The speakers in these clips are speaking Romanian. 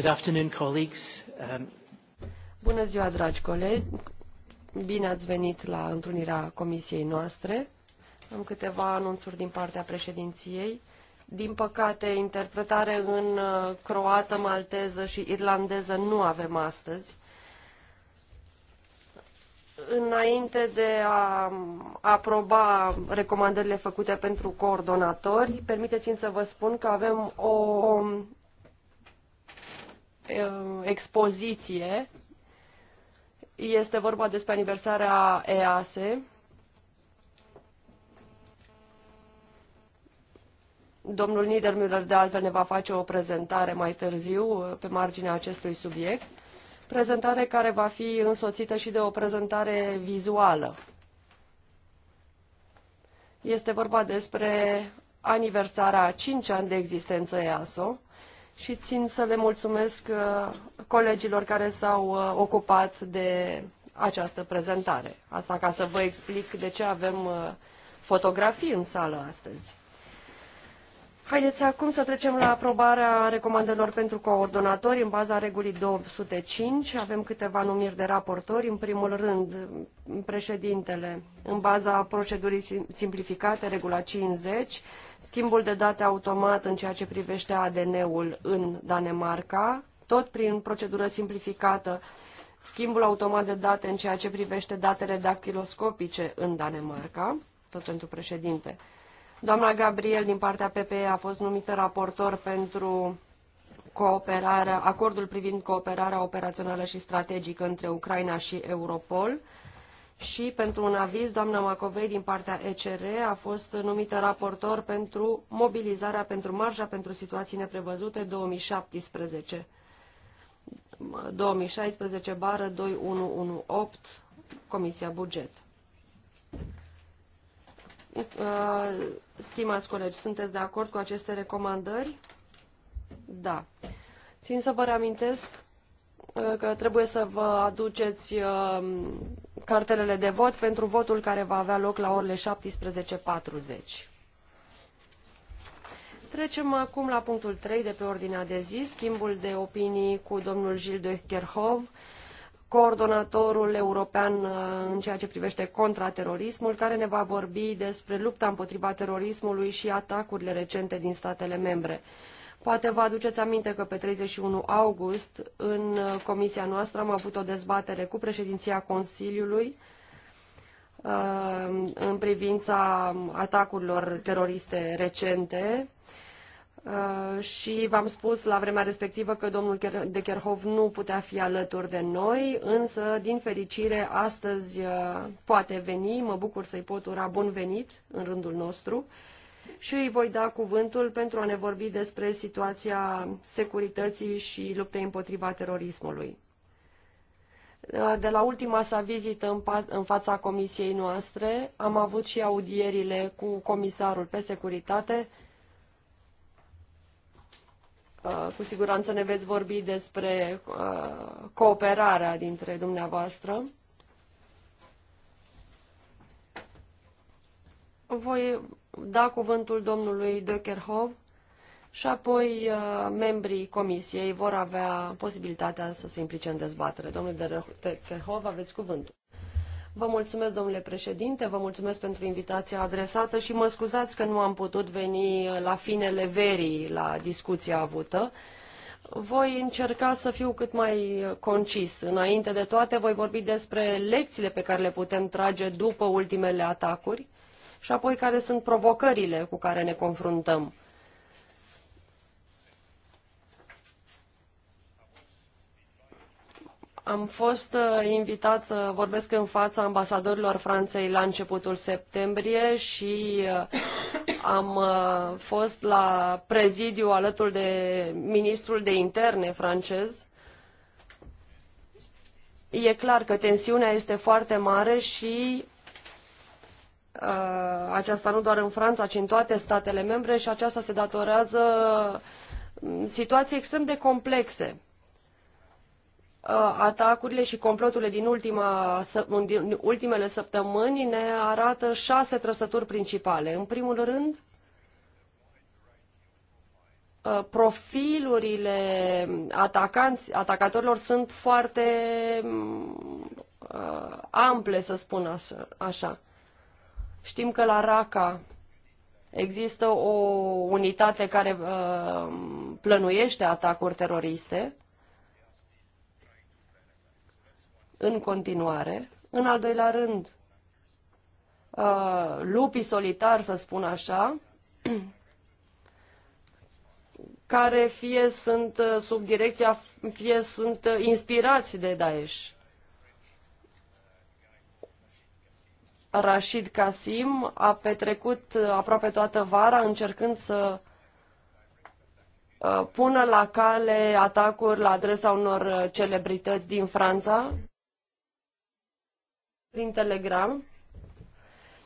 Good afternoon, colleagues. Um... Bună ziua, dragi colegi. Bine ați venit la întrunirea comisiei noastre. Am câteva anunțuri din partea președinției. Din păcate, interpretare în uh, croată, malteză și irlandeză nu avem astăzi. Înainte de a um, aproba recomandările făcute pentru coordonatori, permiteți-mi să vă spun că avem o Uh, expoziție. Este vorba despre aniversarea EASE. Domnul Niedermüller, de altfel, ne va face o prezentare mai târziu uh, pe marginea acestui subiect, prezentare care va fi însoțită și de o prezentare vizuală. Este vorba despre aniversarea a 5 ani de existență EASO, și țin să le mulțumesc uh, colegilor care s-au uh, ocupat de această prezentare. Asta ca să vă explic de ce avem uh, fotografii în sală astăzi. Haideți acum să trecem la aprobarea recomandărilor pentru coordonatori în baza regulii 205. Avem câteva numiri de raportori. În primul rând, președintele, în baza procedurii simplificate, regula 50, schimbul de date automat în ceea ce privește ADN-ul în Danemarca, tot prin procedură simplificată, schimbul automat de date în ceea ce privește datele dactiloscopice în Danemarca, tot pentru președinte. Doamna Gabriel din partea PPE a fost numită raportor pentru cooperarea, acordul privind cooperarea operațională și strategică între Ucraina și Europol și pentru un aviz, doamna Macovei din partea ECR a fost numită raportor pentru mobilizarea pentru marja pentru situații neprevăzute 2017. 2016 bară 2118 Comisia Buget. Uh, stimați colegi, sunteți de acord cu aceste recomandări? Da. Țin să vă reamintesc uh, că trebuie să vă aduceți uh, cartelele de vot pentru votul care va avea loc la orele 17.40. Trecem acum la punctul 3 de pe ordinea de zi, schimbul de opinii cu domnul Gilles de Kerhov, coordonatorul european uh, în ceea ce privește contraterorismul, care ne va vorbi despre lupta împotriva terorismului și atacurile recente din statele membre. Poate vă aduceți aminte că pe 31 august în uh, comisia noastră am avut o dezbatere cu președinția Consiliului uh, în privința atacurilor teroriste recente uh, și v-am spus la vremea respectivă că domnul de Kerhov nu putea fi alături de noi, însă, din fericire, astăzi poate veni. Mă bucur să-i pot ura bun venit în rândul nostru și îi voi da cuvântul pentru a ne vorbi despre situația securității și luptei împotriva terorismului. De la ultima sa vizită în, fața comisiei noastre, am avut și audierile cu comisarul pe securitate. Uh, cu siguranță ne veți vorbi despre uh, cooperarea dintre dumneavoastră. Voi da cuvântul domnului Dökerhov și apoi uh, membrii comisiei vor avea posibilitatea să se implice în dezbatere. Domnule Dökerhov, aveți cuvântul. Vă mulțumesc, domnule președinte, vă mulțumesc pentru invitația adresată și mă scuzați că nu am putut veni la finele verii la discuția avută. Voi încerca să fiu cât mai concis. Înainte de toate, voi vorbi despre lecțiile pe care le putem trage după ultimele atacuri și apoi care sunt provocările cu care ne confruntăm. Am fost uh, invitat să vorbesc în fața ambasadorilor Franței la începutul septembrie și uh, am uh, fost la prezidiu alături de ministrul de interne francez. E clar că tensiunea este foarte mare și Uh, aceasta nu doar în Franța, ci în toate statele membre și aceasta se datorează um, situații extrem de complexe. Uh, atacurile și comploturile din, din ultimele săptămâni ne arată șase trăsături principale. În primul rând, uh, profilurile atacanți, atacatorilor sunt foarte um, ample, să spun așa. Știm că la RACA există o unitate care uh, plănuiește atacuri teroriste în continuare. În al doilea rând, uh, lupii solitari, să spun așa, care fie sunt uh, sub direcția, fie sunt uh, inspirați de Daesh. Rashid Kasim a petrecut aproape toată vara încercând să uh, pună la cale atacuri la adresa unor uh, celebrități din Franța prin Telegram.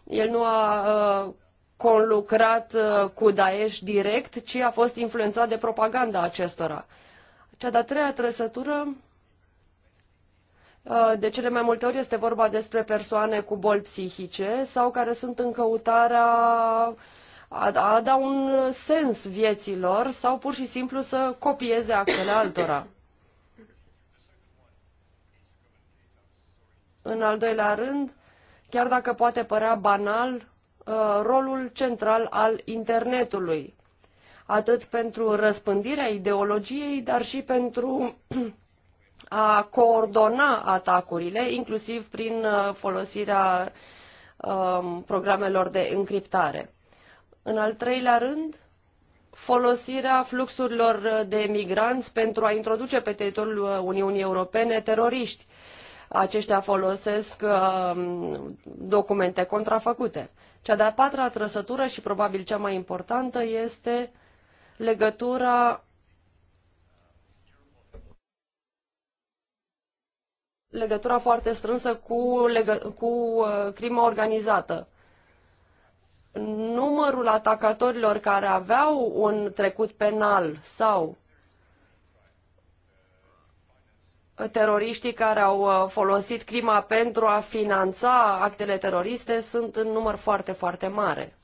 El nu a uh, conlucrat cu Daesh direct, ci a fost influențat de propaganda acestora. Cea de-a treia trăsătură Uh, de cele mai multe ori este vorba despre persoane cu boli psihice sau care sunt în căutarea a, a da un sens vieților sau pur și simplu să copieze actele altora. În al doilea rând, chiar dacă poate părea banal, uh, rolul central al internetului, atât pentru răspândirea ideologiei, dar și pentru a coordona atacurile, inclusiv prin uh, folosirea um, programelor de încriptare. În al treilea rând, folosirea fluxurilor uh, de migranți pentru a introduce pe teritoriul uh, Uniunii Europene teroriști. Aceștia folosesc um, documente contrafăcute. Cea de-a patra trăsătură și probabil cea mai importantă este legătura legătura foarte strânsă cu, legă- cu uh, crima organizată. Numărul atacatorilor care aveau un trecut penal sau teroriștii care au uh, folosit crima pentru a finanța actele teroriste sunt în număr foarte, foarte mare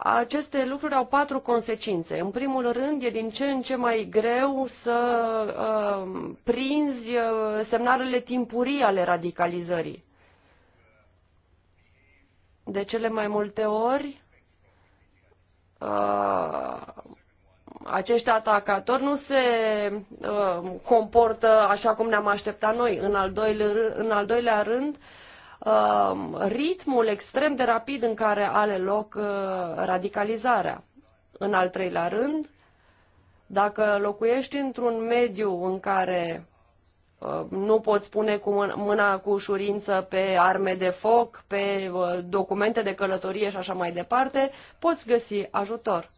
aceste lucruri au patru consecințe. În primul rând, e din ce în ce mai greu să uh, prinzi uh, semnalele timpurii ale radicalizării. De cele mai multe ori, uh, acești atacatori nu se uh, comportă așa cum ne-am așteptat noi. În al, doilea, în al doilea rând, Um, ritmul extrem de rapid în care are loc uh, radicalizarea. În al treilea rând, dacă locuiești într-un mediu în care uh, nu poți pune cu mâna cu ușurință pe arme de foc, pe uh, documente de călătorie și așa mai departe, poți găsi ajutor.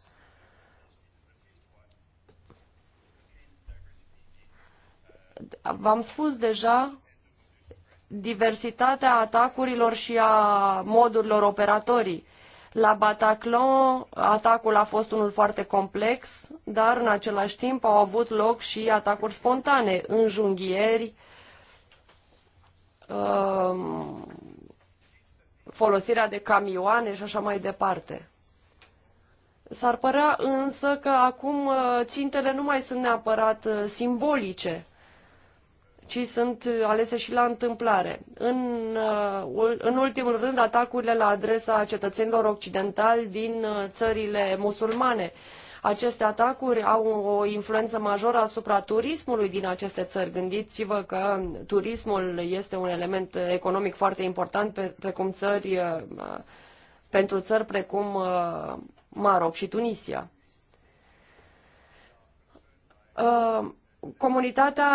V-am spus deja diversitatea atacurilor și a modurilor operatorii. La Bataclan atacul a fost unul foarte complex, dar în același timp au avut loc și atacuri spontane, înjunghieri, um, folosirea de camioane și așa mai departe. S-ar părea însă că acum uh, țintele nu mai sunt neapărat uh, simbolice, ci sunt alese și la întâmplare. În, uh, în ultimul rând, atacurile la adresa cetățenilor occidentali din uh, țările musulmane. Aceste atacuri au o influență majoră asupra turismului din aceste țări. Gândiți-vă că turismul este un element economic foarte important pe, precum țări, uh, pentru țări precum Maroc și Tunisia. Uh, Comunitatea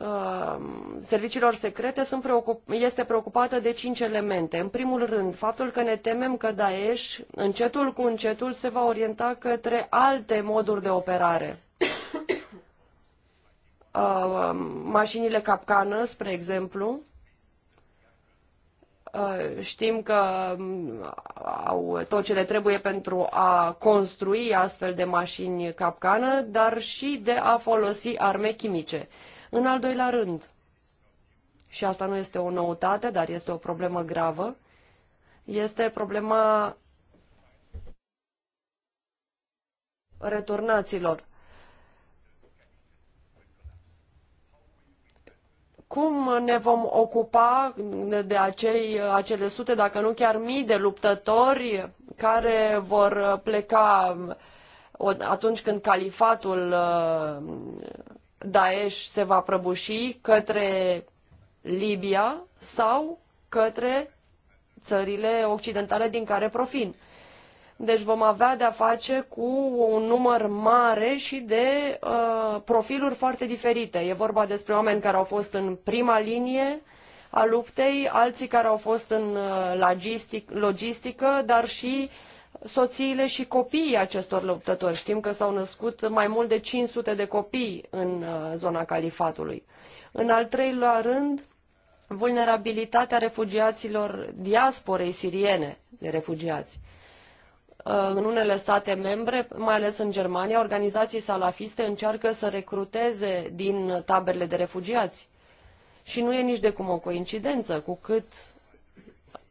uh, serviciilor secrete sunt preocup este preocupată de cinci elemente. În primul rând, faptul că ne temem că Daesh, încetul cu încetul, se va orienta către alte moduri de operare. uh, mașinile capcană, spre exemplu, Uh, știm că um, au tot ce le trebuie pentru a construi astfel de mașini capcană, dar și de a folosi arme chimice. În al doilea rând, și asta nu este o noutate, dar este o problemă gravă, este problema returnaților. cum ne vom ocupa de acei, acele sute, dacă nu chiar mii de luptători care vor pleca atunci când califatul uh, Daesh se va prăbuși către Libia sau către țările occidentale din care profin. Deci vom avea de-a face cu un număr mare și de uh, profiluri foarte diferite. E vorba despre oameni care au fost în prima linie a luptei, alții care au fost în uh, logistic, logistică, dar și soțiile și copiii acestor luptători. Știm că s-au născut mai mult de 500 de copii în uh, zona califatului. În al treilea rând, vulnerabilitatea refugiaților diasporei siriene de refugiați. Uh, în unele state membre, mai ales în Germania, organizații salafiste încearcă să recruteze din taberele de refugiați. Și nu e nici de cum o coincidență, cu cât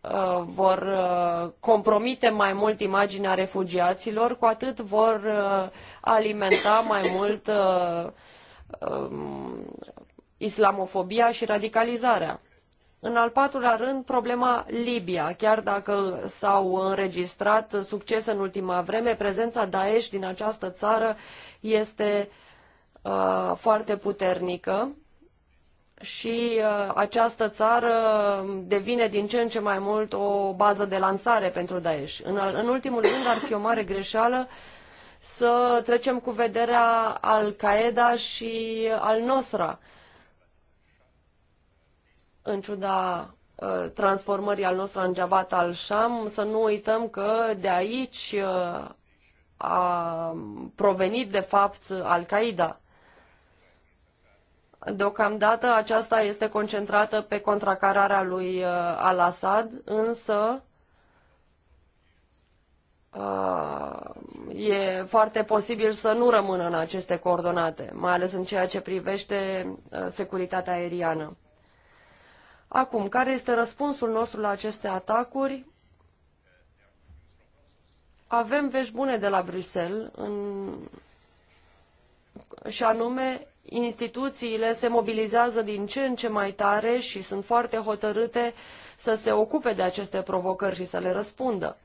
uh, vor uh, compromite mai mult imaginea refugiaților, cu atât vor alimenta mai mult um, islamofobia și radicalizarea. În al patrulea rând, problema Libia. Chiar dacă s-au înregistrat succese în ultima vreme, prezența Daesh din această țară este uh, foarte puternică și uh, această țară devine din ce în ce mai mult o bază de lansare pentru Daesh. În, în ultimul rând, ar fi o mare greșeală să trecem cu vederea Al-Qaeda și Al-Nosra. Uh, în ciuda ă, transformării al nostru în Jabhat al-Sham, să nu uităm că de aici ă, a provenit de fapt Al-Qaeda. Deocamdată aceasta este concentrată pe contracararea lui ă, Al-Assad, însă e foarte posibil să nu rămână în aceste coordonate, mai ales în ceea ce privește securitatea aeriană. Acum, care este răspunsul nostru la aceste atacuri? Avem vești bune de la Bruxelles în... și anume instituțiile se mobilizează din ce în ce mai tare și sunt foarte hotărâte să se ocupe de aceste provocări și să le răspundă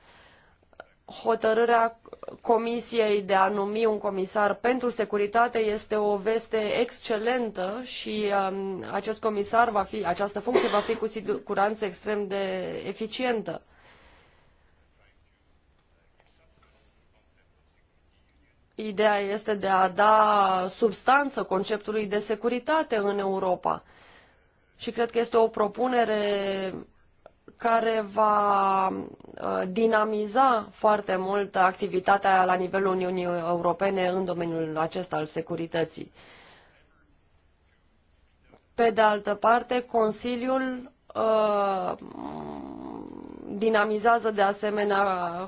hotărârea Comisiei de a numi un comisar pentru securitate este o veste excelentă și um, acest comisar va fi, această funcție va fi cu siguranță extrem de eficientă. Ideea este de a da substanță conceptului de securitate în Europa. Și cred că este o propunere care va uh, dinamiza foarte mult activitatea la nivelul Uniunii Europene în domeniul acesta al securității. Pe de altă parte, Consiliul uh, dinamizează de asemenea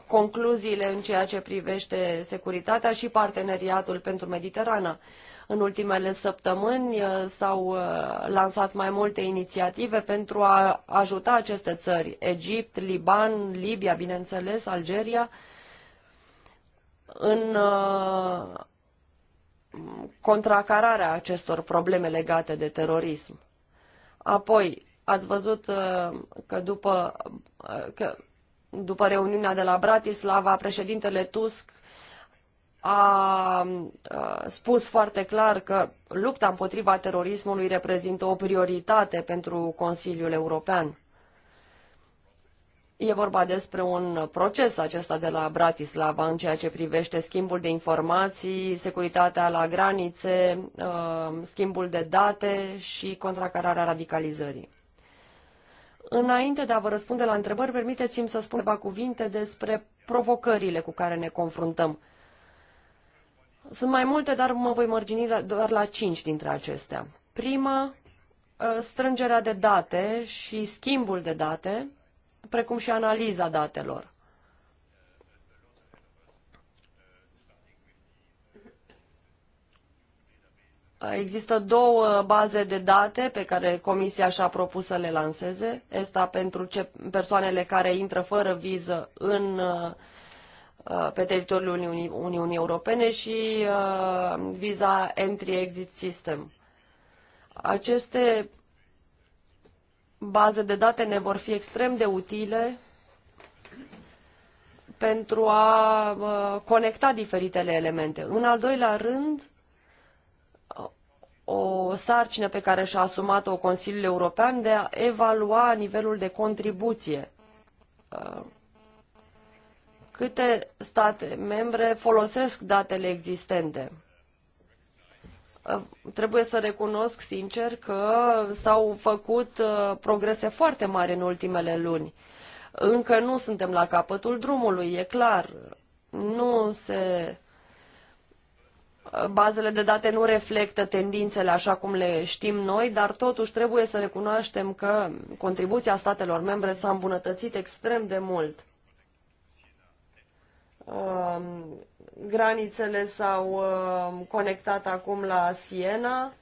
concluziile în ceea ce privește securitatea și parteneriatul pentru Mediterana. În ultimele săptămâni uh, s-au uh, lansat mai multe inițiative pentru a ajuta aceste țări, Egipt, Liban, Libia, bineînțeles, Algeria, în uh, contracararea acestor probleme legate de terorism. Apoi, ați văzut că după, că după reuniunea de la Bratislava, președintele Tusk a spus foarte clar că lupta împotriva terorismului reprezintă o prioritate pentru Consiliul European. E vorba despre un proces acesta de la Bratislava în ceea ce privește schimbul de informații, securitatea la granițe, schimbul de date și contracararea radicalizării. Înainte de a vă răspunde la întrebări, permiteți-mi să spun câteva cuvinte despre provocările cu care ne confruntăm sunt mai multe, dar mă voi mărgini doar la cinci dintre acestea. Prima, ă, strângerea de date și schimbul de date, precum și analiza datelor. Există două baze de date pe care Comisia și-a propus să le lanseze. Asta pentru persoanele care intră fără viză în ă, Uh, pe teritoriul Uniunii, Europene și uh, Visa Entry-Exit System. Aceste baze de date ne vor fi extrem de utile pentru a uh, conecta diferitele elemente. În al doilea rând, o sarcină pe care și-a asumat-o Consiliul European de a evalua nivelul de contribuție câte state membre folosesc datele existente. Trebuie să recunosc sincer că s-au făcut uh, progrese foarte mari în ultimele luni. Încă nu suntem la capătul drumului, e clar. Nu se uh, bazele de date nu reflectă tendințele așa cum le știm noi, dar totuși trebuie să recunoaștem că contribuția statelor membre s-a îmbunătățit extrem de mult. Um, granițele s-au um, conectat acum la Siena.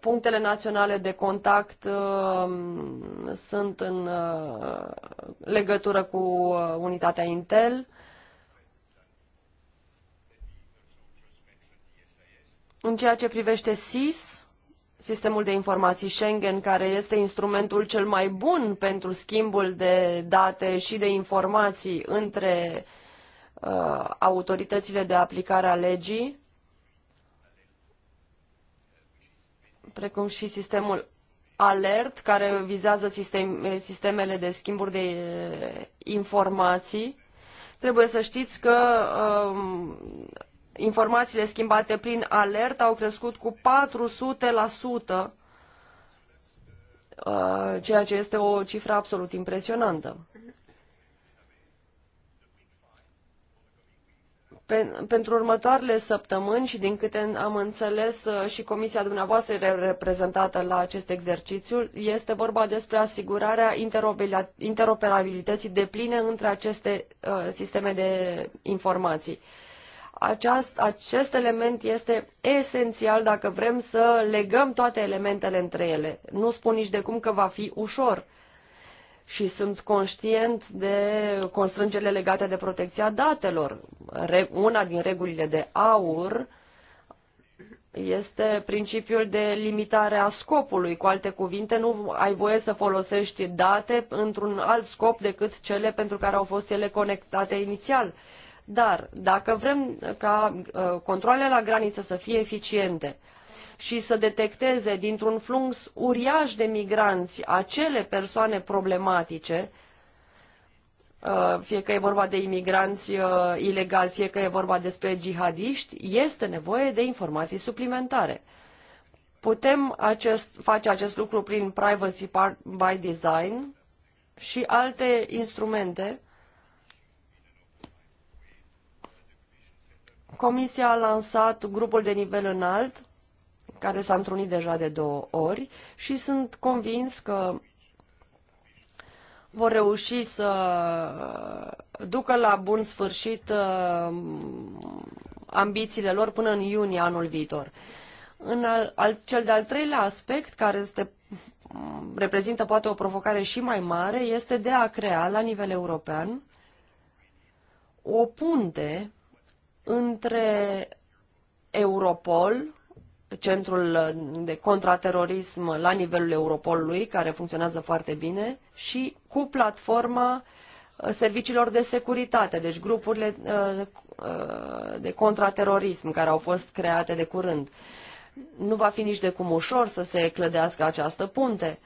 Punctele naționale de contact um, sunt în uh, legătură cu uh, unitatea Intel. În ceea ce privește SIS, sistemul de informații Schengen, care este instrumentul cel mai bun pentru schimbul de date și de informații între uh, autoritățile de aplicare a legii, precum și sistemul ALERT, care vizează sistem, sistemele de schimburi de uh, informații. Trebuie să știți că uh, informațiile schimbate prin alert au crescut cu 400%, uh, ceea ce este o cifră absolut impresionantă. pentru următoarele săptămâni și din câte am înțeles uh, și comisia dumneavoastră e reprezentată la acest exercițiu, este vorba despre asigurarea interoperabilității de pline între aceste uh, sisteme de informații. Aceast, acest element este esențial dacă vrem să legăm toate elementele între ele. Nu spun nici de cum că va fi ușor și sunt conștient de constrângerile legate de protecția datelor. Una din regulile de aur este principiul de limitare a scopului. Cu alte cuvinte, nu ai voie să folosești date într-un alt scop decât cele pentru care au fost ele conectate inițial. Uh, dar dacă vrem ca uh, controlele la graniță să fie eficiente și să detecteze dintr-un flux uriaș de migranți acele persoane problematice, uh, fie că e vorba de imigranți uh, ilegali, fie că e vorba despre jihadiști, este nevoie de informații suplimentare. Putem acest, face acest lucru prin Privacy by Design și alte instrumente Comisia a lansat grupul de nivel înalt, care s-a întrunit deja de două ori și sunt convins că vor reuși să ducă la bun sfârșit uh, ambițiile lor până în iunie anul viitor. În al, al, cel de-al treilea aspect, care este, reprezintă poate o provocare și mai mare, este de a crea la nivel european o punte între Europol, centrul de contraterorism la nivelul Europolului, care funcționează foarte bine, și cu platforma uh, serviciilor de securitate, deci grupurile uh, uh, de contraterorism care au fost create de curând. Nu va fi nici de cum ușor să se clădească această punte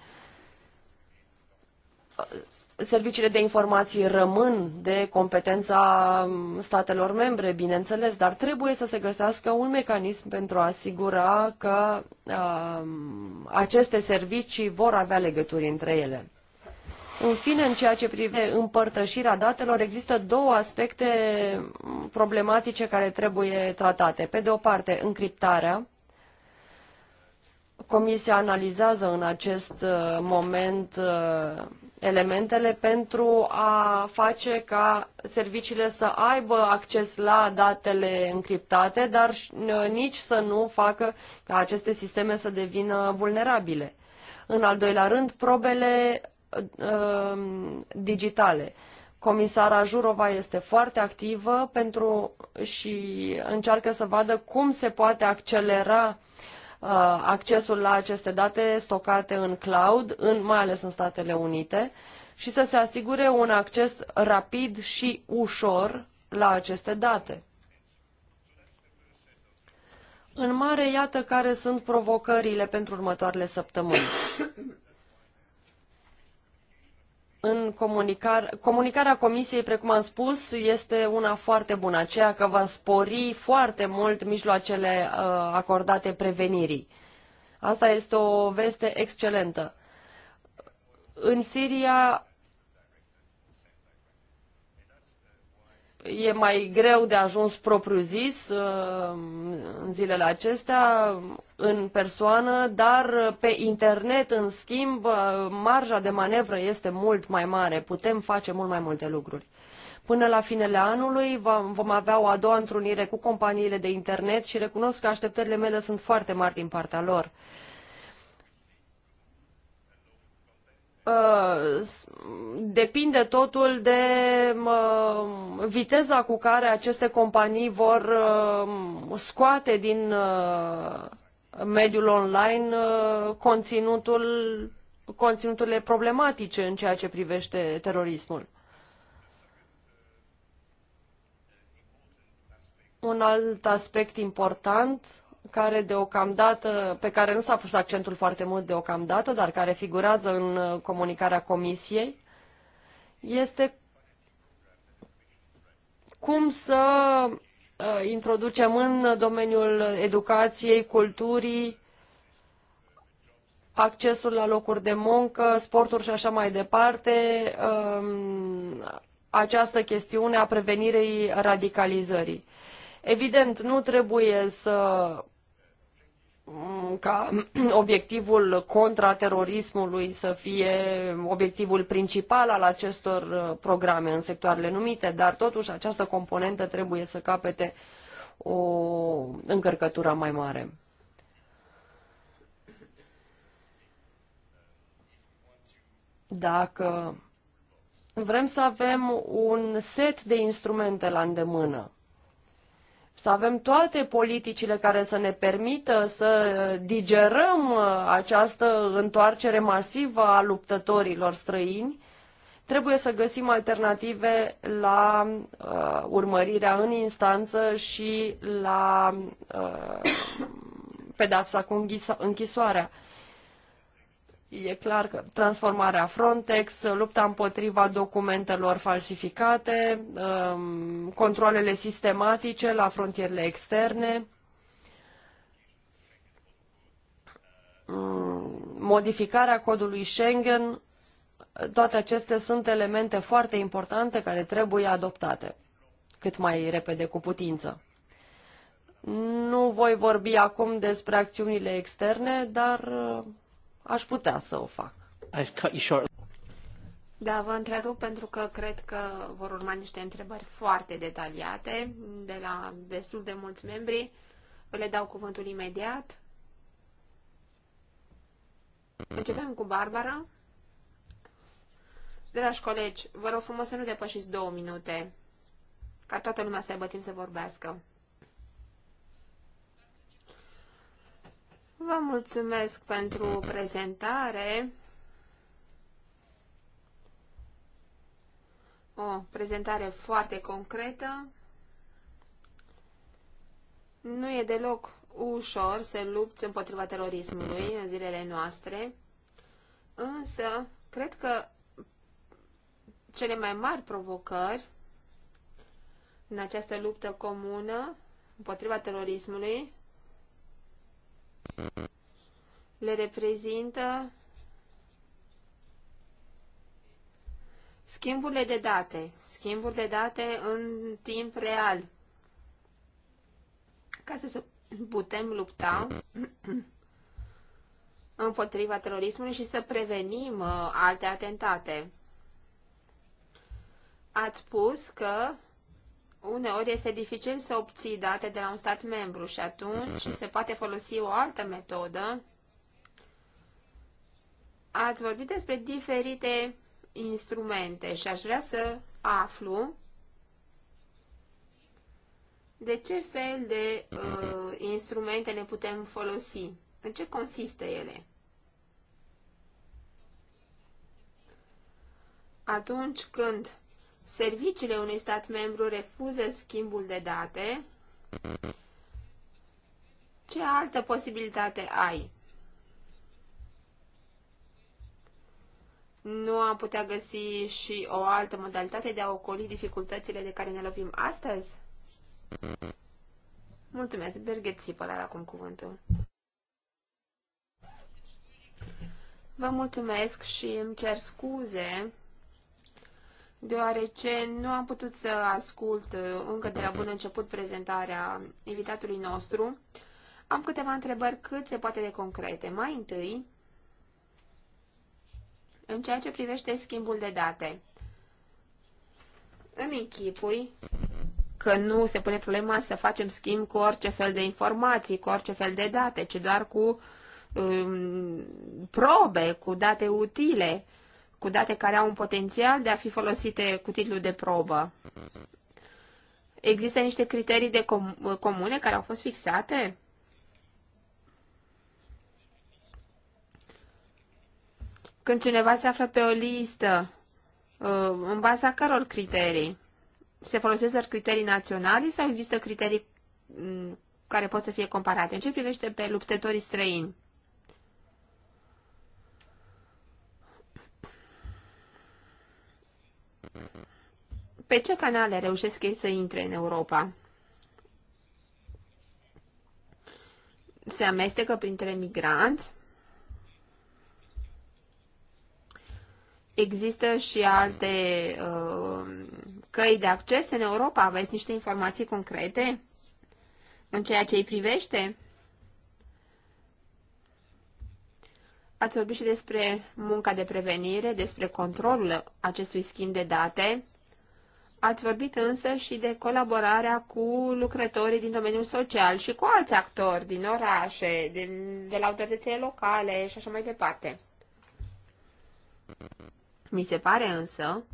Serviciile de informații rămân de competența mm, statelor membre, bineînțeles, dar trebuie să se găsească un mecanism pentru a asigura că uh, aceste servicii vor avea legături între ele. În fine, în ceea ce privește împărtășirea datelor, există două aspecte mm, problematice care trebuie tratate. Pe de o parte, încriptarea. Comisia analizează în acest moment elementele pentru a face ca serviciile să aibă acces la datele încriptate, dar nici să nu facă ca aceste sisteme să devină vulnerabile. În al doilea rând, probele uh, digitale. Comisara Jurova este foarte activă pentru și încearcă să vadă cum se poate accelera uh, Uh, accesul la aceste date stocate în cloud, în, mai ales în Statele Unite, și să se asigure un acces rapid și ușor la aceste date. În mare, iată care sunt provocările pentru următoarele săptămâni în comunicar, comunicarea Comisiei, precum am spus, este una foarte bună, aceea că va spori foarte mult mijloacele uh, acordate prevenirii. Asta este o veste excelentă. În Siria e mai greu de ajuns propriu-zis uh, în zilele acestea în persoană, dar pe internet, în schimb, uh, marja de manevră este mult mai mare. Putem face mult mai multe lucruri. Până la finele anului vom avea o a doua întrunire cu companiile de internet și recunosc că așteptările mele sunt foarte mari din partea lor. Uh, depinde totul de uh, viteza cu care aceste companii vor uh, scoate din mediul online conținutul, conținuturile problematice în ceea ce privește terorismul. Un alt aspect important care deocamdată, pe care nu s-a pus accentul foarte mult deocamdată, dar care figurează în uh, comunicarea Comisiei, este cum să uh, introducem în domeniul educației, culturii, accesul la locuri de muncă, sporturi și așa mai departe, um, această chestiune a prevenirii radicalizării. Evident, nu trebuie să ca obiectivul contraterorismului să fie obiectivul principal al acestor uh, programe în sectoarele numite, dar totuși această componentă trebuie să capete o încărcătură mai mare. Dacă vrem să avem un set de instrumente la îndemână, să avem toate politicile care să ne permită să digerăm uh, această întoarcere masivă a luptătorilor străini, trebuie să găsim alternative la uh, urmărirea în instanță și la uh, pedapsa cu închisoarea. E clar că transformarea Frontex, lupta împotriva documentelor falsificate, um, controlele sistematice la frontierele externe, um, modificarea codului Schengen, toate acestea sunt elemente foarte importante care trebuie adoptate cât mai repede cu putință. Nu voi vorbi acum despre acțiunile externe, dar Aș putea să o fac. I've cut you short. Da, vă întrerup pentru că cred că vor urma niște întrebări foarte detaliate de la destul de mulți membri. Le dau cuvântul imediat. Începem cu Barbara. Dragi colegi, vă rog frumos să nu depășiți două minute, ca toată lumea să aibă timp să vorbească. Vă mulțumesc pentru prezentare. O prezentare foarte concretă. Nu e deloc ușor să lupți împotriva terorismului în zilele noastre, însă cred că cele mai mari provocări în această luptă comună împotriva terorismului le reprezintă schimburile de date, schimburi de date în timp real, ca să putem lupta împotriva terorismului și să prevenim uh, alte atentate. Ați spus că uneori este dificil să obții date de la un stat membru și atunci mhm. se poate folosi o altă metodă. Ați vorbit despre diferite instrumente și aș vrea să aflu de ce fel de uh, instrumente ne putem folosi? În ce consistă ele? Atunci când serviciile unui stat membru refuză schimbul de date, ce altă posibilitate ai? Nu am putea găsi și o altă modalitate de a ocoli dificultățile de care ne lovim astăzi? Mulțumesc, Birgit Sipăl are acum cuvântul. Vă mulțumesc și îmi cer scuze deoarece nu am putut să ascult uh, încă de la bun început prezentarea invitatului nostru. Am câteva întrebări cât se poate de concrete. Mai întâi, în ceea ce privește schimbul de date. Îmi închipui că nu se pune problema să facem schimb cu orice fel de informații, cu orice fel de date, ci doar cu um, probe, cu date utile cu date care au un potențial de a fi folosite cu titlul de probă. Există niște criterii de com- comune care au fost fixate? Când cineva se află pe o listă, uh, în baza căror criterii? Se folosesc doar criterii naționale sau există criterii mm, care pot să fie comparate? În ce privește pe luptătorii străini? pe ce canale reușesc ei să intre în Europa? Se amestecă printre migranți? Există și alte uh, căi de acces în Europa? Aveți niște informații concrete în ceea ce îi privește? Ați vorbit și despre munca de prevenire, despre controlul acestui schimb de date. Ați vorbit însă și de colaborarea cu lucrătorii din domeniul social și cu alți actori din orașe, de, de la autoritățile locale și așa mai departe. Mi se pare însă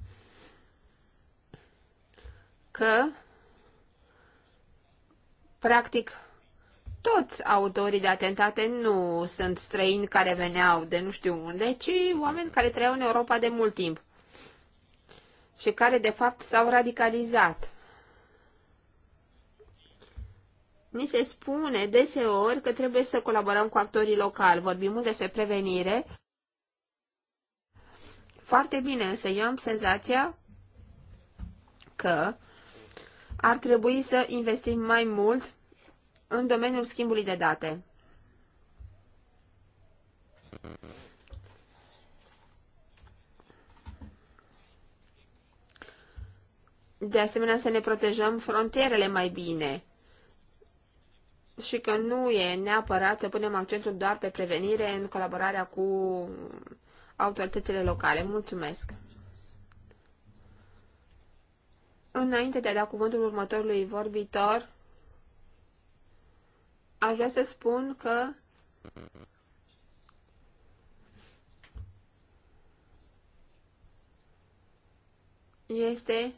că practic toți autorii de atentate nu sunt străini care veneau de nu știu unde, ci oameni care trăiau în Europa de mult timp și care de fapt s-au radicalizat. Ni se spune deseori că trebuie să colaborăm cu actorii locali. Vorbim mult despre prevenire. Foarte bine, însă eu am senzația că ar trebui să investim mai mult în domeniul schimbului de date. de asemenea să ne protejăm frontierele mai bine și că nu e neapărat să punem accentul doar pe prevenire în colaborarea cu autoritățile locale. Mulțumesc! Înainte de a da cuvântul următorului vorbitor, aș vrea să spun că este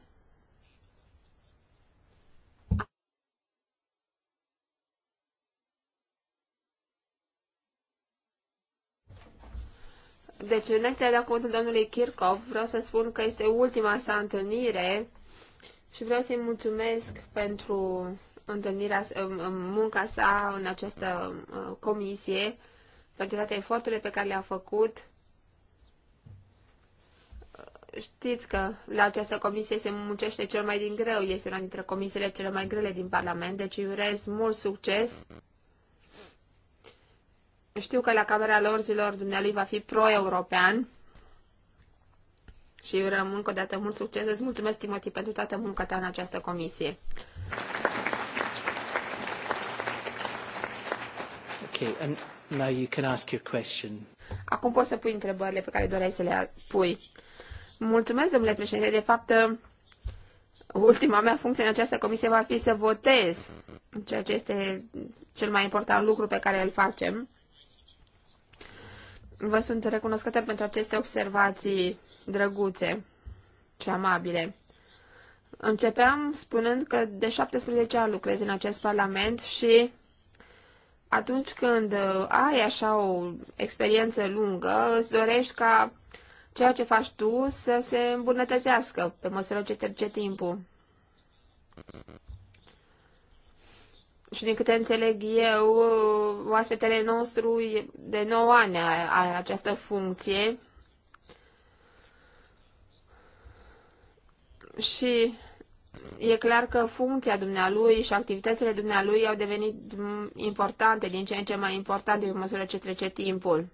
Deci, înainte de da cuvântul domnului Kirchhoff, vreau să spun că este ultima sa întâlnire și vreau să-i mulțumesc pentru întâlnirea, um, munca sa în această uh, comisie, pentru toate eforturile pe care le-a făcut. Știți că la această comisie se muncește cel mai din greu, este una dintre comisiile cele mai grele din Parlament, deci îi urez mult succes știu că la Camera Lorzilor dumnealui va fi pro-european și rămân încă o dată mult succes. Îți mulțumesc, Timothy, pentru toată munca ta în această comisie. Okay, and now you can ask your question. Acum poți să pui întrebările pe care doreai să le pui. Mulțumesc, domnule președinte. De fapt, ultima mea funcție în această comisie va fi să votez, ceea ce este cel mai important lucru pe care îl facem. Vă sunt recunoscător pentru aceste observații drăguțe și amabile. Începeam spunând că de 17 ani lucrez în acest parlament și atunci când ai așa o experiență lungă, îți dorești ca ceea ce faci tu să se îmbunătățească pe măsură ce trece timpul și din câte înțeleg eu, oaspetele nostru de 9 ani are această funcție. Și e clar că funcția dumnealui și activitățile dumnealui au devenit importante, din ce în ce mai importante, pe măsură ce trece timpul.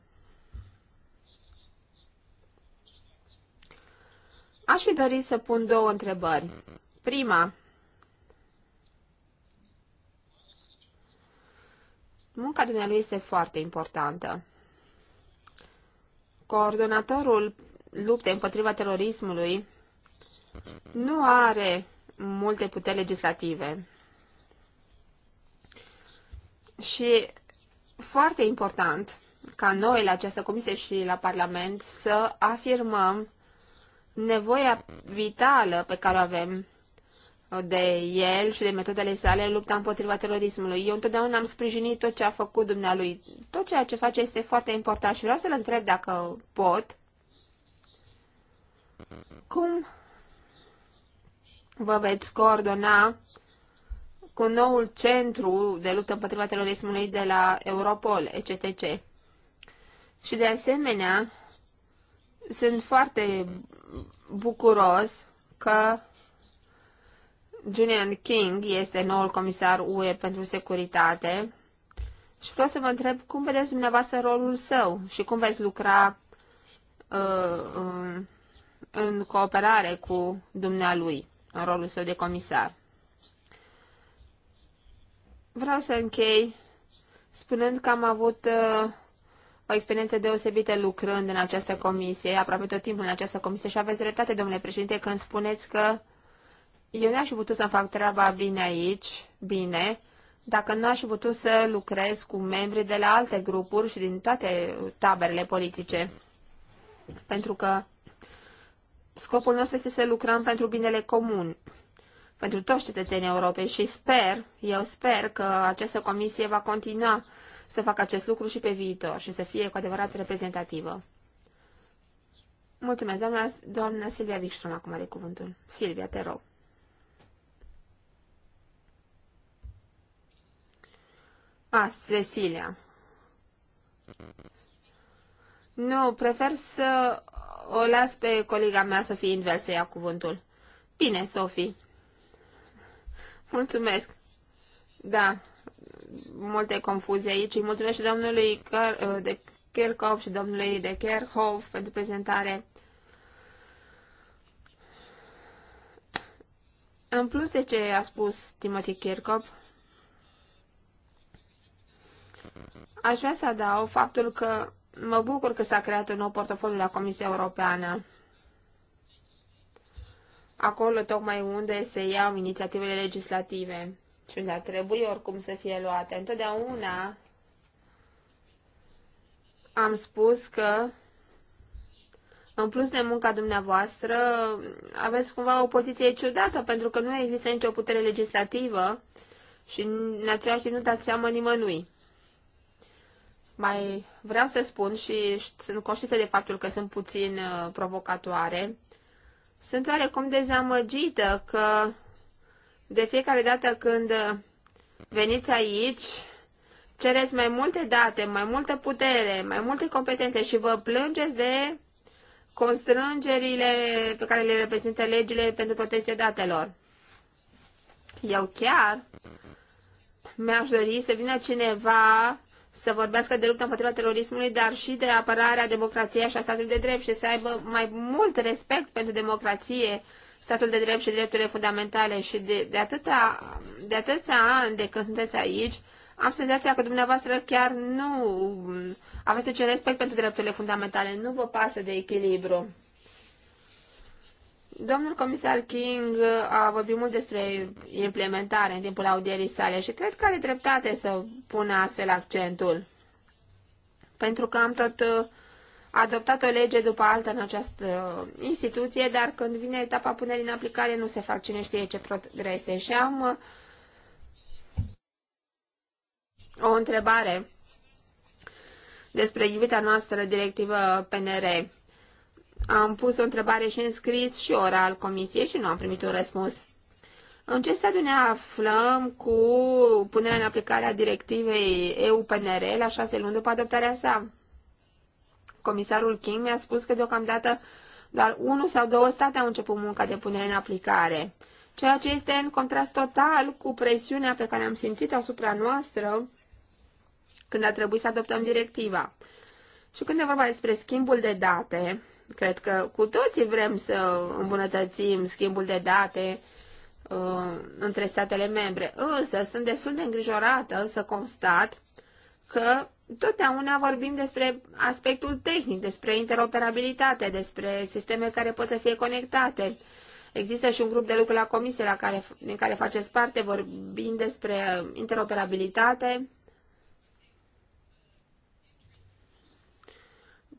Aș fi dorit să pun două întrebări. Prima, Munca dumnealui este foarte importantă. Coordonatorul luptei împotriva terorismului nu are multe puteri legislative. Și foarte important ca noi la această comisie și la Parlament să afirmăm nevoia vitală pe care o avem de el și de metodele sale în lupta împotriva terorismului. Eu întotdeauna am sprijinit tot ce a făcut dumnealui. Tot ceea ce face este foarte important și vreau să-l întreb dacă pot. Cum vă veți coordona cu noul centru de luptă împotriva terorismului de la Europol, ECTC? Și de asemenea, sunt foarte bucuros că Julian King este noul comisar UE pentru securitate și vreau să vă întreb cum vedeți dumneavoastră rolul său și cum veți lucra uh, uh, în cooperare cu dumnealui în rolul său de comisar. Vreau să închei spunând că am avut uh, o experiență deosebită lucrând în această comisie, aproape tot timpul în această comisie și aveți dreptate, domnule președinte, când spuneți că eu n-aș fi putut să fac treaba bine aici, bine, dacă nu aș fi putut să lucrez cu membrii de la alte grupuri și din toate taberele politice. Pentru că scopul nostru este să lucrăm pentru binele comun, pentru toți cetățenii Europei și sper, eu sper că această comisie va continua să facă acest lucru și pe viitor și să fie cu adevărat reprezentativă. Mulțumesc, doamna, doamna Silvia Vixtrum, acum are cuvântul. Silvia, te rog. A, Cecilia. Nu, prefer să o las pe colega mea, fie invers să ia cuvântul. Bine, Sofie. Mulțumesc. Da, multe confuzii aici. Îi mulțumesc și domnului Car uh, de Kirchhoff și domnului de Kerhoff pentru prezentare. În plus de ce a spus Timothy Kirchhoff, Aș vrea să adaug faptul că mă bucur că s-a creat un nou portofoliu la Comisia Europeană. Acolo tocmai unde se iau inițiativele legislative și unde ar trebui oricum să fie luate. Întotdeauna am spus că în plus de munca dumneavoastră, aveți cumva o poziție ciudată, pentru că nu există nicio putere legislativă și în același timp nu dați seama nimănui. Mai vreau să spun și sunt conștientă de faptul că sunt puțin uh, provocatoare. Sunt oarecum dezamăgită că de fiecare dată când uh, veniți aici, cereți mai multe date, mai multă putere, mai multe competențe și vă plângeți de constrângerile pe care le reprezintă legile pentru protecția datelor. Eu chiar mi-aș dori să vină cineva să vorbească de luptă împotriva terorismului, dar și de apărarea democrației și a statului de drept și să aibă mai mult respect pentru democrație, statul de drept și drepturile fundamentale. Și de, de, atâta, de atâția ani de când sunteți aici, am senzația că dumneavoastră chiar nu aveți ce respect pentru drepturile fundamentale, nu vă pasă de echilibru. Domnul comisar King a vorbit mult despre implementare în timpul audierii sale și cred că are dreptate să pună astfel accentul. Pentru că am tot uh, adoptat o lege după alta în această instituție, dar când vine etapa punerii în aplicare nu se fac cine știe ce progrese. Și am uh, o întrebare despre iubita noastră directivă PNR am pus o întrebare și în scris și oral comisiei și nu am primit un răspuns. În ce stadiu ne aflăm cu punerea în aplicare a directivei EU-PNR la șase luni după adoptarea sa? Comisarul King mi-a spus că deocamdată doar unul sau două state au început munca de punere în aplicare, ceea ce este în contrast total cu presiunea pe care am simțit-o asupra noastră când a trebuit să adoptăm directiva. Și când e vorba despre schimbul de date, Cred că cu toții vrem să îmbunătățim schimbul de date uh, între statele membre, însă sunt destul de îngrijorată să constat că totdeauna vorbim despre aspectul tehnic, despre interoperabilitate, despre sisteme care pot să fie conectate. Există și un grup de lucru la comisie la care, din care faceți parte, vorbind despre interoperabilitate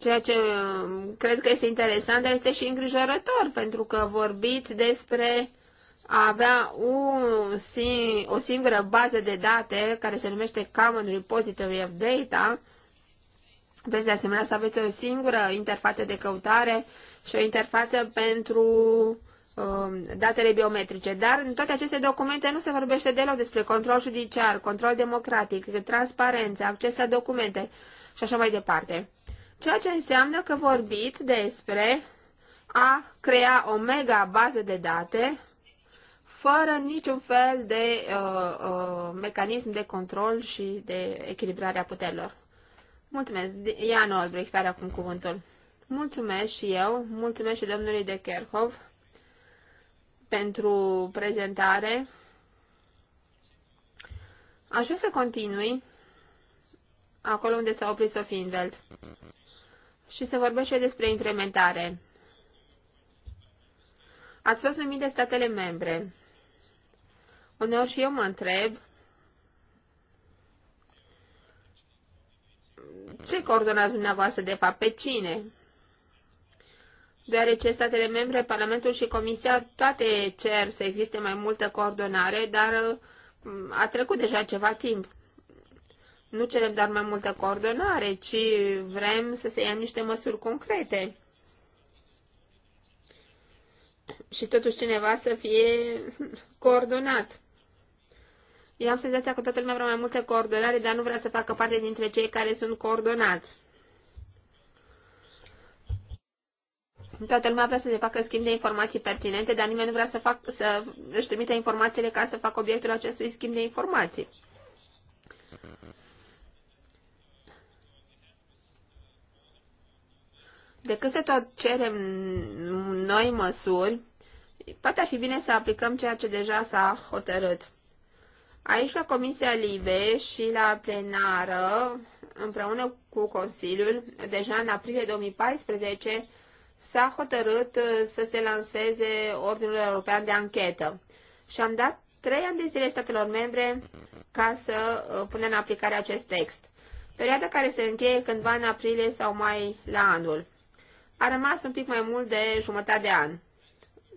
Ceea ce um, cred că este interesant, dar este și îngrijorător, pentru că vorbiți despre a avea un, o singură bază de date care se numește Common Repository of Data. Vreți de asemenea să aveți o singură interfață de căutare și o interfață pentru um, datele biometrice. Dar în toate aceste documente nu se vorbește deloc despre control judiciar, control democratic, transparență, acces la documente și așa mai departe. Ceea ce înseamnă că vorbiți despre a crea o mega bază de date fără niciun fel de uh, uh, mecanism de control și de echilibrare a puterilor. Mulțumesc. Ian Olbricht are acum cuvântul. Mulțumesc și eu, mulțumesc și domnului de Kerhov pentru prezentare. Aș vrea să continui acolo unde s-a oprit Sofie Invelt și se vorbește despre implementare. Ați fost numit de statele membre. Uneori și eu mă întreb ce coordonați dumneavoastră de fapt, pe cine? Deoarece statele membre, Parlamentul și Comisia toate cer să existe mai multă coordonare, dar mm, a trecut deja ceva timp. Nu cerem doar mai multă coordonare, ci vrem să se ia niște măsuri concrete. Și totuși cineva să fie coordonat. Eu am senzația că toată lumea vrea mai multă coordonare, dar nu vrea să facă parte dintre cei care sunt coordonați. Toată lumea vrea să se facă schimb de informații pertinente, dar nimeni nu vrea să, fac, să își trimite informațiile ca să facă obiectul acestui schimb de informații. decât să tot cerem noi măsuri, poate ar fi bine să aplicăm ceea ce deja s-a hotărât. Aici, la Comisia Live și la plenară, împreună cu Consiliul, deja în aprilie 2014, s-a hotărât uh, să se lanseze Ordinul European de Anchetă. Și am dat trei ani de zile statelor membre ca să uh, punem în aplicare acest text. Perioada care se încheie cândva în aprilie sau mai la anul a rămas un pic mai mult de jumătate de an.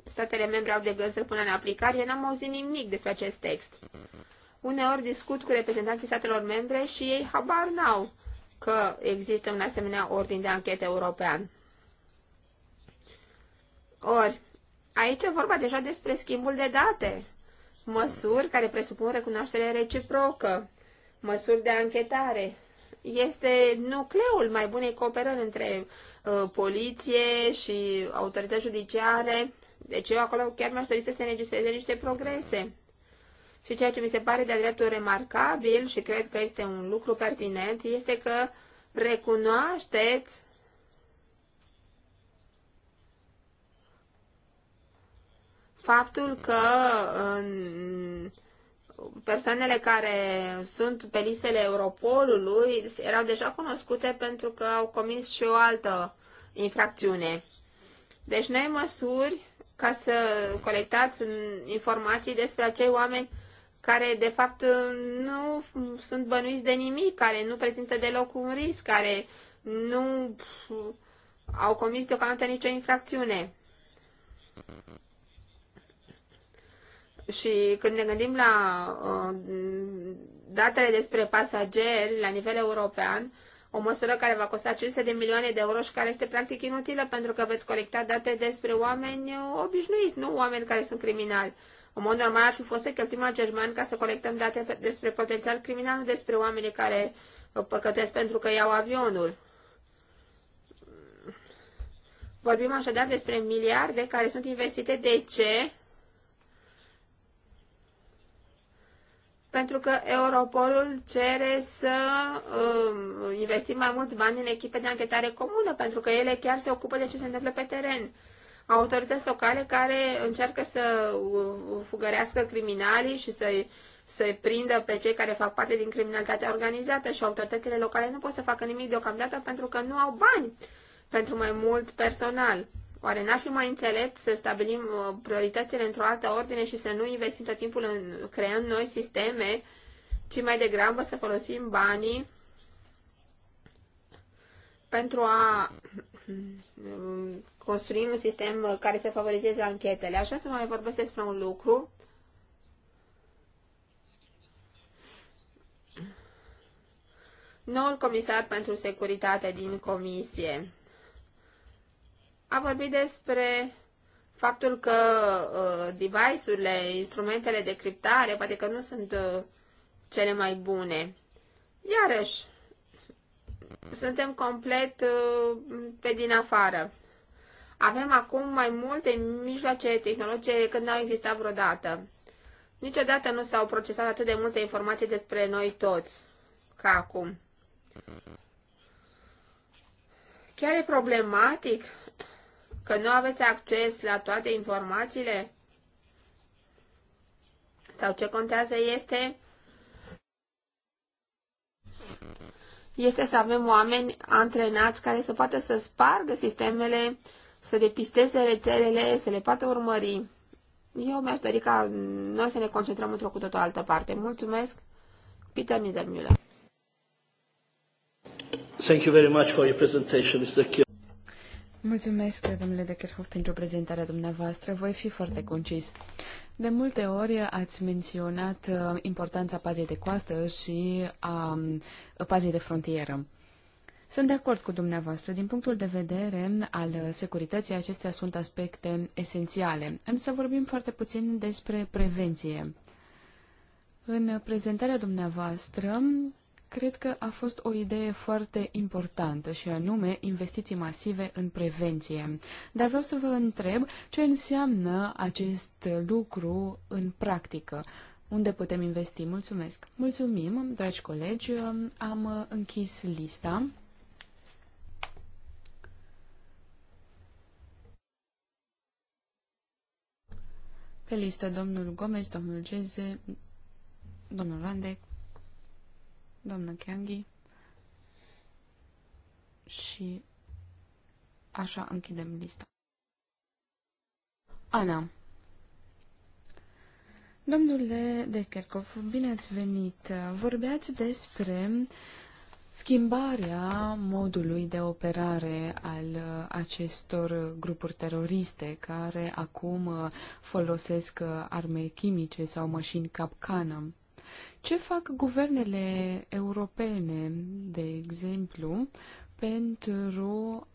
Statele membre au de gând să pună în aplicare, eu n-am auzit nimic despre acest text. Uneori discut cu reprezentanții statelor membre și ei habar n-au că există un asemenea ordin de anchetă european. Ori, aici e vorba deja despre schimbul de date, măsuri care presupun recunoaștere reciprocă, măsuri de anchetare. Este nucleul mai bunei cooperări între Uh, poliție și autorități judiciare. Deci eu acolo chiar mi-aș dori să se înregistreze niște progrese. Și ceea ce mi se pare de-a dreptul remarcabil și cred că este un lucru pertinent este că recunoașteți faptul că în persoanele care sunt pe listele Europolului erau deja cunoscute pentru că au comis și o altă infracțiune. Deci noi măsuri ca să colectați informații despre acei oameni care de fapt nu sunt bănuiți de nimic, care nu prezintă deloc un risc, care nu au comis deocamdată nicio infracțiune. Și când ne gândim la uh, datele despre pasageri la nivel european, o măsură care va costa 500 de milioane de euro și care este practic inutilă pentru că veți colecta date despre oameni obișnuiți, nu oameni care sunt criminali. În mod normal ar fi fost să cheltuim acești bani ca să colectăm date despre potențial criminal, nu despre oamenii care uh, păcătesc pentru că iau avionul. Vorbim așadar despre miliarde care sunt investite. De ce? pentru că Europolul cere să uh, investim mai mulți bani în echipe de anchetare comună, pentru că ele chiar se ocupă de ce se întâmplă pe teren. Autorități locale care încearcă să uh, fugărească criminalii și să-i să prindă pe cei care fac parte din criminalitatea organizată și autoritățile locale nu pot să facă nimic deocamdată pentru că nu au bani pentru mai mult personal. Oare n-ar fi mai înțelept să stabilim uh, prioritățile într-o altă ordine și să nu investim tot timpul în creând noi sisteme, ci mai degrabă să folosim banii pentru a um, construi un sistem care să favorizeze anchetele. Așa să mai vorbesc despre un lucru. Noul comisar pentru securitate din comisie a vorbit despre faptul că uh, device-urile, instrumentele de criptare, poate că nu sunt uh, cele mai bune. Iarăși, suntem complet uh, pe din afară. Avem acum mai multe mijloace tehnologice când n-au existat vreodată. Niciodată nu s-au procesat atât de multe informații despre noi toți ca acum. Chiar e problematic Că nu aveți acces la toate informațiile? Sau ce contează este este să avem oameni antrenați care să poată să spargă sistemele, să depisteze rețelele, să le poată urmări. Eu mi-aș dori ca noi să ne concentrăm într-o cu totul altă parte. Mulțumesc, Peter Niedermüller. Thank you very much for your presentation, Mr. Mulțumesc, domnule Deckerhoff, pentru prezentarea dumneavoastră. Voi fi foarte concis. De multe ori ați menționat uh, importanța pazei de coastă și a uh, pazei de frontieră. Sunt de acord cu dumneavoastră. Din punctul de vedere al securității, acestea sunt aspecte esențiale. Însă vorbim foarte puțin despre prevenție. În prezentarea dumneavoastră cred că a fost o idee foarte importantă și anume investiții masive în prevenție. Dar vreau să vă întreb ce înseamnă acest lucru în practică. Unde putem investi? Mulțumesc! Mulțumim, dragi colegi, am închis lista. Pe listă domnul Gomez, domnul Geze, domnul Randec, doamna Chianghi, și așa închidem lista. Ana. Domnule Kerkov, bine ați venit. Vorbeați despre schimbarea modului de operare al acestor grupuri teroriste care acum folosesc arme chimice sau mașini capcană. Ce fac guvernele europene, de exemplu, pentru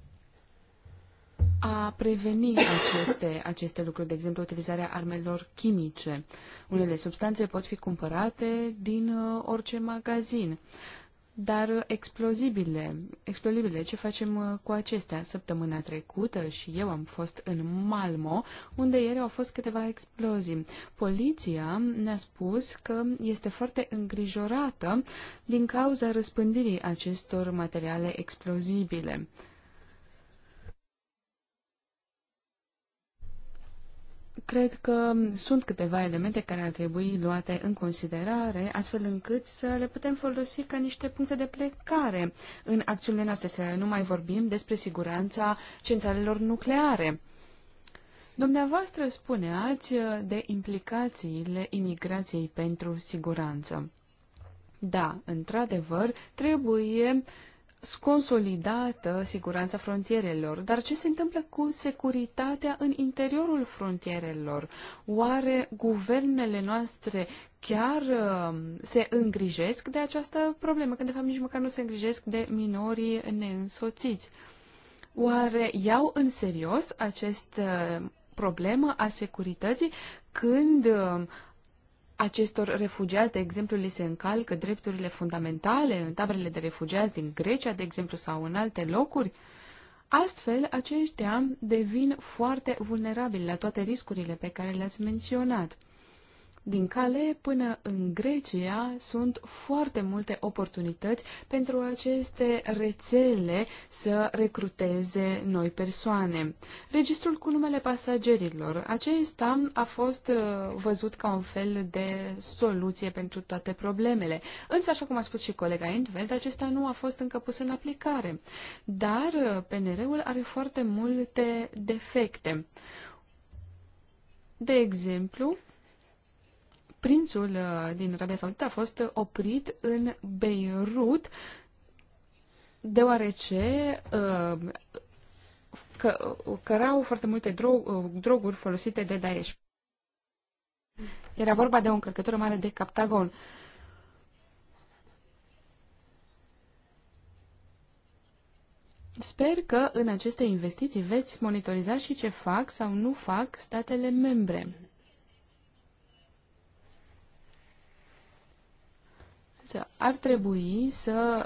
a preveni aceste, aceste lucruri, de exemplu utilizarea armelor chimice. Unele substanțe pot fi cumpărate din uh, orice magazin dar uh, explozibile, explozibile, ce facem uh, cu acestea? Săptămâna trecută și eu am fost în Malmo, unde ieri au fost câteva explozii. Poliția ne-a spus că este foarte îngrijorată din cauza răspândirii acestor materiale explozibile. cred că sunt câteva elemente care ar trebui luate în considerare, astfel încât să le putem folosi ca niște puncte de plecare în acțiunile noastre, să nu mai vorbim despre siguranța centralelor nucleare. Dumneavoastră spuneați uh, de implicațiile imigrației pentru siguranță. Da, într-adevăr, trebuie uh, consolidată siguranța frontierelor. Dar ce se întâmplă cu securitatea în interiorul frontierelor? Oare guvernele noastre chiar uh, se îngrijesc de această problemă, când de fapt nici măcar nu se îngrijesc de minorii neînsoțiți? Oare iau în serios acest uh, problemă a securității când uh, acestor refugiați, de exemplu, li se încalcă drepturile fundamentale în taberele de refugiați din Grecia, de exemplu, sau în alte locuri. Astfel, aceștia devin foarte vulnerabili la toate riscurile pe care le-ați menționat. Din Cale până în Grecia sunt foarte multe oportunități pentru aceste rețele să recruteze noi persoane. Registrul cu numele pasagerilor, acesta a fost uh, văzut ca un fel de soluție pentru toate problemele. Însă, așa cum a spus și colega Entveld, acesta nu a fost încă pus în aplicare. Dar uh, PNR-ul are foarte multe defecte. De exemplu, prințul uh, din Arabia Saudită a fost oprit în Beirut deoarece uh, că, cărau foarte multe uh, droguri folosite de Daesh. Era vorba de o încărcătură mare de captagon. Sper că în aceste investiții veți monitoriza și ce fac sau nu fac statele membre. să deci, ar trebui să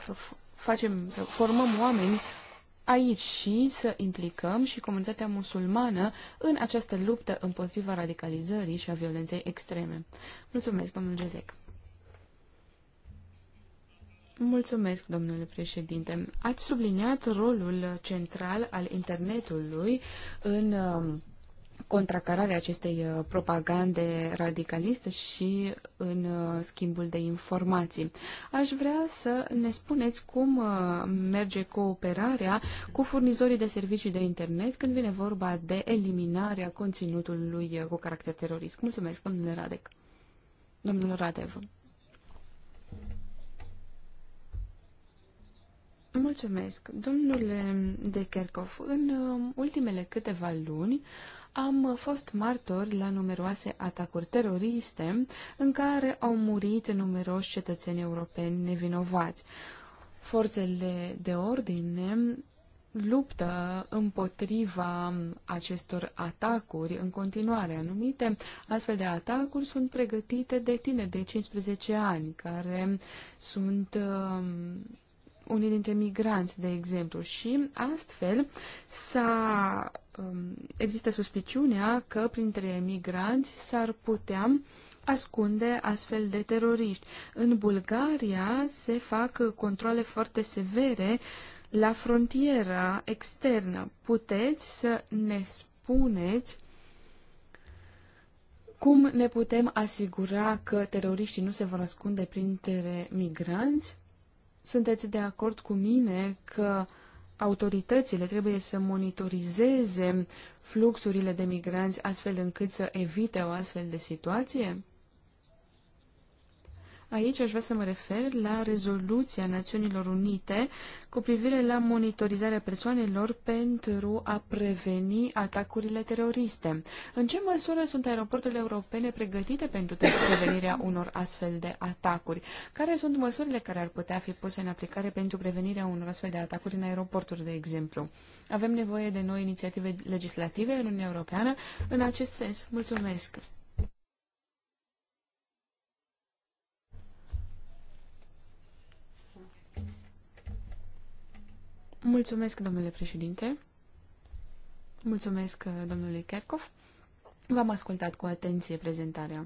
facem, să formăm oameni aici și să implicăm și comunitatea musulmană în această luptă împotriva radicalizării și a violenței extreme. Mulțumesc, domnul Gezec. Mulțumesc, domnule președinte. Ați subliniat rolul central al internetului în uh, contracararea acestei uh, propagande radicaliste și în uh, schimbul de informații. Aș vrea să ne spuneți cum uh, merge cooperarea cu furnizorii de servicii de internet când vine vorba de eliminarea conținutului cu caracter terorist. Mulțumesc, domnule Radec. Domnul Radev. Mulțumesc. Domnule De Kerkov, în ultimele câteva luni am fost martor la numeroase atacuri teroriste în care au murit numeroși cetățeni europeni nevinovați. Forțele de ordine luptă împotriva acestor atacuri în continuare. Anumite astfel de atacuri sunt pregătite de tine de 15 ani, care sunt um, unii dintre migranți, de exemplu, și astfel s-a, um, există suspiciunea că printre migranți s-ar putea ascunde astfel de teroriști. În Bulgaria se fac controle foarte severe la frontiera externă. Puteți să ne spuneți cum ne putem asigura că teroriștii nu se vor ascunde printre migranți? sunteți de acord cu mine că autoritățile trebuie să monitorizeze fluxurile de migranți astfel încât să evite o astfel de situație? Aici aș vrea să mă refer la rezoluția Națiunilor Unite cu privire la monitorizarea persoanelor pentru a preveni atacurile teroriste. În ce măsură sunt aeroporturile europene pregătite pentru prevenirea unor astfel de atacuri? Care sunt măsurile care ar putea fi puse în aplicare pentru prevenirea unor astfel de atacuri în aeroporturi, de exemplu? Avem nevoie de noi inițiative legislative în Uniunea Europeană în acest sens. Mulțumesc! Mulțumesc, domnule președinte. Mulțumesc, domnului Kerkov. V-am ascultat cu atenție prezentarea.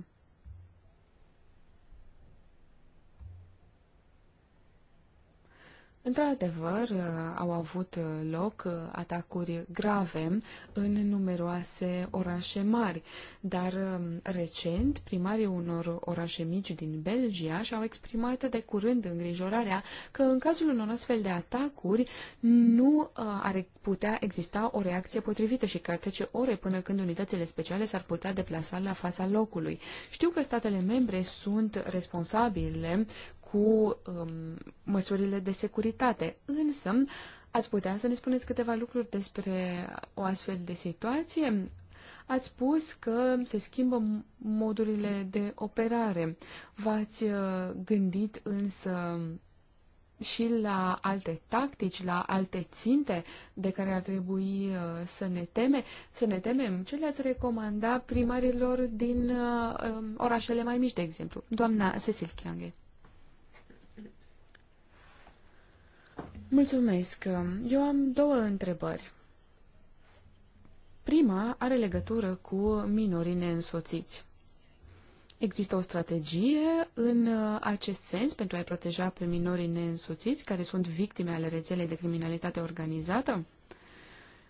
Într-adevăr, uh, au avut uh, loc uh, atacuri grave în numeroase orașe mari, dar um, recent primarii unor orașe mici din Belgia și-au exprimat de curând îngrijorarea că în cazul unor astfel de atacuri nu ar putea exista o reacție potrivită și că ar trece ore până când unitățile speciale s-ar putea deplasa la fața locului. Știu că statele membre sunt responsabile cu um, măsurile de securitate. Însă, ați putea să ne spuneți câteva lucruri despre o astfel de situație? Ați spus că se schimbă modurile de operare. V-ați uh, gândit însă și la alte tactici, la alte ținte de care ar trebui uh, să ne teme, să ne temem. Ce le-ați recomanda primarilor din uh, um, orașele mai mici, de exemplu? Doamna Cecil Chianghe. Mulțumesc. Eu am două întrebări. Prima are legătură cu minorii neînsoțiți. Există o strategie în uh, acest sens pentru a-i proteja pe minorii neînsoțiți care sunt victime ale rețelei de criminalitate organizată?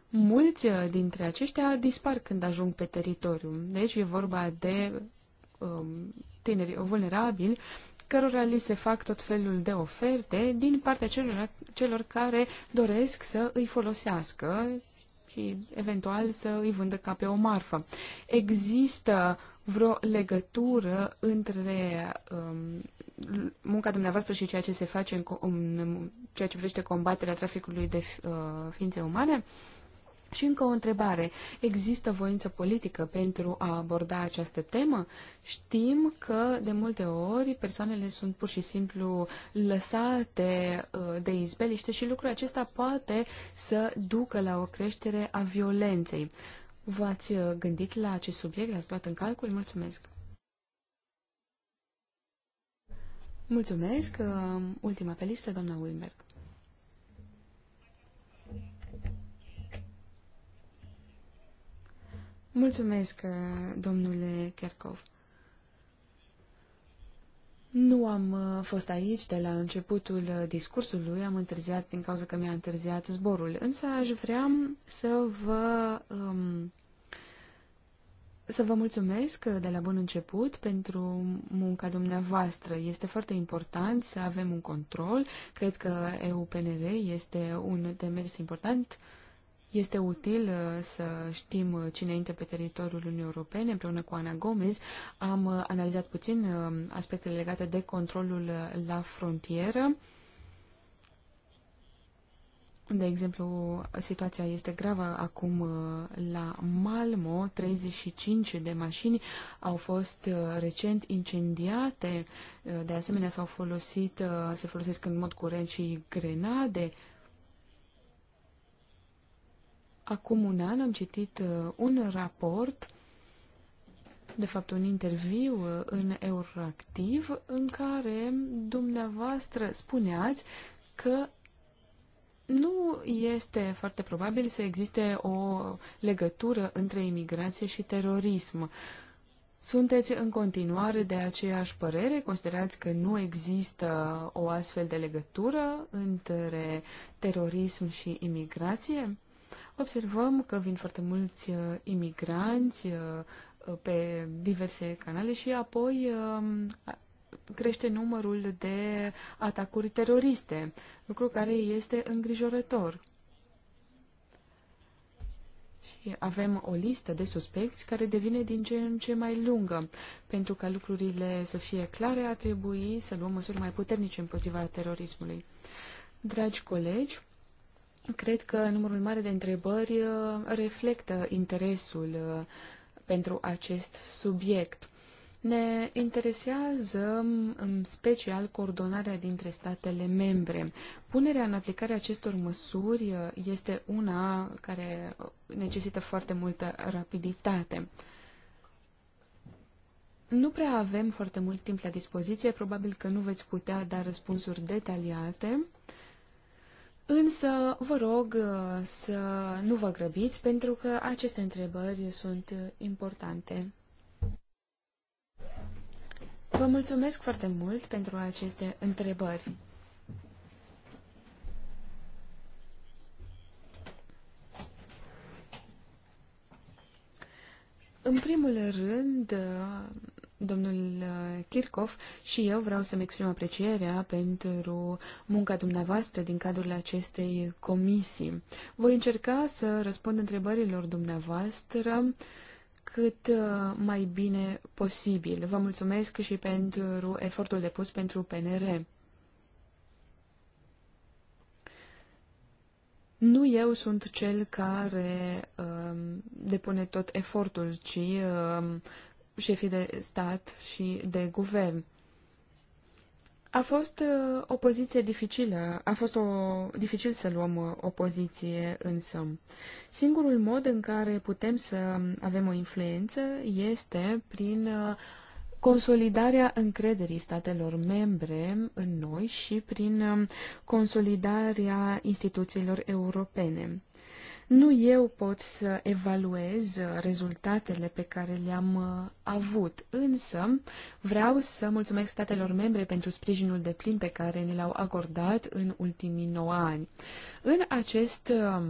Mulți uh, dintre aceștia dispar când ajung pe teritoriu. Deci e vorba de um, tineri vulnerabili cărora li se fac tot felul de oferte din partea celor, celor care doresc să îi folosească și eventual să îi vândă ca pe o marfă. Există vreo legătură între um, munca dumneavoastră și ceea ce se face în, în ceea ce privește combaterea traficului de uh, ființe umane? Uh, și încă o întrebare. Există voință politică pentru a aborda această temă? Știm că de multe ori persoanele sunt pur și simplu lăsate uh, de izbeliște și lucrul acesta poate să ducă la o creștere a violenței. V-ați uh, gândit la acest subiect? L-ați luat în calcul? Mulțumesc! Mulțumesc! Uh, ultima pe listă, doamna Wilmerg. Mulțumesc, uh, domnule Kerkov. Nu am uh, fost aici de la începutul uh, discursului, am întârziat din cauza că mi-a întârziat zborul, însă aș vrea să vă, um, să vă mulțumesc de la bun început pentru munca dumneavoastră. Este foarte important să avem un control. Cred că EUPNR este un demers important uh, este util uh, să știm uh, cine intră pe teritoriul Uniunii Europene. Împreună cu Ana Gomez am uh, analizat puțin aspectele legate de controlul la frontieră. De exemplu, situația este gravă acum la Malmo. 35 de mașini au fost recent incendiate. De asemenea, s-au folosit, se folosesc în mod curent și grenade Acum un an am citit uh, un raport, de fapt un interviu uh, în Euroactiv, în care dumneavoastră spuneați că nu este foarte probabil să existe o legătură între imigrație și terorism. Sunteți în continuare de aceeași părere? Considerați că nu există o astfel de legătură între terorism și imigrație? observăm că vin foarte mulți uh, imigranți uh, pe diverse canale și apoi um, crește numărul de atacuri teroriste, lucru care este îngrijorător. avem o listă de suspecți care devine din ce în ce mai lungă. Pentru ca lucrurile să fie clare, a trebui să luăm măsuri mai puternice împotriva terorismului. Dragi colegi, Cred că numărul mare de întrebări uh, reflectă interesul uh, pentru acest subiect. Ne interesează mm, în special coordonarea dintre statele membre. Punerea în aplicare acestor măsuri uh, este una care necesită foarte multă rapiditate. Nu prea avem foarte mult timp la dispoziție, probabil că nu veți putea da răspunsuri detaliate. Uh, Însă, vă rog uh, să nu vă grăbiți, pentru că aceste întrebări sunt uh, importante. Vă mulțumesc foarte mult pentru aceste întrebări. În primul rând, uh, domnul uh, Kirchhoff și eu vreau să-mi exprim aprecierea pentru munca dumneavoastră din cadrul acestei comisii. Voi încerca să răspund întrebărilor dumneavoastră cât uh, mai bine posibil. Vă mulțumesc și pentru efortul depus pentru PNR. Nu eu sunt cel care uh, depune tot efortul, ci uh, șefii de stat și de guvern. A fost uh, o poziție dificilă, a fost o, dificil să luăm uh, o poziție însă. Singurul mod în care putem să avem o influență este prin uh, consolidarea încrederii statelor membre în noi și prin um, consolidarea instituțiilor europene. Nu eu pot să evaluez rezultatele pe care le-am uh, avut, însă vreau să mulțumesc statelor membre pentru sprijinul de plin pe care ne l-au acordat în ultimii 9 ani. În acest uh,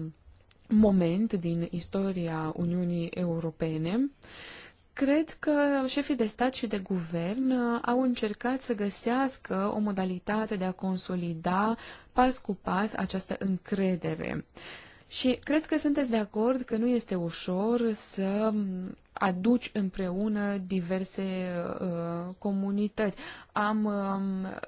moment din istoria Uniunii Europene, Cred că șefii de stat și de guvern uh, au încercat să găsească o modalitate de a consolida pas cu pas această încredere. Uh, și cred că sunteți de acord că nu este ușor să aduci împreună diverse uh, comunități. Am um,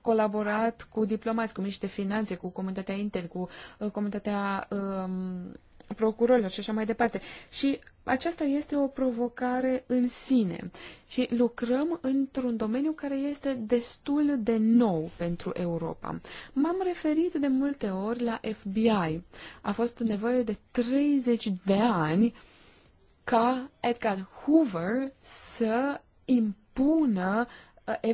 colaborat cu diplomați, cu miști finanțe, cu comunitatea inter, cu uh, comunitatea um, procurorilor și așa mai departe. Și aceasta este o provocare în sine și lucrăm într-un domeniu care este destul de nou pentru Europa. M-am referit de multe ori la FBI. A fost nevoie de 30 de ani ca Edgar Hoover să impună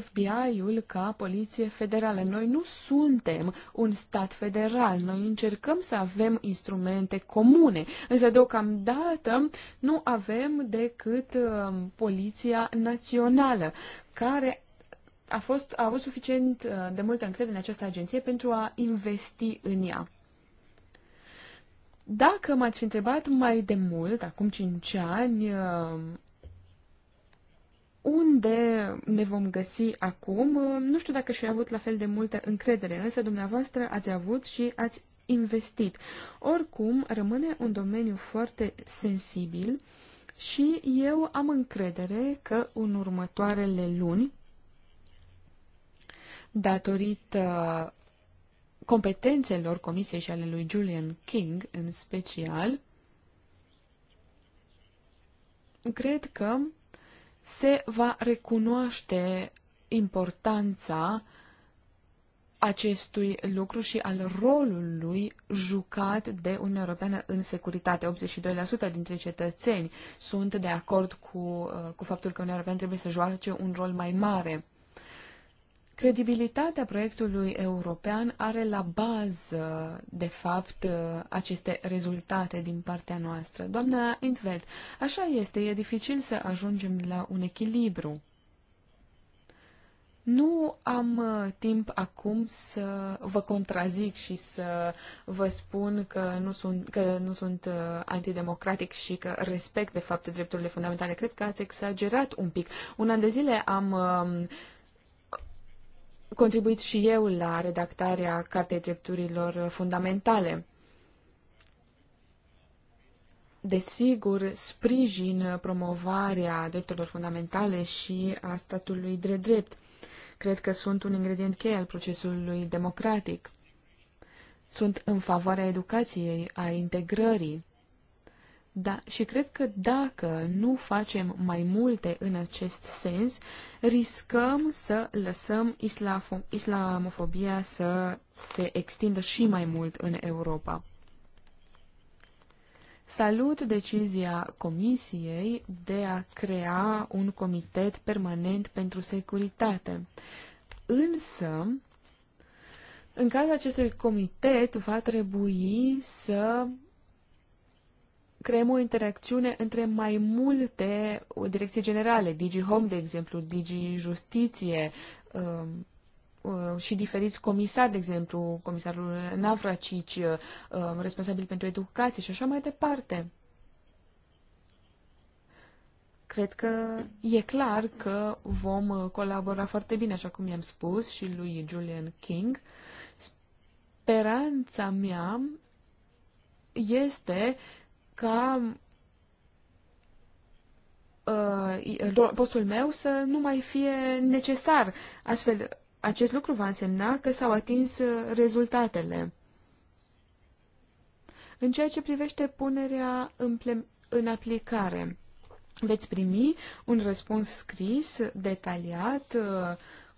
FBI-ul ca poliție federală. Noi nu suntem un stat federal, noi încercăm să avem instrumente comune, însă deocamdată nu avem decât uh, poliția națională, care a, fost, a avut suficient uh, de multă încredere în această agenție pentru a investi în ea. Dacă m-ați fi întrebat mai de mult, acum 5 ani, uh, unde ne vom găsi acum. Nu știu dacă și-ai avut la fel de multă încredere, însă dumneavoastră ați avut și ați investit. Oricum, rămâne un domeniu foarte sensibil și eu am încredere că în următoarele luni, datorită competențelor comisiei și ale lui Julian King în special, cred că se va recunoaște importanța acestui lucru și al rolului jucat de Uniunea Europeană în securitate. 82% dintre cetățeni sunt de acord cu, uh, cu faptul că Uniunea Europeană trebuie să joace un rol mai mare Credibilitatea proiectului european are la bază, de fapt, aceste rezultate din partea noastră. Doamna Intveld, așa este, e dificil să ajungem la un echilibru. Nu am uh, timp acum să vă contrazic și să vă spun că nu sunt, că nu sunt uh, antidemocratic și că respect, de fapt, drepturile fundamentale. Cred că ați exagerat un pic. Un an de zile am uh, contribuit și eu la redactarea Cartei Drepturilor Fundamentale. Desigur, sprijin promovarea drepturilor fundamentale și a statului drept drept. Cred că sunt un ingredient cheie al procesului democratic. Sunt în favoarea educației, a integrării. Da, și cred că dacă nu facem mai multe în acest sens, riscăm să lăsăm islamofobia să se extindă și mai mult în Europa. Salut decizia Comisiei de a crea un comitet permanent pentru securitate. Însă, în cazul acestui comitet va trebui să creăm o interacțiune între mai multe direcții generale, Digi Home, de exemplu, Digi Justiție um, um, și diferiți comisari, de exemplu, comisarul Navracici, um, responsabil pentru educație și așa mai departe. Cred că e clar că vom colabora foarte bine, așa cum i-am spus și lui Julian King. Speranța mea este ca uh, postul meu să nu mai fie necesar. Astfel, acest lucru va însemna că s-au atins uh, rezultatele. În ceea ce privește punerea în, în aplicare, veți primi un răspuns scris, detaliat, uh,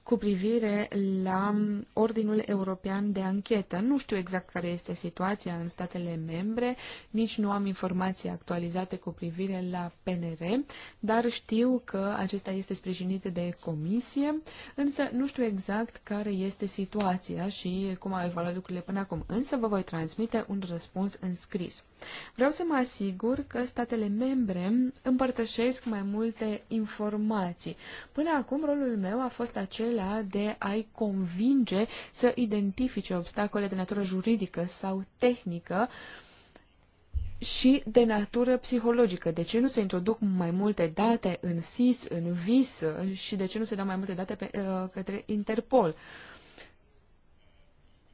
cu privire la Ordinul European de Anchetă. Nu știu exact care este situația în statele membre, nici nu am informații actualizate cu privire la PNR, dar știu că acesta este sprijinit de comisie, însă nu știu exact care este situația și cum au evoluat lucrurile până acum, însă vă voi transmite un răspuns în scris. Vreau să mă asigur că statele membre împărtășesc mai multe informații. Până acum rolul meu a fost acel acela de a-i convinge să identifice obstacole de natură juridică sau tehnică și de natură psihologică. De ce nu se introduc mai multe date în SIS, în VIS și de ce nu se dau mai multe date pe, uh, către Interpol? Uh,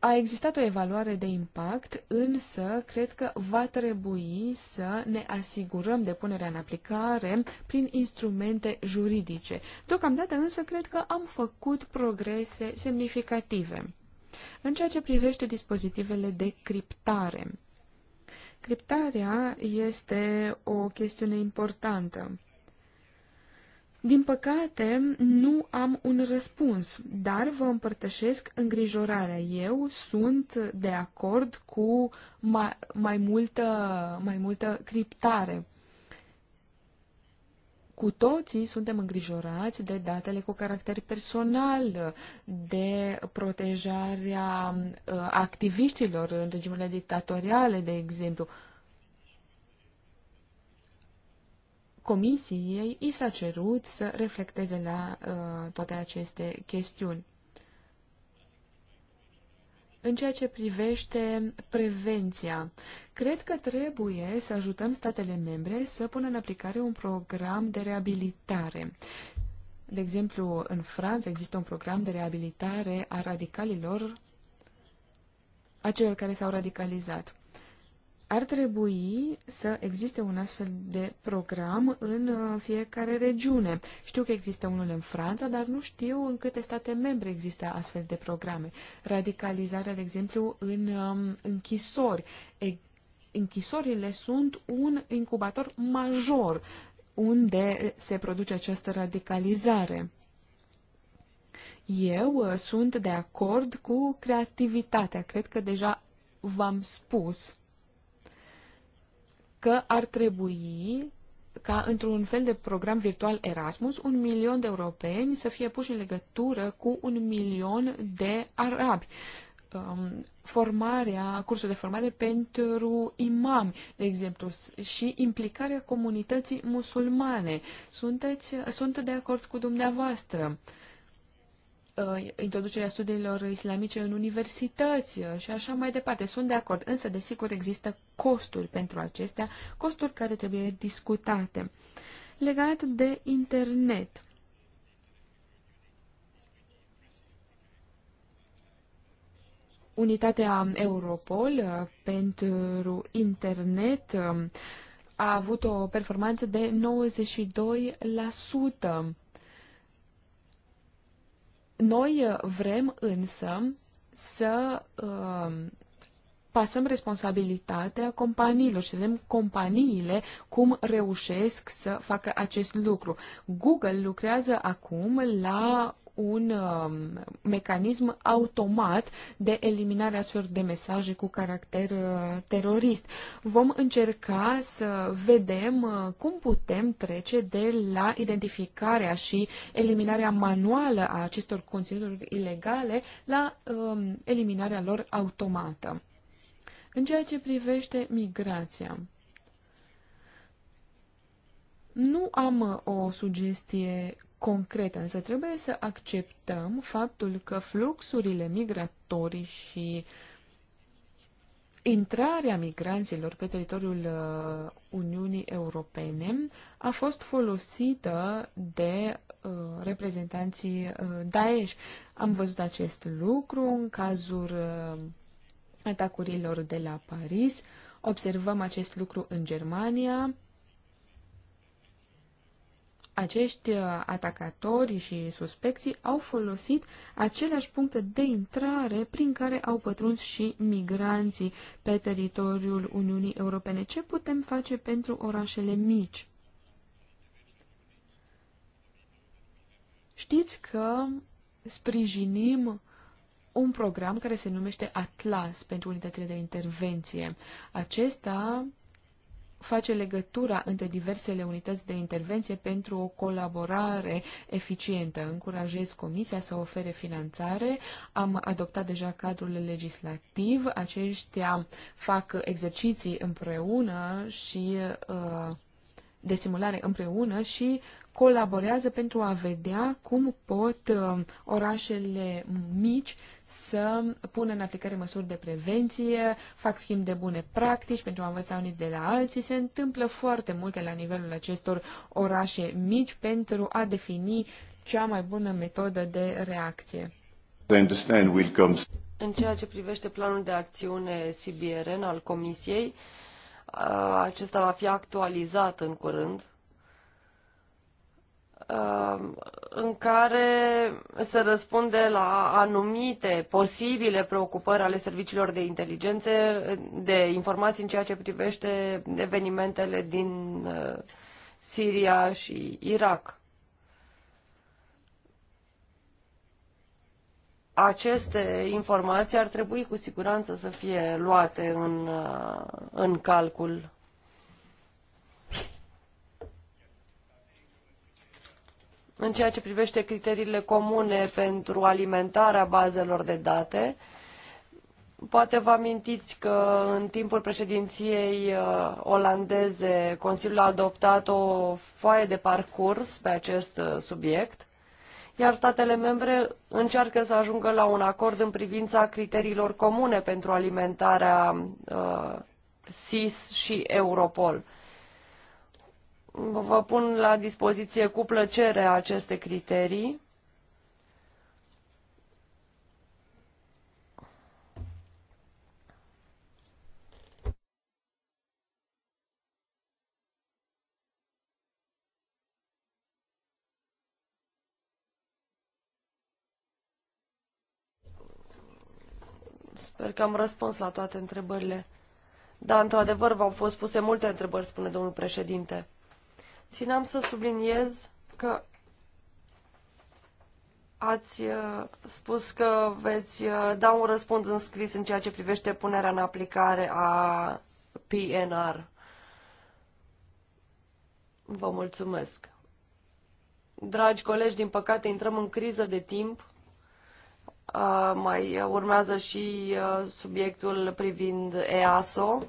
a existat o evaluare de impact, însă cred că va trebui să ne asigurăm de punerea în aplicare prin instrumente juridice. Deocamdată însă cred că am făcut progrese semnificative. În ceea ce privește dispozitivele de criptare, criptarea este o chestiune importantă. Din păcate, nu am un răspuns, dar vă împărtășesc îngrijorarea. Eu sunt de acord cu mai, mai, multă, mai multă criptare. Cu toții suntem îngrijorați de datele cu caracter personal, de protejarea uh, activiștilor în regimurile dictatoriale, de exemplu. Comisiei i s-a cerut să reflecteze la uh, toate aceste chestiuni. În ceea ce privește prevenția, cred că trebuie să ajutăm statele membre să pună în aplicare un program de reabilitare. De exemplu, în Franța există un program de reabilitare a radicalilor, a celor care s-au radicalizat ar trebui să existe un astfel de program în uh, fiecare regiune. Știu că există unul în Franța, dar nu știu în câte state membre există astfel de programe. Radicalizarea, de exemplu, în um, închisori. Închisorile sunt un incubator major unde se produce această radicalizare. Eu uh, sunt de acord cu creativitatea. Cred că deja v-am spus că ar trebui ca într-un fel de program virtual Erasmus, un milion de europeni să fie puși în legătură cu un milion de arabi. Um, formarea, cursul de formare pentru imam, de exemplu, și implicarea comunității musulmane. Sunteți, sunt de acord cu dumneavoastră. Uh, Uh, introducerea studiilor islamice în universități uh, și așa mai departe. Sunt de acord, însă desigur există costuri pentru acestea, costuri care trebuie discutate. Legat de internet. Unitatea Europol uh, pentru internet a avut o performanță de 92%. Noi uh, vrem însă să uh, pasăm responsabilitatea companiilor și vedem companiile cum reușesc să facă acest lucru. Google lucrează acum la un um, mecanism automat de eliminare astfel de mesaje cu caracter uh, terorist. Vom încerca să vedem uh, cum putem trece de la identificarea și eliminarea manuală a acestor conținuturi ilegale la um, eliminarea lor automată. În ceea ce privește migrația, nu am uh, o sugestie concret, însă trebuie să acceptăm faptul că fluxurile migratorii și intrarea migranților pe teritoriul uh, Uniunii Europene a fost folosită de uh, reprezentanții uh, Daesh. Am văzut acest lucru în cazul atacurilor de la Paris. Observăm acest lucru în Germania, acești uh, atacatori și suspecții au folosit aceleași puncte de intrare prin care au pătruns și migranții pe teritoriul Uniunii Europene. Ce putem face pentru orașele mici? Știți că sprijinim un program care se numește Atlas pentru unitățile de intervenție. Acesta face legătura între diversele unități de intervenție pentru o colaborare eficientă. Încurajez Comisia să ofere finanțare. Am adoptat deja cadrul legislativ. Aceștia fac exerciții împreună și uh, de simulare împreună și colaborează pentru a vedea cum pot um, orașele mici să pună în aplicare măsuri de prevenție, fac schimb de bune practici pentru a învăța unii de la alții. Se întâmplă foarte multe la nivelul acestor orașe mici pentru a defini cea mai bună metodă de reacție. În ceea ce privește planul de acțiune CBRN al Comisiei, uh, acesta va fi actualizat în curând Uh, în care se răspunde la anumite posibile preocupări ale serviciilor de inteligențe, de informații în ceea ce privește evenimentele din uh, Siria și Irak. Aceste informații ar trebui cu siguranță să fie luate în, uh, în calcul în ceea ce privește criteriile comune pentru alimentarea bazelor de date. Poate vă amintiți că în timpul președinției uh, olandeze Consiliul a adoptat o foaie de parcurs pe acest uh, subiect, iar statele membre încearcă să ajungă la un acord în privința criteriilor comune pentru alimentarea uh, SIS și Europol. Vă pun la dispoziție cu plăcere aceste criterii. Sper că am răspuns la toate întrebările. Da, într-adevăr, v-au fost puse multe întrebări, spune domnul președinte. Ținam să subliniez că ați uh, spus că veți uh, da un răspuns în scris în ceea ce privește punerea în aplicare a PNR. Vă mulțumesc. Dragi colegi, din păcate intrăm în criză de timp. Uh, mai urmează și subiectul privind EASO.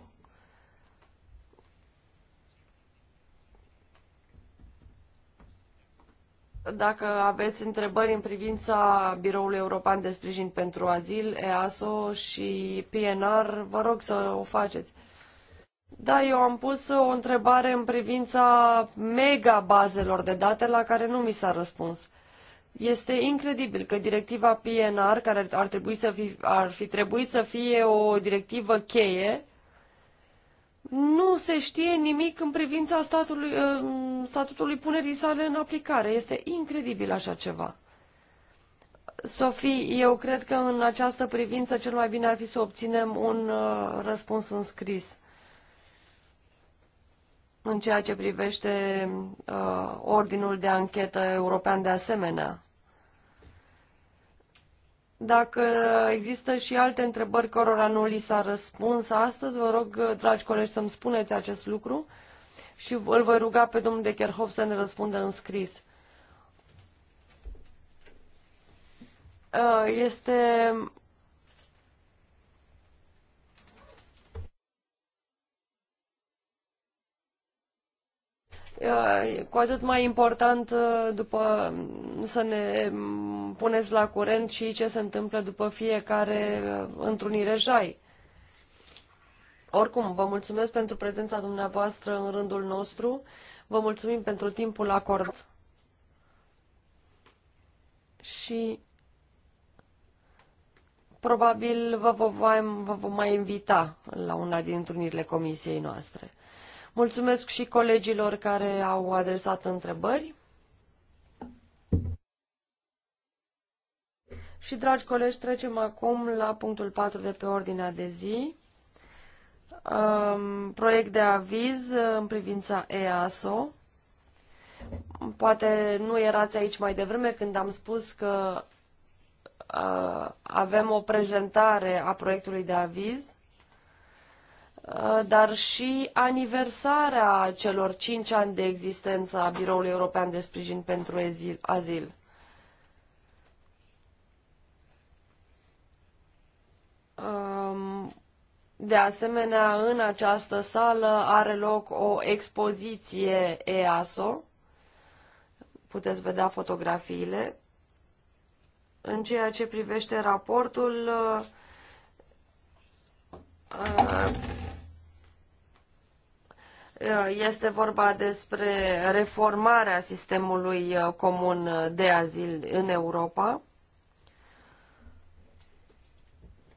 Dacă aveți întrebări în privința Biroului European de Sprijin pentru Azil, EASO și PNR, vă rog să o faceți. Da, eu am pus o întrebare în privința mega bazelor de date la care nu mi s-a răspuns. Este incredibil că directiva PNR, care ar, trebui să fi, ar fi trebuit să fie o directivă cheie, nu se știe nimic în privința statului, uh, statutului punerii sale în aplicare. Este incredibil așa ceva. Sofie, eu cred că în această privință cel mai bine ar fi să obținem un uh, răspuns în scris în ceea ce privește uh, Ordinul de Anchetă European de asemenea. Dacă există și alte întrebări cărora nu li s-a răspuns astăzi, vă rog, dragi colegi, să-mi spuneți acest lucru și îl voi ruga pe domnul de Kerhoff să ne răspundă în scris. Uh, este Uh, cu atât mai important uh, după să ne puneți la curent și ce se întâmplă după fiecare uh, întrunire jai. Oricum, vă mulțumesc pentru prezența dumneavoastră în rândul nostru, vă mulțumim pentru timpul acordat și probabil vă vom, vă vom mai invita la una din întâlnirile comisiei noastre. Mulțumesc și colegilor care au adresat întrebări. Și, dragi colegi, trecem acum la punctul 4 de pe ordinea de zi. Um, proiect de aviz în privința EASO. Poate nu erați aici mai devreme când am spus că uh, avem o prezentare a proiectului de aviz Uh, dar și aniversarea celor cinci ani de existență a Biroului European de Sprijin pentru Azil. Um, de asemenea, în această sală are loc o expoziție EASO. Puteți vedea fotografiile. În ceea ce privește raportul, uh, uh, Uh, este vorba despre reformarea sistemului uh, comun de azil în Europa.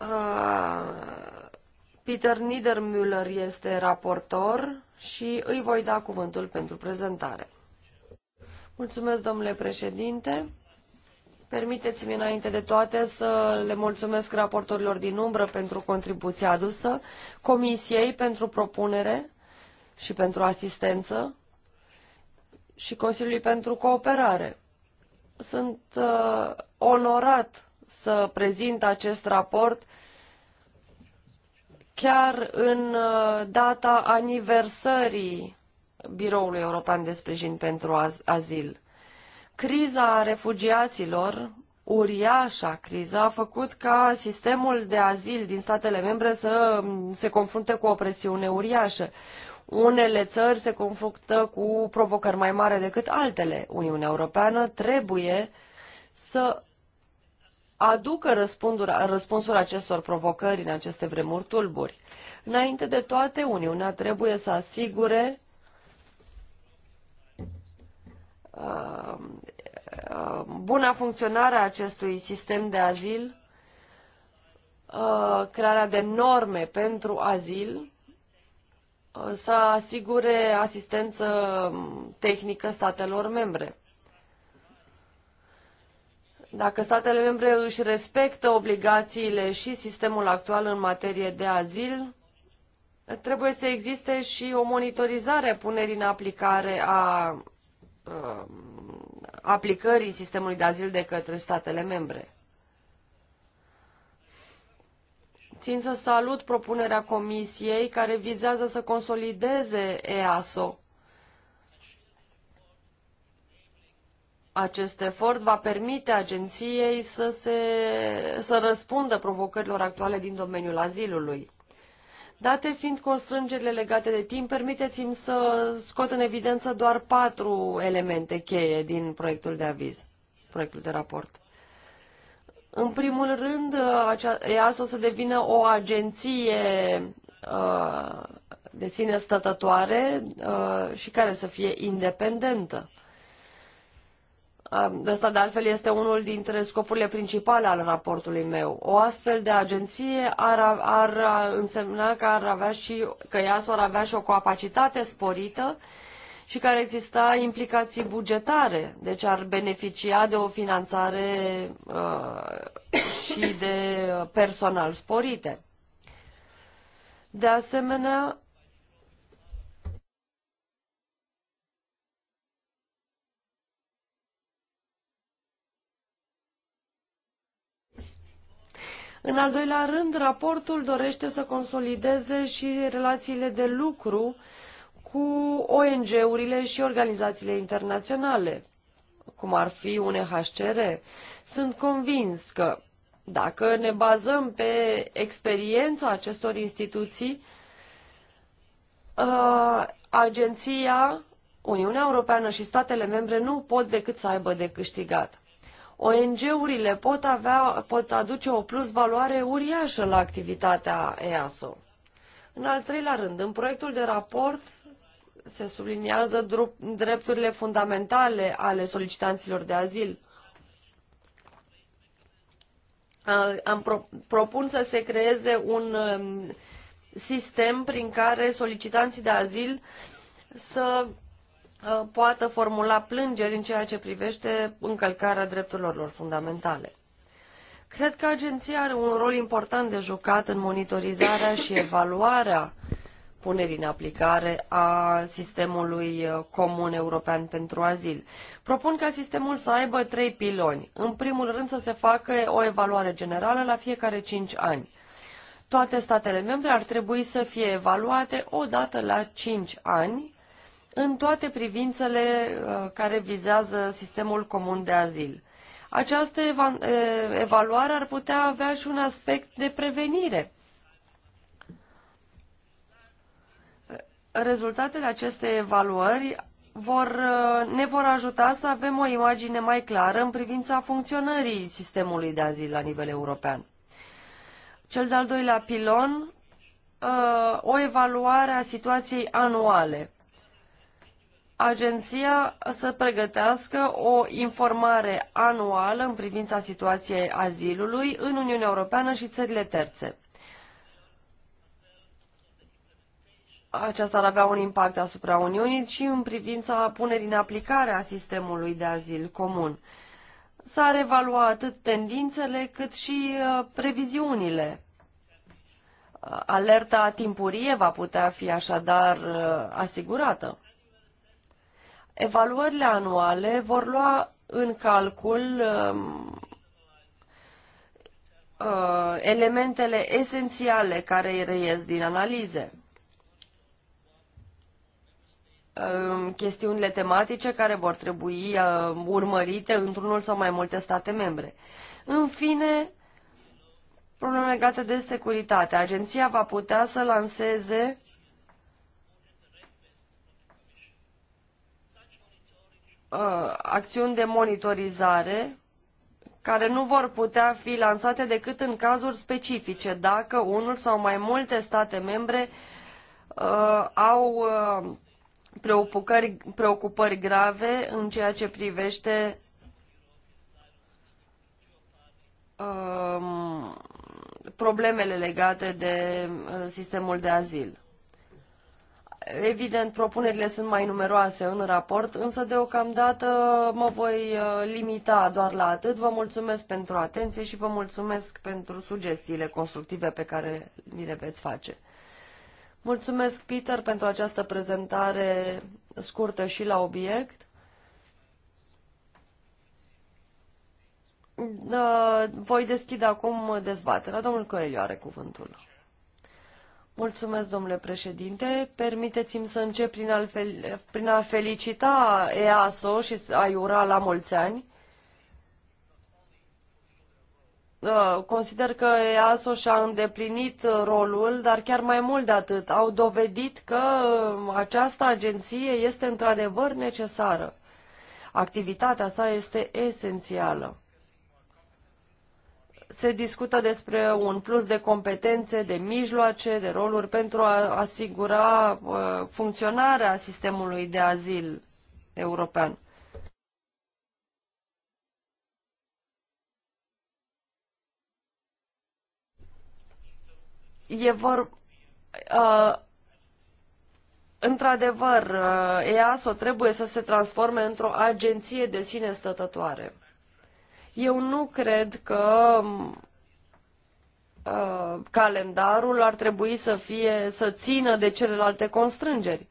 Uh, Peter Niedermüller este raportor și îi voi da cuvântul pentru prezentare. Mulțumesc, domnule președinte. Permiteți-mi înainte de toate să le mulțumesc raportorilor din umbră pentru contribuția adusă, Comisiei pentru propunere și pentru asistență și Consiliului pentru Cooperare. Sunt uh, onorat să prezint acest raport chiar în uh, data aniversării Biroului European de Sprijin pentru az Azil. Criza refugiaților, uriașa criza, a făcut ca sistemul de azil din statele membre să um, se confrunte cu o presiune uriașă. Unele țări se confruntă cu provocări mai mari decât altele. Uniunea Europeană trebuie să aducă răspunsuri acestor provocări în aceste vremuri tulburi. Înainte de toate, Uniunea trebuie să asigure uh, uh, buna funcționare a acestui sistem de azil, uh, crearea de norme pentru azil, să asigure asistență tehnică statelor membre. Dacă statele membre își respectă obligațiile și sistemul actual în materie de azil, trebuie să existe și o monitorizare a punerii în aplicare a, a um, aplicării sistemului de azil de către statele membre. in să salut propunerea Comisiei care vizează să consolideze EASO. Acest efort va permite agenției să, se, să răspundă provocărilor actuale din domeniul azilului. Date fiind constrângerile legate de timp, permiteți-mi să scot în evidență doar patru elemente cheie din proiectul de aviz, proiectul de raport. În primul rând, uh, EASO să devină o agenție uh, de sine stătătoare uh, și care să fie independentă. Ăsta, um, de altfel, este unul dintre scopurile principale al raportului meu. O astfel de agenție ar, ar însemna că ar avea și, că EASO ar avea și o capacitate sporită uh, și care exista implicații bugetare, deci ar beneficia de o finanțare uh, și de personal sporite. De asemenea, În al doilea rând, raportul dorește să consolideze și relațiile de lucru uh, cu ONG-urile și organizațiile internaționale, cum ar fi UNHCR. Sunt convins că dacă ne bazăm pe experiența acestor instituții, uh, agenția, Uniunea Europeană și statele membre nu pot decât să aibă de câștigat. ONG-urile pot, avea, pot aduce o plus valoare uriașă la activitatea EASO. În al treilea rând, în proiectul de raport se subliniază drepturile fundamentale ale solicitanților de azil. Am pro, propun să se creeze un um, sistem prin care solicitanții de azil să uh, poată formula plângeri în ceea ce privește încălcarea drepturilor lor fundamentale. Cred că agenția are un rol important de jucat în monitorizarea și evaluarea uh, punerii în aplicare a sistemului uh, comun european pentru azil. Propun ca sistemul să aibă trei piloni. În primul rând să se facă o evaluare generală la fiecare cinci ani. Toate statele membre ar trebui să fie evaluate o dată la cinci ani în toate privințele uh, care vizează sistemul comun de azil. Această uh, evaluare ar putea avea și un aspect de prevenire rezultatele acestei evaluări vor, uh, ne vor ajuta să avem o imagine mai clară în privința funcționării sistemului de azil la nivel european. Cel de-al doilea pilon, uh, o evaluare a situației anuale. Agenția să pregătească o informare anuală în privința situației azilului în Uniunea Europeană și țările terțe. aceasta ar avea un impact asupra Uniunii și în privința punerii în aplicare a sistemului de azil comun. S-ar evalua atât tendințele cât și uh, previziunile. Uh, alerta timpurie va putea fi așadar uh, asigurată. Evaluările anuale vor lua în calcul um, elementele esențiale care reies din analize. Um, chestiunile tematice care vor trebui um, urmărite într-unul sau mai multe state membre. În fine, probleme legate de securitate. Agenția va putea să lanseze uh, acțiuni de monitorizare care nu vor putea fi lansate decât în cazuri specifice, dacă unul sau mai multe state membre uh, au uh, preocupări, preocupări grave în ceea ce privește um, problemele legate de uh, sistemul de azil. Evident, propunerile sunt mai numeroase în raport, însă deocamdată mă voi uh, limita doar la atât. Vă mulțumesc pentru atenție și vă mulțumesc pentru sugestiile constructive pe care mi le veți face. Mulțumesc, Peter, pentru această prezentare scurtă și la obiect. Da, voi deschide acum dezbaterea. Domnul Coelho are cuvântul. Mulțumesc, domnule președinte. Permiteți-mi să încep prin a, prin a felicita EASO și a iura la mulți ani. Uh, consider că EASO și-a îndeplinit rolul, dar chiar mai mult de atât, au dovedit că uh, această agenție este într-adevăr necesară. Activitatea sa este esențială. Se discută despre un plus de competențe, de mijloace, de roluri pentru a asigura uh, funcționarea sistemului de azil european. E vor... Uh, Într-adevăr, uh, EASO trebuie să se transforme într-o agenție de sine stătătoare. Eu nu cred că uh, calendarul ar trebui să fie să țină de celelalte constrângeri.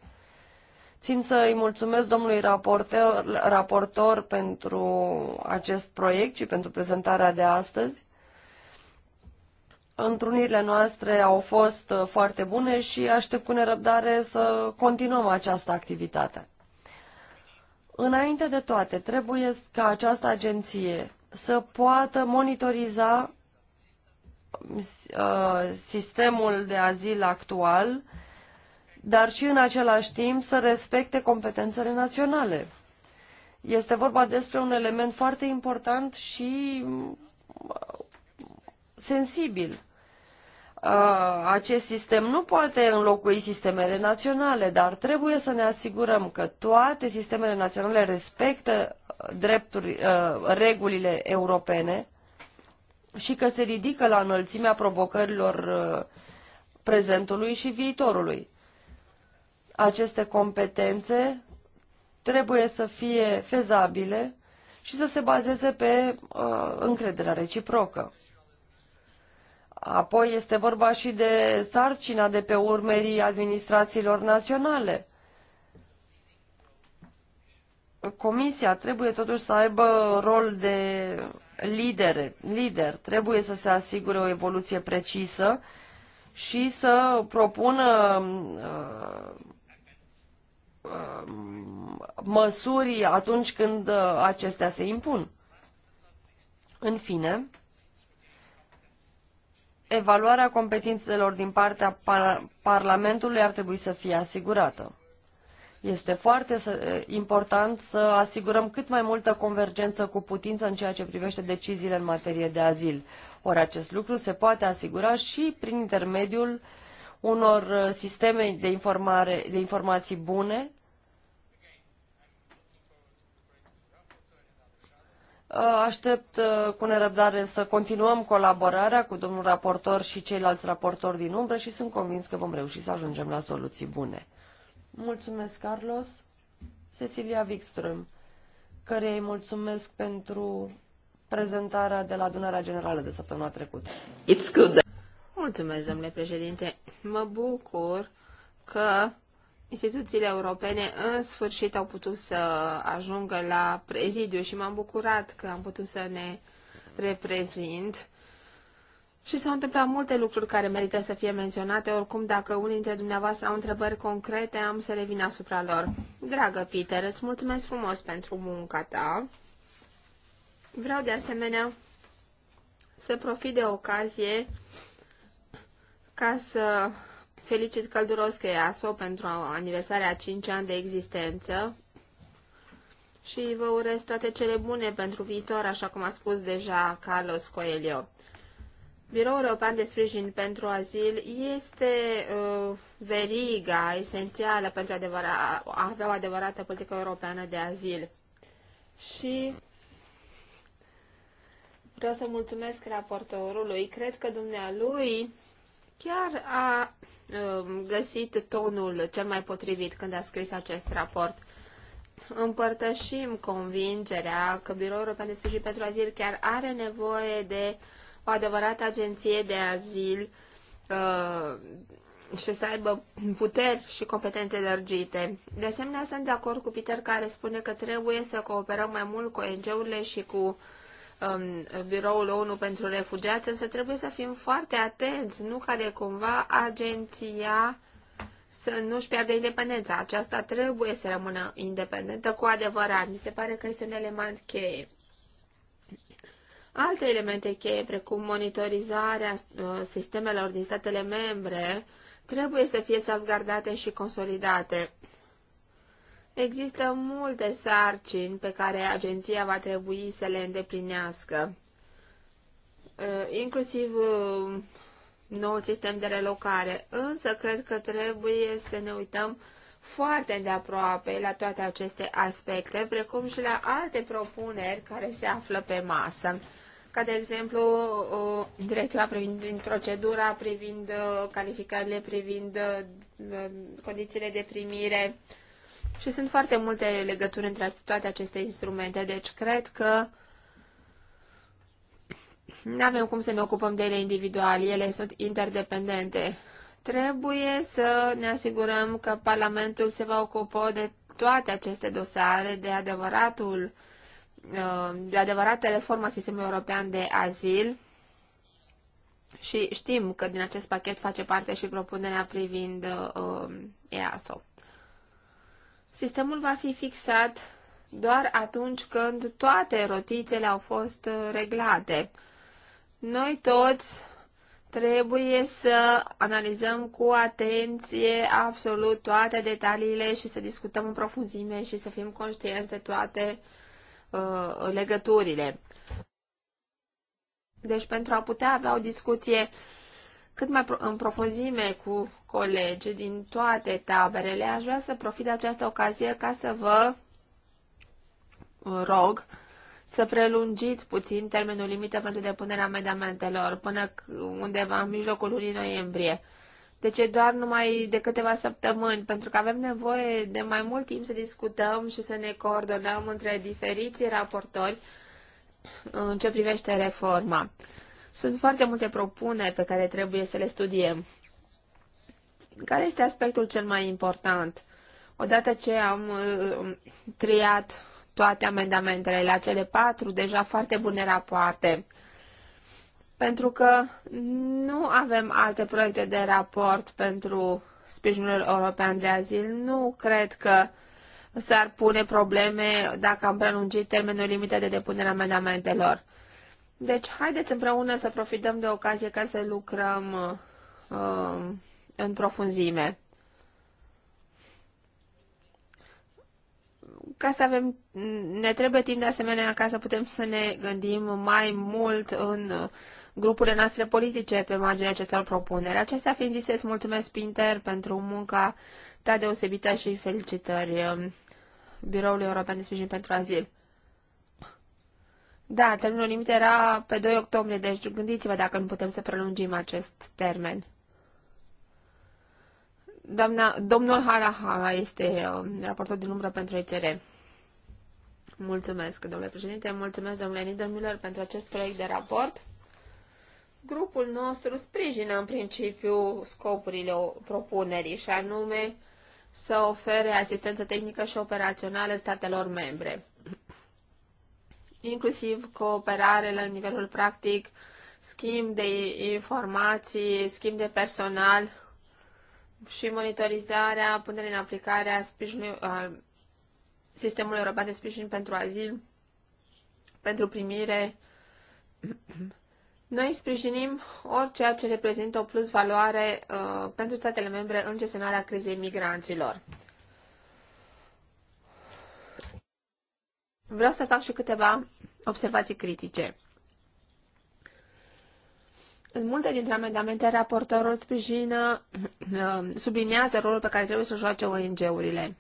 Țin să îi mulțumesc domnului raportor, raportor pentru acest proiect și pentru prezentarea de astăzi. Întrunirile noastre au fost uh, foarte bune și aștept cu nerăbdare să continuăm această activitate. Înainte de toate, trebuie ca această agenție să poată monitoriza uh, sistemul de azil actual, dar și în același timp să respecte competențele naționale. Este vorba despre un element foarte important și uh, sensibil. Uh, acest sistem nu poate înlocui sistemele naționale, dar trebuie să ne asigurăm că toate sistemele naționale respectă drepturi, uh, regulile europene și că se ridică la înălțimea provocărilor uh, prezentului și viitorului. Aceste competențe trebuie să fie fezabile și să se bazeze pe încrederea reciprocă. Apoi este vorba și de sarcina de pe urmerii administrațiilor naționale. Comisia trebuie totuși să aibă rol de lider, lider, trebuie să se asigure o evoluție precisă și să propună uh, um, măsuri atunci când uh, acestea se impun. În fine, evaluarea competențelor din partea par Parlamentului ar trebui să fie asigurată. Este foarte important să asigurăm cât mai multă convergență cu putință în ceea ce privește deciziile în materie de azil. Ori acest lucru se poate asigura și prin intermediul unor sisteme de, informare, de informații bune Uh, aștept uh, cu nerăbdare să continuăm colaborarea cu domnul raportor și ceilalți raportori din umbră și sunt convins că vom reuși să ajungem la soluții bune. Mulțumesc, Carlos. Cecilia Wikström, care îi mulțumesc pentru prezentarea de la adunarea generală de săptămâna trecută. It's good. Mulțumesc, domnule președinte. Mă bucur că instituțiile europene în sfârșit au putut să ajungă la prezidiu și m-am bucurat că am putut să ne reprezint. Și s-au întâmplat multe lucruri care merită să fie menționate, oricum dacă unii dintre dumneavoastră au întrebări concrete, am să revin asupra lor. Dragă Peter, îți mulțumesc frumos pentru munca ta. Vreau de asemenea să profit de ocazie ca să Felicit călduros că EASO pentru aniversarea 5 ani de existență și vă urez toate cele bune pentru viitor, așa cum a spus deja Carlos Coelho. Biroul European de Sprijin pentru Azil este uh, veriga esențială pentru adevăra, a avea o adevărată politică europeană de azil. Și vreau să mulțumesc raportorului. Cred că dumnealui chiar a um, găsit tonul cel mai potrivit când a scris acest raport. Împărtășim convingerea că Biroul European de Sfârșit pentru Azil chiar are nevoie de o adevărată agenție de azil uh, și să aibă puteri și competențe dărgite. De asemenea, sunt de acord cu Peter care spune că trebuie să cooperăm mai mult cu ONG-urile și cu Um, biroul ONU pentru refugiați, însă trebuie să fim foarte atenți, nu care cumva agenția să nu-și piardă independența. Aceasta trebuie să rămână independentă cu adevărat. Mi se pare că este un element cheie. Alte elemente cheie, precum monitorizarea uh, sistemelor din statele membre, trebuie să fie salvgardate și consolidate. Există multe sarcini pe care agenția va trebui să le îndeplinească, uh, inclusiv uh, noul sistem de relocare, însă cred că trebuie să ne uităm foarte de aproape la toate aceste aspecte, precum și la alte propuneri care se află pe masă, ca de exemplu uh, directiva privind procedura, privind calificările, privind condițiile de primire, și sunt foarte multe legături între toate aceste instrumente, deci cred că nu avem cum să ne ocupăm de ele individual, ele sunt interdependente. Trebuie să ne asigurăm că Parlamentul se va ocupa de toate aceste dosare, de adevăratul, uh, de adevărată reforma sistemului european de azil și știm că din acest pachet face parte și propunerea privind uh, EASO. Sistemul va fi fixat doar atunci când toate rotițele au fost uh, reglate. Noi toți trebuie să analizăm cu atenție absolut toate detaliile și să discutăm în profunzime și să fim conștienți de toate uh, legăturile. Deci pentru a putea avea o discuție cât mai în profunzime cu colegi din toate taberele, aș vrea să profit de această ocazie ca să vă rog să prelungiți puțin termenul limită pentru depunerea amendamentelor până undeva în mijlocul lunii noiembrie. Deci e doar numai de câteva săptămâni, pentru că avem nevoie de mai mult timp să discutăm și să ne coordonăm între diferiții raportori în ce privește reforma. Sunt foarte multe propuneri pe care trebuie să le studiem. Care este aspectul cel mai important? Odată ce am uh, triat toate amendamentele la cele patru, deja foarte bune rapoarte, pentru că nu avem alte proiecte de raport pentru sprijinul european de azil. Nu cred că s-ar pune probleme dacă am prelungit termenul limită de depunere amendamentelor. Deci, haideți împreună să profităm de ocazie ca să lucrăm uh, în profunzime. Ca să avem, ne trebuie timp de asemenea ca să putem să ne gândim mai mult în grupurile noastre politice pe marginea acestor propuneri. Acestea fiind zise, îți mulțumesc, Pinter, pentru munca ta deosebită și felicitări um, Biroului European de Sprijin pentru Azil. Da, termenul limit era pe 2 octombrie, deci gândiți-vă dacă nu putem să prelungim acest termen. Doamna, domnul Haraha este um, raportor din umbră pentru ECR. Mulțumesc, domnule președinte, mulțumesc, domnule Niedermüller, pentru acest proiect de raport. Grupul nostru sprijină în principiu scopurile propunerii și anume să ofere asistență tehnică și operațională statelor membre, inclusiv cooperare la nivelul practic, schimb de informații, schimb de personal, și monitorizarea punerea în aplicare a, a sistemului european de sprijin pentru azil, pentru primire. Noi sprijinim orice ce reprezintă o plus valoare uh, pentru statele membre în gestionarea crizei migranților. Vreau să fac și câteva observații critice. În multe dintre amendamente, raportorul sprijină, subliniază rolul pe care trebuie să joace ONG-urile.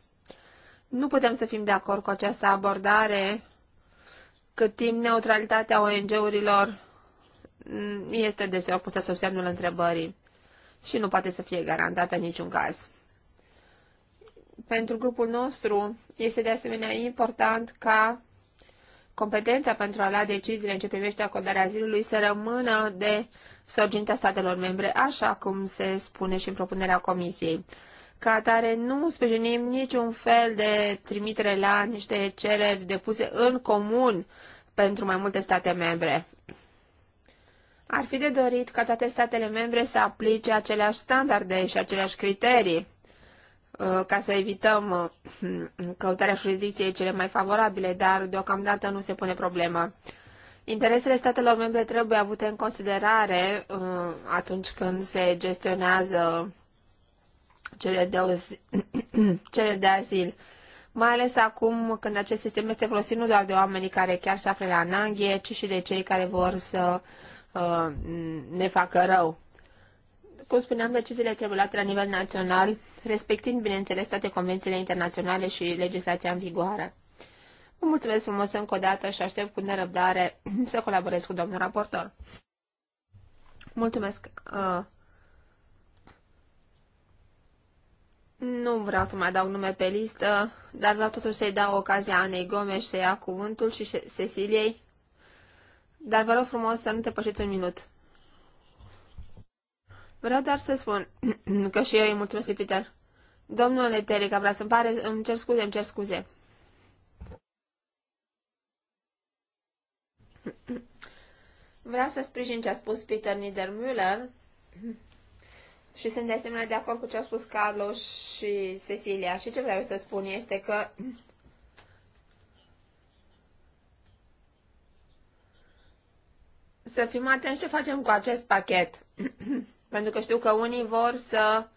Nu putem să fim de acord cu această abordare cât timp neutralitatea ONG-urilor este deseori pusă sub semnul întrebării și nu poate să fie garantată în niciun caz. Pentru grupul nostru este de asemenea important ca competența pentru a lua deciziile în ce privește acordarea azilului să rămână de sorgintea statelor membre, așa cum se spune și în propunerea Comisiei. Ca atare, nu sprijinim niciun fel de trimitere la niște cereri depuse în comun pentru mai multe state membre. Ar fi de dorit ca toate statele membre să aplice aceleași standarde și aceleași criterii Uh, ca să evităm uh, căutarea jurisdicției cele mai favorabile, dar deocamdată nu se pune problema. Interesele statelor membre trebuie avute în considerare uh, atunci când se gestionează cele de, cele de azil, mai ales acum când acest sistem este folosit nu doar de oamenii care chiar se află la nanghie, ci și de cei care vor să ne facă rău cum spuneam, deciziile trebuie luate la nivel național, respectind, bineînțeles, toate convențiile internaționale și legislația în vigoare. Vă mulțumesc frumos încă o dată și aștept cu nerăbdare să colaborez cu domnul raportor. Mulțumesc. Uh, nu vreau să mai dau nume pe listă, dar vreau totuși să-i dau ocazia Anei Gomes să ia cuvântul și Ceciliei. Dar vă rog frumos să nu te pășiți un minut. Vreau doar să spun că și eu îi mulțumesc Peter. Domnule Teric, Vreau să-mi pare, îmi cer scuze, îmi cer scuze. Vreau să sprijin ce a spus Peter Niedermüller și sunt de asemenea de acord cu ce au spus Carlos și Cecilia. Și ce vreau să spun este că să fim atenți ce facem cu acest pachet. Pentru că știu că unii vor să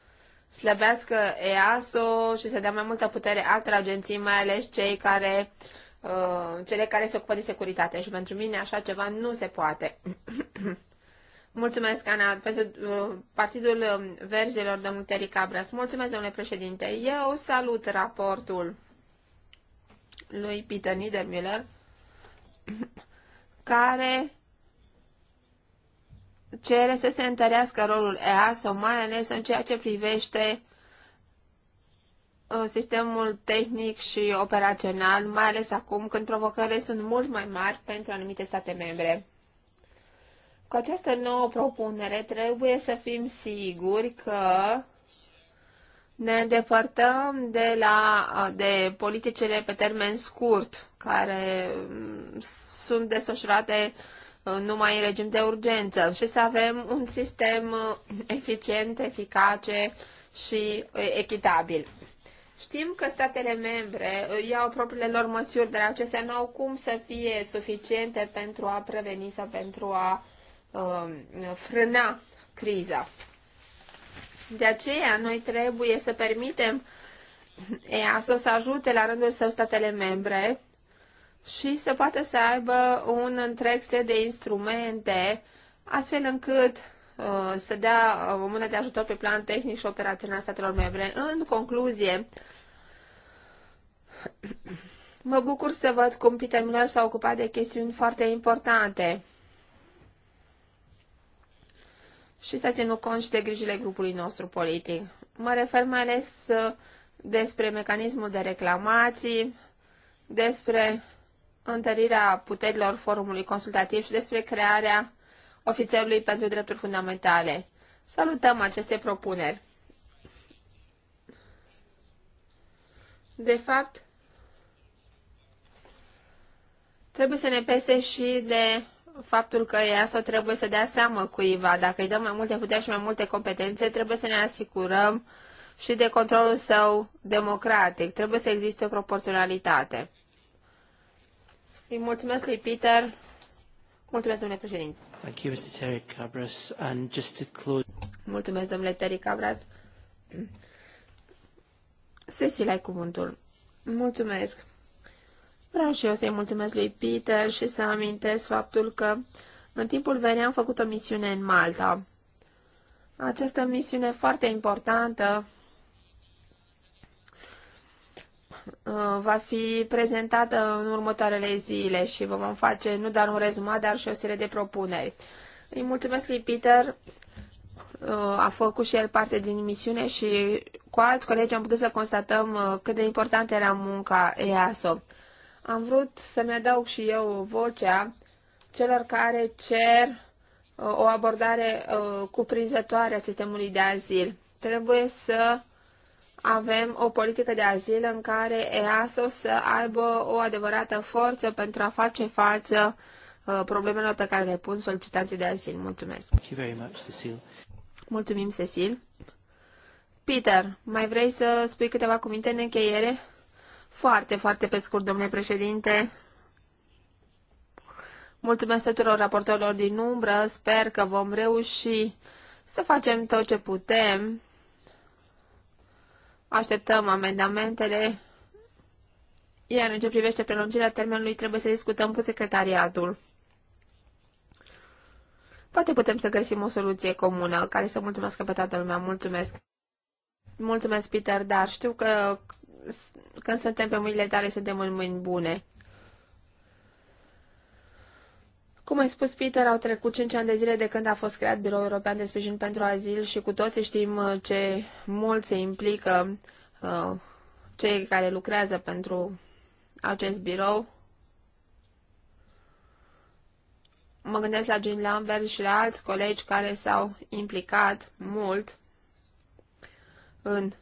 slăbească EASO și să dea mai multă putere altor agenții, mai ales cei care, uh, cele care se ocupă de securitate. Și pentru mine așa ceva nu se poate. Mulțumesc, Ana, pentru uh, Partidul um, Verzilor, domnul Teri Cabras. Mulțumesc, domnule președinte. Eu salut raportul lui Peter Niedermüller, care cere să se întărească rolul EASO, mai ales în ceea ce privește uh, sistemul tehnic și operațional, mai ales acum când provocările sunt mult mai mari pentru anumite state membre. Cu această nouă propunere trebuie să fim siguri că ne îndepărtăm de, la, uh, de politicele pe termen scurt, care mm, sunt desfășurate uh, Uh, numai în regim de urgență și să avem un sistem uh, eficient, eficace și uh, echitabil. Știm că statele membre iau propriile lor măsuri, dar acestea nu au cum să fie suficiente pentru a preveni sau pentru a uh, frâna criza. De aceea, noi trebuie să permitem EASO să ajute la rândul său statele membre și să poată să aibă un întreg set de instrumente, astfel încât uh, să dea uh, o mână de ajutor pe plan tehnic și operațional statelor membre. În concluzie, mă bucur să văd cum Peter Miller s-a ocupat de chestiuni foarte importante și să țină cont și de grijile grupului nostru politic. Mă refer mai ales uh, despre mecanismul de reclamații, despre întărirea puterilor forumului consultativ și despre crearea ofițerului pentru drepturi fundamentale. Salutăm aceste propuneri. De fapt, trebuie să ne pese și de faptul că EASO trebuie să dea seamă cuiva. Dacă îi dăm mai multe puteri și mai multe competențe, trebuie să ne asigurăm și de controlul său democratic. Trebuie să existe o proporționalitate. Îi mulțumesc lui Peter. Mulțumesc, domnule președinte. Thank you, Mr. Terry Cabras. And just to close... Mulțumesc, domnule Terry Cabras. Cecil, ai cuvântul. Mulțumesc. Vreau și eu să-i mulțumesc lui Peter și să amintesc faptul că în timpul verii am făcut o misiune în Malta. Această misiune foarte importantă Uh, va fi prezentată în următoarele zile și vă vom face nu doar un rezumat, dar și o serie de propuneri. Îi mulțumesc lui Peter, uh, a făcut și el parte din misiune și cu alți colegi am putut să constatăm uh, cât de importantă era munca EASO. Am vrut să-mi adaug și eu vocea celor care cer o abordare cuprinzătoare a sistemului de azil. Trebuie să avem o politică de azil în care EASO să aibă o adevărată forță pentru a face față uh, problemelor pe care le pun solicitanții de azil. Mulțumesc! Thank you very much, Cecil. Mulțumim, Cecil! Peter, mai vrei să spui câteva cuvinte în încheiere? Foarte, foarte pe scurt, domnule președinte. Mulțumesc tuturor raportorilor din umbră, sper că vom reuși să facem tot ce putem Așteptăm amendamentele. Iar în ce privește prelungirea termenului, trebuie să discutăm cu secretariatul. Poate putem să găsim o soluție comună care să mulțumesc pe toată lumea. Mulțumesc! Mulțumesc, Peter, dar știu că când suntem pe mâinile tale, suntem în mâini bune. Cum ai spus, Peter, au trecut 5 ani de zile de când a fost creat Biroul European de Sprijin pentru Azil și cu toții știm uh, ce mult se implică uh, cei care lucrează pentru acest birou. Mă gândesc la Jean Lambert și la alți colegi care s-au implicat mult în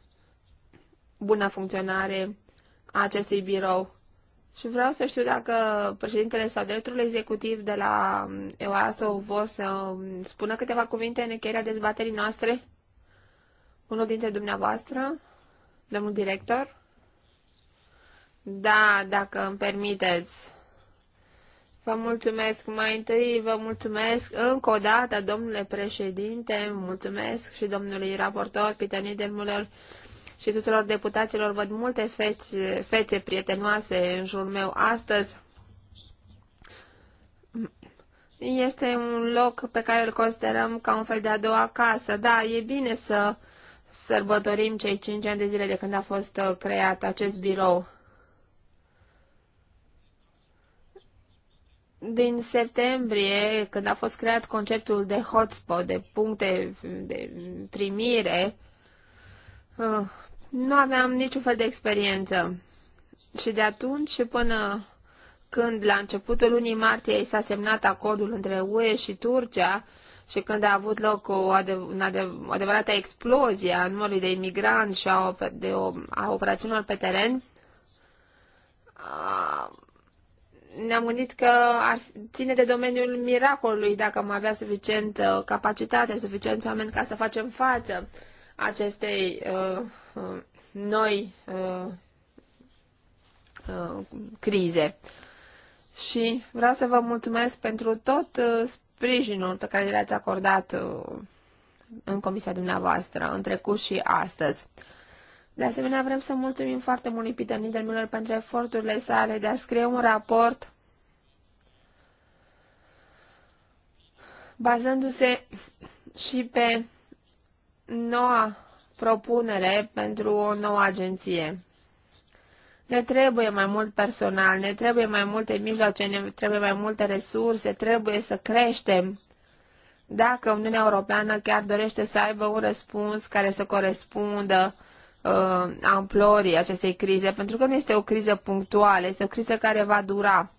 buna funcționare a acestui birou și vreau să știu dacă președintele sau directorul executiv de la EOASO vă să spună câteva cuvinte în încheierea dezbaterii noastre. Unul dintre dumneavoastră, domnul director. Da, dacă îmi permiteți. Vă mulțumesc. Mai întâi vă mulțumesc încă o dată, domnule președinte, mulțumesc și domnului raportor Peter Niedermuller și tuturor deputaților. Văd multe fețe, fețe prietenoase în jurul meu astăzi. Este un loc pe care îl considerăm ca un fel de a doua casă. Da, e bine să sărbătorim cei cinci ani de zile de când a fost uh, creat acest birou. Din septembrie, când a fost creat conceptul de hotspot, de puncte de primire, uh, nu aveam niciun fel de experiență. Și de atunci și până când la începutul lunii martie s-a semnat acordul între UE și Turcia și când a avut loc o, adev- adev- o adevărată explozie a numărului de imigranți și a, op- de o, a operațiunilor pe teren, a, ne-am gândit că ar ține de domeniul miracolului dacă am avea suficient uh, capacitate, suficient oameni ca să facem față acestei uh, uh, noi uh, uh, crize. Și vreau să vă mulțumesc pentru tot uh, sprijinul pe care l-ați acordat uh, în comisia dumneavoastră, în trecut și astăzi. De asemenea, vrem să mulțumim foarte mult lui Peter Niedermüller pentru eforturile sale de a scrie un raport bazându-se și pe noua propunere pentru o nouă agenție. Ne trebuie mai mult personal, ne trebuie mai multe mijloace, ne trebuie mai multe resurse, trebuie să creștem. Dacă Uniunea Europeană chiar dorește să aibă un răspuns care să corespundă uh, amplorii acestei crize, pentru că nu este o criză punctuală, este o criză care va dura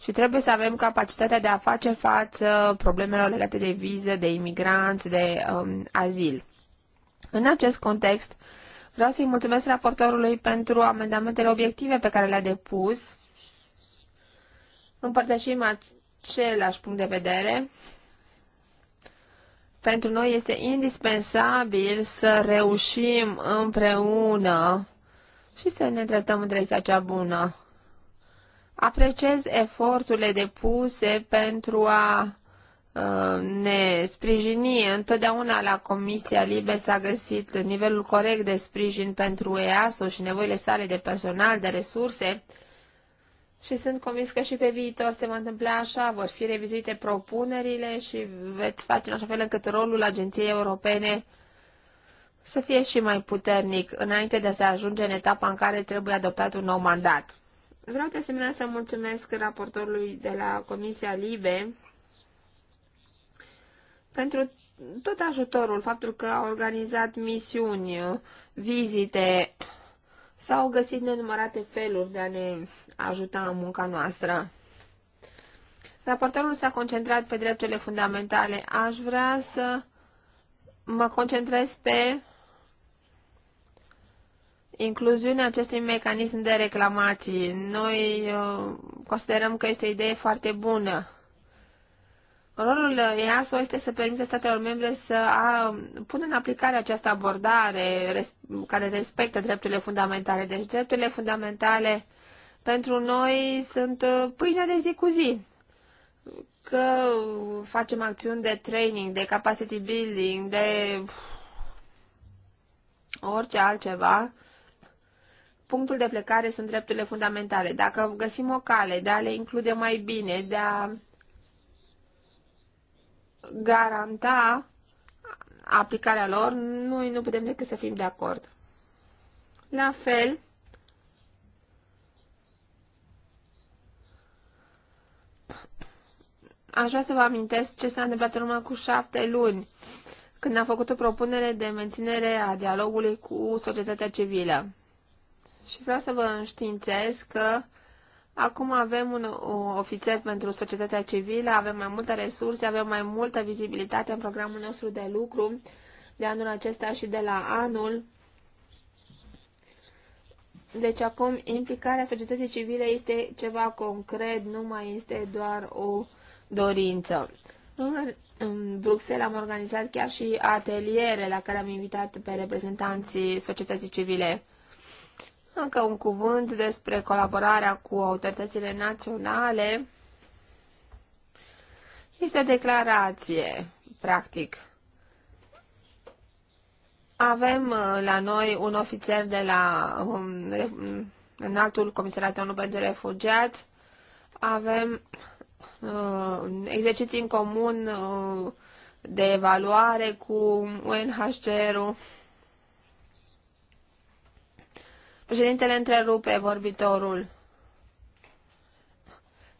și trebuie să avem capacitatea de a face față problemelor legate de viză, de imigranți, de um, azil. În acest context, vreau să-i mulțumesc raportorului pentru amendamentele obiective pe care le-a depus. Împărtășim același punct de vedere. Pentru noi este indispensabil să reușim împreună și să ne îndreptăm în direcția cea bună. Apreciez eforturile depuse pentru a Uh, ne sprijini. Întotdeauna la Comisia Libe s-a găsit nivelul corect de sprijin pentru EASO și nevoile sale de personal, de resurse și sunt convins că și pe viitor se va întâmpla așa, vor fi revizuite propunerile și veți face în așa fel încât rolul Agenției Europene să fie și mai puternic înainte de a se ajunge în etapa în care trebuie adoptat un nou mandat. Vreau de asemenea să mulțumesc raportorului de la Comisia Libe pentru tot ajutorul, faptul că a organizat misiuni, vizite, s-au găsit nenumărate feluri de a ne ajuta în munca noastră. Raportorul s-a concentrat pe drepturile fundamentale. Aș vrea să mă concentrez pe incluziunea acestui mecanism de reclamații. Noi uh, considerăm că este o idee foarte bună. Rolul EASO este să permită statelor membre să a, pună în aplicare această abordare res, care respectă drepturile fundamentale. Deci drepturile fundamentale pentru noi sunt uh, pâinea de zi cu zi. Că facem acțiuni de training, de capacity building, de orice altceva, punctul de plecare sunt drepturile fundamentale. Dacă găsim o cale de a le include mai bine, de a garanta aplicarea lor, noi nu putem decât să fim de acord. La fel, aș vrea să vă amintesc ce s-a întâmplat în urmă cu șapte luni, când a făcut o propunere de menținere a dialogului cu societatea civilă. Și vreau să vă înștiințez că Acum avem un, un ofițer pentru societatea civilă, avem mai multe resurse, avem mai multă vizibilitate în programul nostru de lucru de anul acesta și de la anul. Deci acum implicarea societății civile este ceva concret, nu mai este doar o dorință. În, în Bruxelles am organizat chiar și ateliere la care am invitat pe reprezentanții societății civile. Încă un cuvânt despre colaborarea cu autoritățile naționale. Este o declarație, practic. Avem uh, la noi un ofițer de la um, înaltul comisariat ONU pentru refugiați. Avem uh, exerciții în comun uh, de evaluare cu UNHCR-ul. Președintele întrerupe vorbitorul.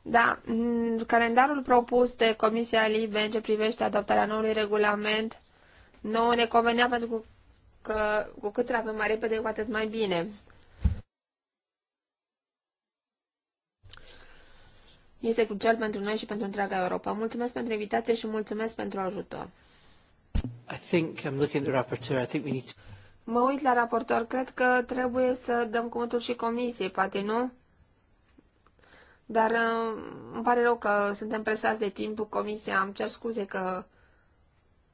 Da, mm, calendarul propus de Comisia Libe în ce privește adoptarea noului regulament nu ne convenea pentru că cu cât avem mai repede, cu atât mai bine. Este crucial pentru noi și pentru întreaga Europa. Mulțumesc pentru invitație și mulțumesc pentru ajutor. I think I'm looking at the rapporteur. I think we need to... Mă uit la raportor, cred că trebuie să dăm cuvântul și comisiei, poate nu? Dar uh, îmi pare rău că suntem presați de timp, comisia, îmi cer scuze că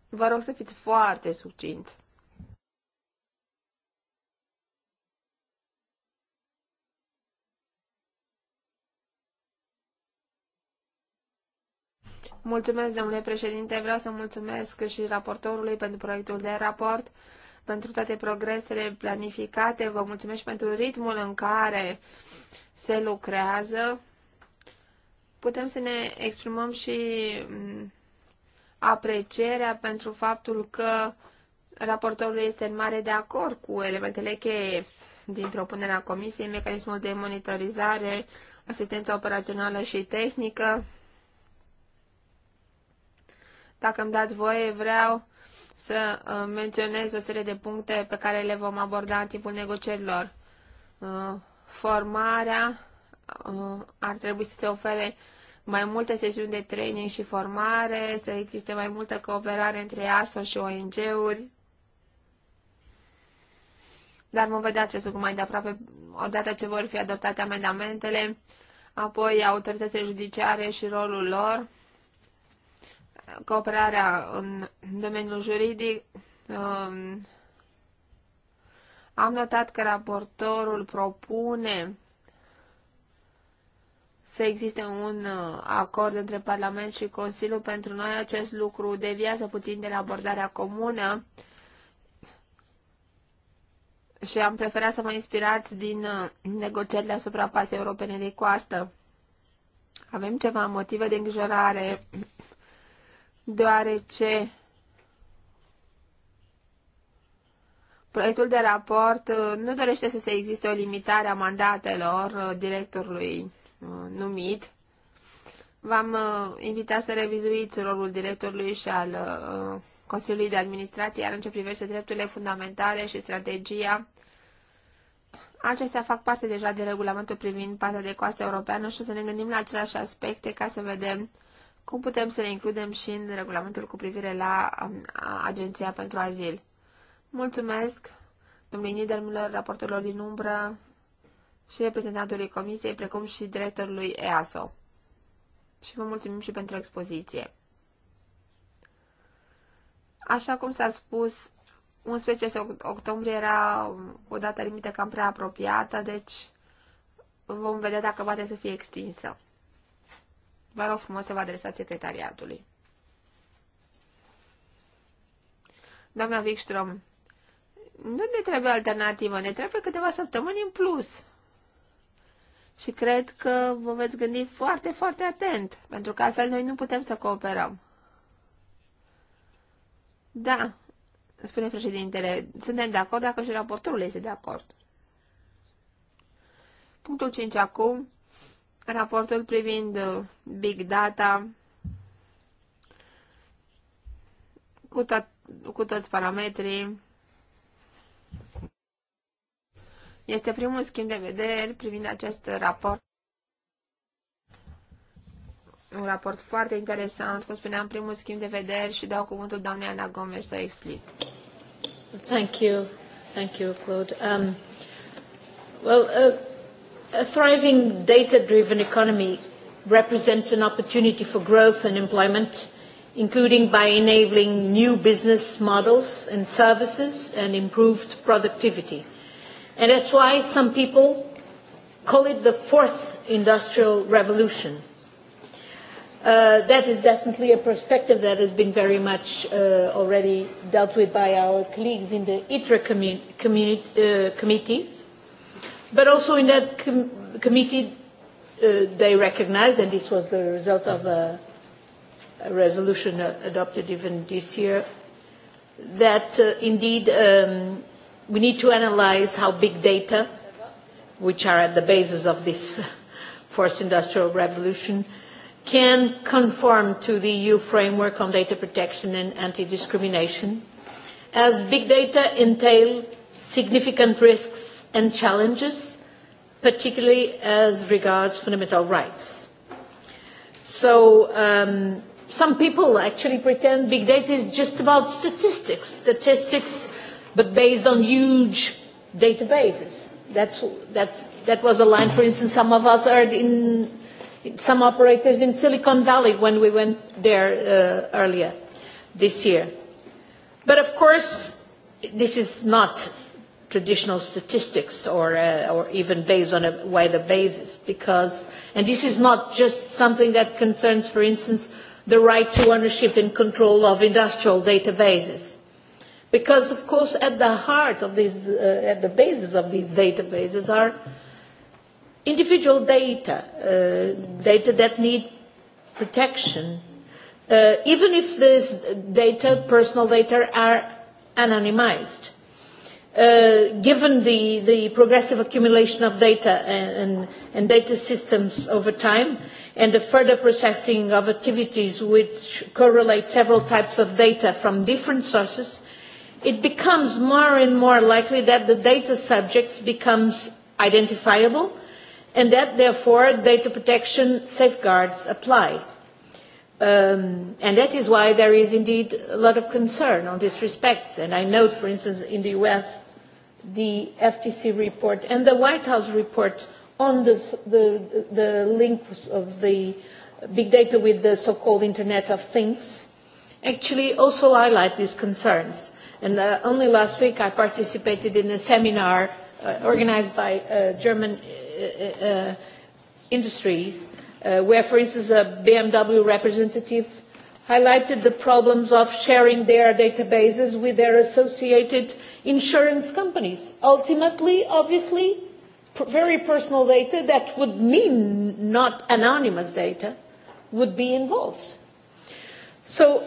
vă rog să fiți foarte succinți. Mulțumesc, domnule președinte, vreau să mulțumesc și raportorului pentru proiectul de raport pentru toate progresele planificate, vă mulțumesc pentru ritmul în care se lucrează. Putem să ne exprimăm și mm, aprecierea pentru faptul că raportorul este în mare de acord cu elementele cheie din propunerea Comisiei, mecanismul de monitorizare, asistența operațională și tehnică. Dacă îmi dați voie, vreau să uh, menționez o serie de puncte pe care le vom aborda în timpul negocierilor. Uh, formarea uh, ar trebui să se ofere mai multe sesiuni de training și formare, să existe mai multă cooperare între ASO și ONG-uri. Dar vom vedea acest lucru mai de aproape odată ce vor fi adoptate amendamentele, apoi autoritățile judiciare și rolul lor cooperarea în domeniul juridic, um, am notat că raportorul propune să existe un uh, acord între Parlament și Consiliu. Pentru noi acest lucru deviază puțin de la abordarea comună și am preferat să mă inspirați din uh, negocierile asupra pasei europene de coastă. Avem ceva motive de îngrijorare deoarece proiectul de raport uh, nu dorește să se existe o limitare a mandatelor uh, directorului uh, numit. V-am invitat să revizuiți rolul directorului și al Consiliului de Administrație, iar în ce privește drepturile fundamentale și strategia, acestea fac parte deja de regulamentul privind partea de coastă europeană și o să ne gândim la aceleași aspecte ca să vedem cum putem să le includem și în regulamentul cu privire la um, Agenția pentru Azil. Mulțumesc domnului Niedermüller, raportorilor din umbră și reprezentantului Comisiei, precum și directorului EASO. Și vă mulțumim și pentru expoziție. Așa cum s-a spus, 11 octombrie era o dată limită cam prea apropiată, deci vom vedea dacă poate să fie extinsă. Vă rog frumos să vă adresați secretariatului. Doamna Wikström, nu ne trebuie alternativă, ne trebuie câteva săptămâni în plus. Și cred că vă veți gândi foarte, foarte atent, pentru că altfel noi nu putem să cooperăm. Da, spune președintele, suntem de acord dacă și raportorul este de acord. Punctul 5 acum, raportul privind uh, Big Data cu, to- cu toți parametrii. Este primul schimb de vedere privind acest raport. Un raport foarte interesant, cum spuneam, primul schimb de vedere și dau cuvântul doamnei Ana Gomes să explic. Thank you. Thank you, Claude. Um, well, uh... A thriving data-driven economy represents an opportunity for growth and employment, including by enabling new business models and services and improved productivity. And that's why some people call it the fourth industrial revolution. Uh, that is definitely a perspective that has been very much uh, already dealt with by our colleagues in the ITRA commu commu uh, committee But also in that com committee, uh, they recognized, and this was the result of a, a resolution adopted even this year, that uh, indeed um, we need to analyze how big data, which are at the basis of this fourth industrial revolution, can conform to the EU framework on data protection and anti-discrimination, as big data entail significant risks and challenges, particularly as regards fundamental rights. So um, some people actually pretend big data is just about statistics, statistics but based on huge databases. That's, that's, that was a line, for instance, some of us heard in some operators in Silicon Valley when we went there uh, earlier this year. But of course, this is not traditional statistics or, uh, or even based on a wider basis because, and this is not just something that concerns, for instance, the right to ownership and control of industrial databases. Because, of course, at the heart of these, uh, at the basis of these databases are individual data, uh, data that need protection, uh, even if these data, personal data, are anonymized. Uh, Uh, given the, the progressive accumulation of data and, and data systems over time and the further processing of activities which correlate several types of data from different sources, it becomes more and more likely that the data subjects becomes identifiable and that therefore data protection safeguards apply. Um, and that is why there is indeed a lot of concern on this respect. And I note, for instance, in the US, the FTC report and the White House report on the, the, the links of the big data with the so-called Internet of Things actually also highlight these concerns. And uh, only last week I participated in a seminar uh, organized by uh, German uh, uh, uh industries uh, where, for instance, a BMW representative highlighted the problems of sharing their databases with their associated insurance companies. Ultimately, obviously, very personal data that would mean not anonymous data would be involved. So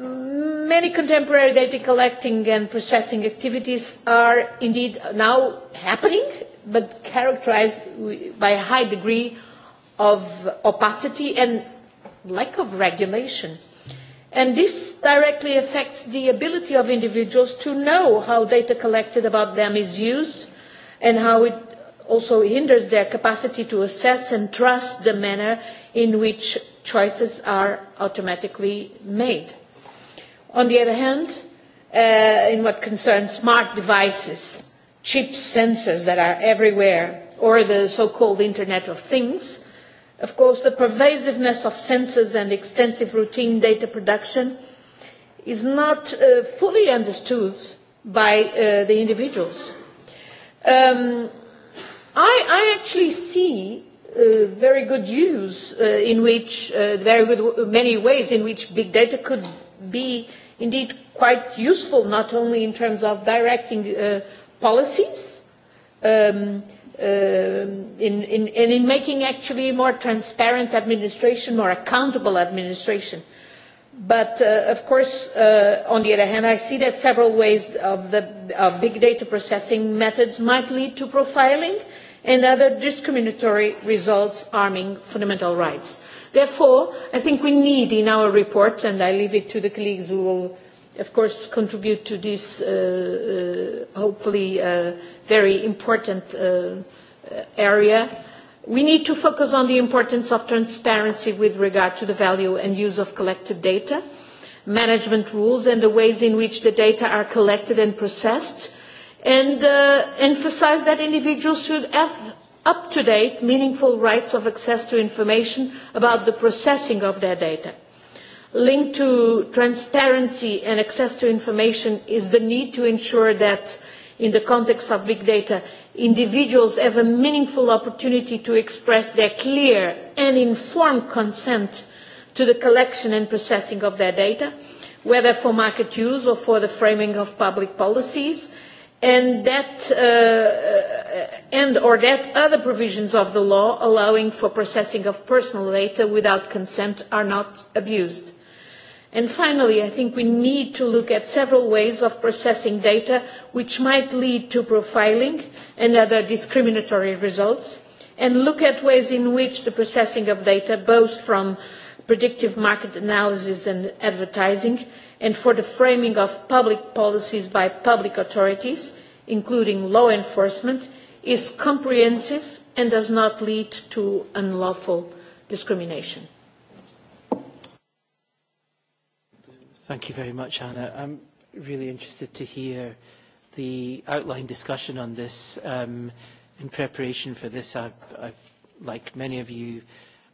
um, many contemporary data collecting and processing activities are indeed now happening, but characterized by a high degree of opacity and lack of regulation. And this directly affects the ability of individuals to know how data collected about them is used and how it also hinders their capacity to assess and trust the manner in which choices are automatically made. On the other hand, uh, in what concerns smart devices, chip sensors that are everywhere, or the so-called Internet of Things, Of course, the pervasiveness of sensors and extensive routine data production is not uh, fully understood by uh, the individuals. Um, I, I actually see uh, very good use uh, in which, uh, very good, many ways in which big data could be indeed quite useful, not only in terms of directing uh, policies, um, Uh, in, in, and in making actually more transparent administration, more accountable administration. But uh, of course, uh, on the other hand, I see that several ways of, the, of big data processing methods might lead to profiling and other discriminatory results arming fundamental rights. Therefore, I think we need in our report, and I leave it to the colleagues who will of course, contribute to this uh, uh, hopefully uh, very important uh, uh, area. We need to focus on the importance of transparency with regard to the value and use of collected data, management rules and the ways in which the data are collected and processed, and uh, emphasize that individuals should have up-to-date meaningful rights of access to information about the processing of their data linked to transparency and access to information is the need to ensure that in the context of big data, individuals have a meaningful opportunity to express their clear and informed consent to the collection and processing of their data, whether for market use or for the framing of public policies, and that uh, uh and or that other provisions of the law allowing for processing of personal data without consent are not abused. And finally, I think we need to look at several ways of processing data which might lead to profiling and other discriminatory results, and look at ways in which the processing of data, both from predictive market analysis and advertising, and for the framing of public policies by public authorities, including law enforcement, is comprehensive and does not lead to unlawful discrimination. Thank you very much, Anna. I'm really interested to hear the outline discussion on this. Um, in preparation for this, I've, I've, like many of you,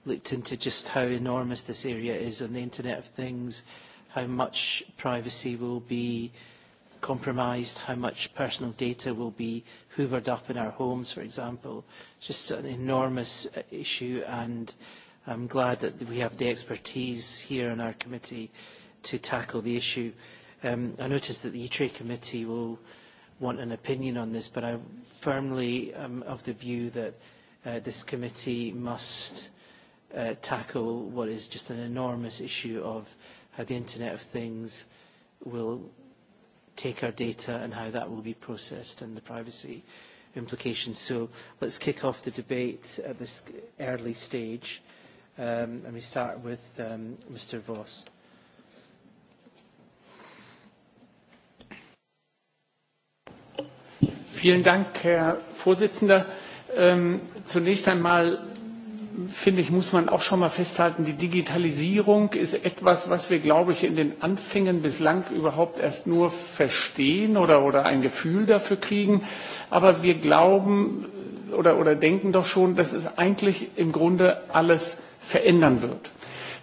looked into just how enormous this area is on the Internet of Things, how much privacy will be compromised, how much personal data will be hoovered up in our homes, for example. It's just an enormous uh, issue, and I'm glad that we have the expertise here on our committee to tackle the issue. Um, I noticed that the ITRE committee will want an opinion on this, but I firmly am of the view that uh, this committee must uh, tackle what is just an enormous issue of how the Internet of Things will take our data and how that will be processed and the privacy implications. So let's kick off the debate at this early stage. Um, and we start with um, Mr. Voss. Herr präsident! Ähm, zunächst einmal finde ich, muss man auch schon mal festhalten, die Digitalisierung ist etwas, was wir, glaube ich, in den Anfängen bislang überhaupt erst nur verstehen oder, ein Gefühl dafür kriegen. Aber wir glauben äh, oder denken doch schon, dass es eigentlich im Grunde alles verändern wird.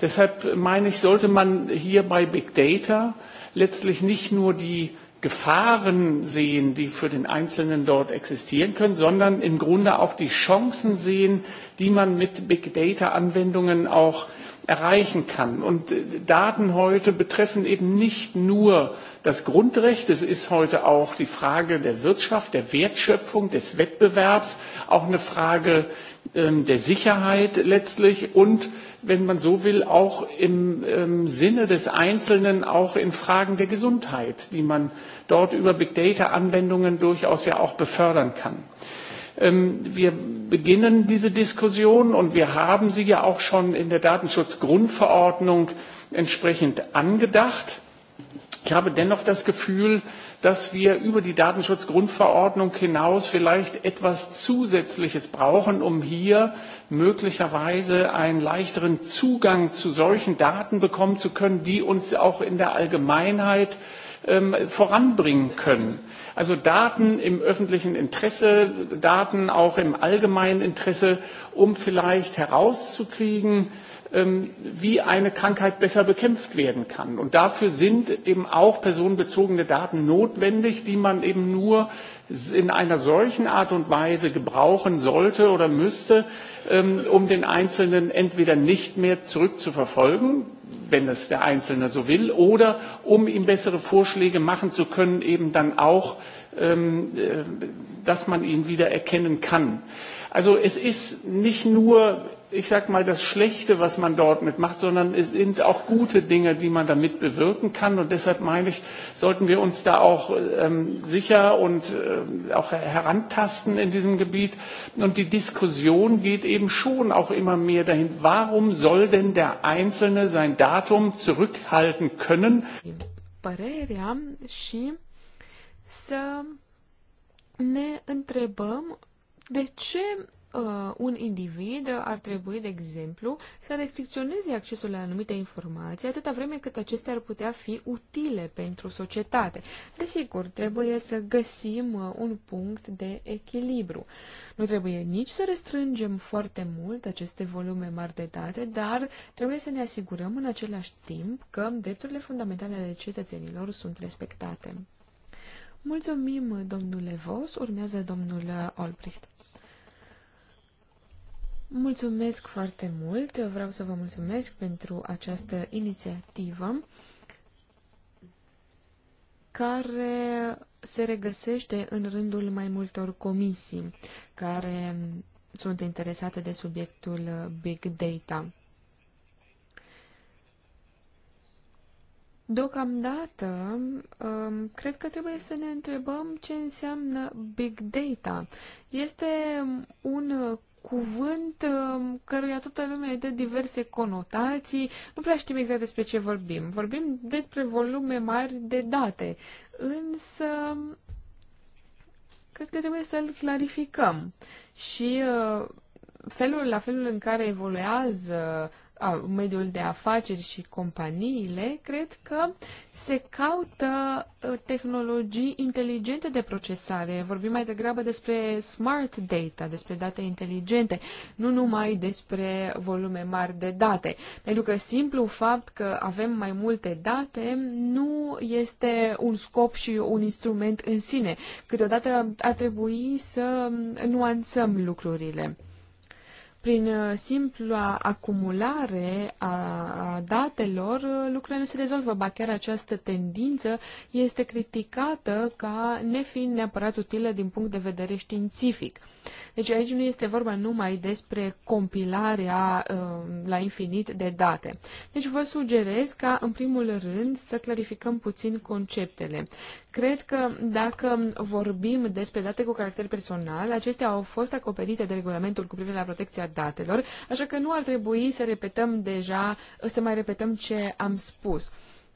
Deshalb meine ich, sollte man hier bei Big Data letztlich nicht nur die Gefahren sehen, die für den Einzelnen dort existieren können, sondern im Grunde auch die Chancen sehen, die man mit Big Data Anwendungen auch erreichen kann. Und äh, Daten heute betreffen eben nicht nur das Grundrecht, es ist heute auch die Frage der Wirtschaft, der Wertschöpfung, des Wettbewerbs, auch eine Frage Ähm, der Sicherheit letztlich und, wenn man so will, auch im ähm, Sinne des Einzelnen auch in Fragen der Gesundheit, die man dort über Big Data Anwendungen durchaus ja auch befördern kann. Ähm, wir beginnen diese Diskussion und wir haben sie ja auch schon in der Datenschutzgrundverordnung entsprechend angedacht. Ich habe dennoch das Gefühl, dass wir über die Datenschutzgrundverordnung hinaus vielleicht etwas Zusätzliches brauchen, um hier möglicherweise einen leichteren Zugang zu solchen Daten bekommen zu können, die uns auch in der Allgemeinheit ähm, voranbringen können. Also Daten im öffentlichen Interesse, Daten auch im allgemeinen Interesse, um vielleicht herauszukriegen, Ähm, wie eine Krankheit besser bekämpft werden kann. Und dafür sind eben auch personenbezogene Daten notwendig, die man eben nur in einer solchen Art und Weise gebrauchen sollte oder müsste, ähm, um den Einzelnen entweder nicht mehr zurückzuverfolgen, wenn es der Einzelne so will, oder um ihm bessere Vorschläge machen zu können, eben dann auch, ähm, äh, dass man ihn wieder erkennen kann. Also es ist nicht nur ich sag mal, das Schlechte, was man dort mitmacht, sondern es sind auch gute Dinge, die man damit bewirken kann. Und deshalb meine ich, sollten wir uns da auch ähm, sicher und äh, auch herantasten in diesem Gebiet. Und die Diskussion geht eben schon auch immer mehr dahin, warum soll denn der Einzelne sein Datum zurückhalten können? ne întrebăm de ce uh, un individ ar trebui, de exemplu, să restricționeze accesul la anumite informații atâta vreme cât acestea ar putea fi utile pentru societate. Desigur, trebuie să găsim uh, un punct de echilibru. Nu trebuie nici să restrângem foarte mult aceste volume mari de date, dar trebuie să ne asigurăm în același timp că drepturile fundamentale ale cetățenilor sunt respectate. Mulțumim, domnule Vos. Urmează domnul Olbricht. Mulțumesc foarte mult, vreau să vă mulțumesc pentru această inițiativă care se regăsește în rândul mai multor comisii care sunt interesate de subiectul Big Data. Deocamdată, um, cred că trebuie să ne întrebăm ce înseamnă Big Data. Este un cuvânt um, căruia toată lumea îi dă diverse conotații. Nu prea știm exact despre ce vorbim. Vorbim despre volume mari de date, însă um, cred că trebuie să-l clarificăm. Și uh, felul la felul în care evoluează a, mediul de afaceri și companiile, cred că se caută uh, tehnologii inteligente de procesare. Vorbim mai degrabă despre smart data, despre date inteligente, nu numai despre volume mari de date. Pentru că simplu fapt că avem mai multe date nu este un scop și un instrument în sine. Câteodată ar trebui să mm, nuanțăm lucrurile prin uh, simpla acumulare a datelor, uh, lucrurile nu se rezolvă, ba chiar această tendință este criticată ca nefiind neapărat utilă din punct de vedere științific. Deci aici nu este vorba numai despre compilarea uh, la infinit de date. Deci vă sugerez ca, în primul rând, să clarificăm puțin conceptele. Cred că dacă vorbim despre date cu caracter personal, acestea au fost acoperite de regulamentul cu privire la protecția datelor, așa că nu ar trebui să repetăm deja, să mai repetăm ce am spus.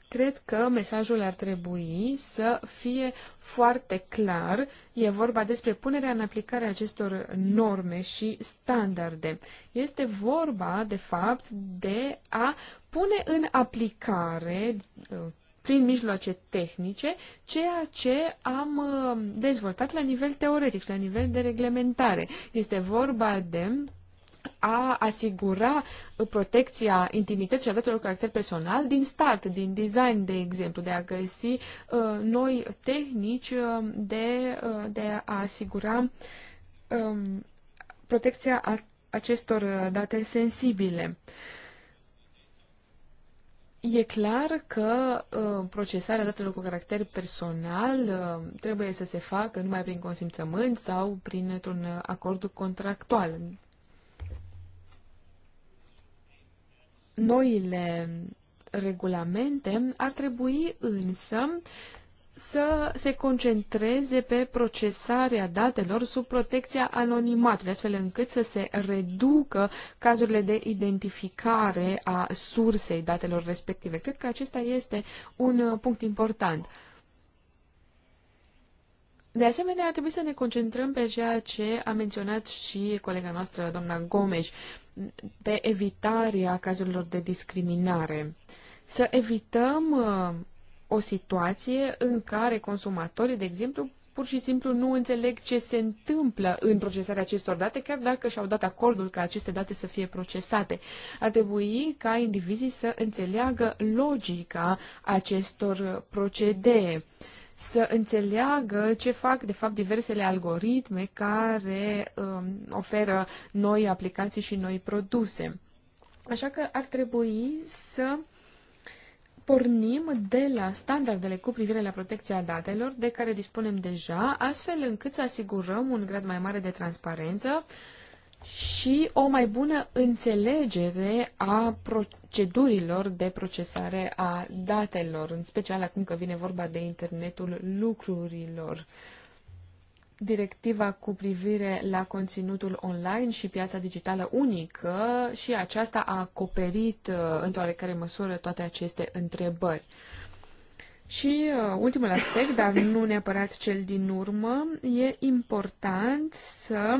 Cred că mesajul ar trebui să fie foarte clar. E vorba despre punerea în aplicare a acestor norme și standarde. Este vorba, de fapt, de a pune în aplicare prin mijloace tehnice ceea ce am uh, dezvoltat la nivel teoretic la nivel de reglementare. Este vorba de a asigura protecția intimității și a datelor caracter personal din start, din design, de exemplu, de a găsi uh, noi tehnici uh, de, uh, de a asigura um, protecția a acestor uh, date sensibile. E clar că uh, procesarea datelor cu caracter personal uh, trebuie să se facă numai prin consimțământ sau prin un uh, acord contractual. noile regulamente ar trebui însă să se concentreze pe procesarea datelor sub protecția anonimatului, astfel încât să se reducă cazurile de identificare a sursei datelor respective. Cred că acesta este un uh, punct important. De asemenea, ar trebui să ne concentrăm pe ceea ce a menționat și colega noastră, doamna Gomes, pe evitarea cazurilor de discriminare. Să evităm uh, o situație în care consumatorii, de exemplu, pur și simplu nu înțeleg ce se întâmplă în procesarea acestor date, chiar dacă și-au dat acordul ca aceste date să fie procesate. Ar trebui ca indivizii să înțeleagă logica acestor procedee. Uh, să înțeleagă ce fac, de fapt, diversele algoritme care um, oferă noi aplicații și noi produse. Așa că ar trebui să pornim de la standardele cu privire la protecția datelor de care dispunem deja, astfel încât să asigurăm un grad mai mare de transparență, uh, și o mai bună înțelegere a procedurilor de procesare a datelor, în special acum că vine vorba de internetul lucrurilor. Directiva cu privire la conținutul online și piața digitală unică și aceasta a acoperit uh, într-o oarecare măsură toate aceste întrebări. Și uh, ultimul aspect, dar nu neapărat cel din urmă, e important să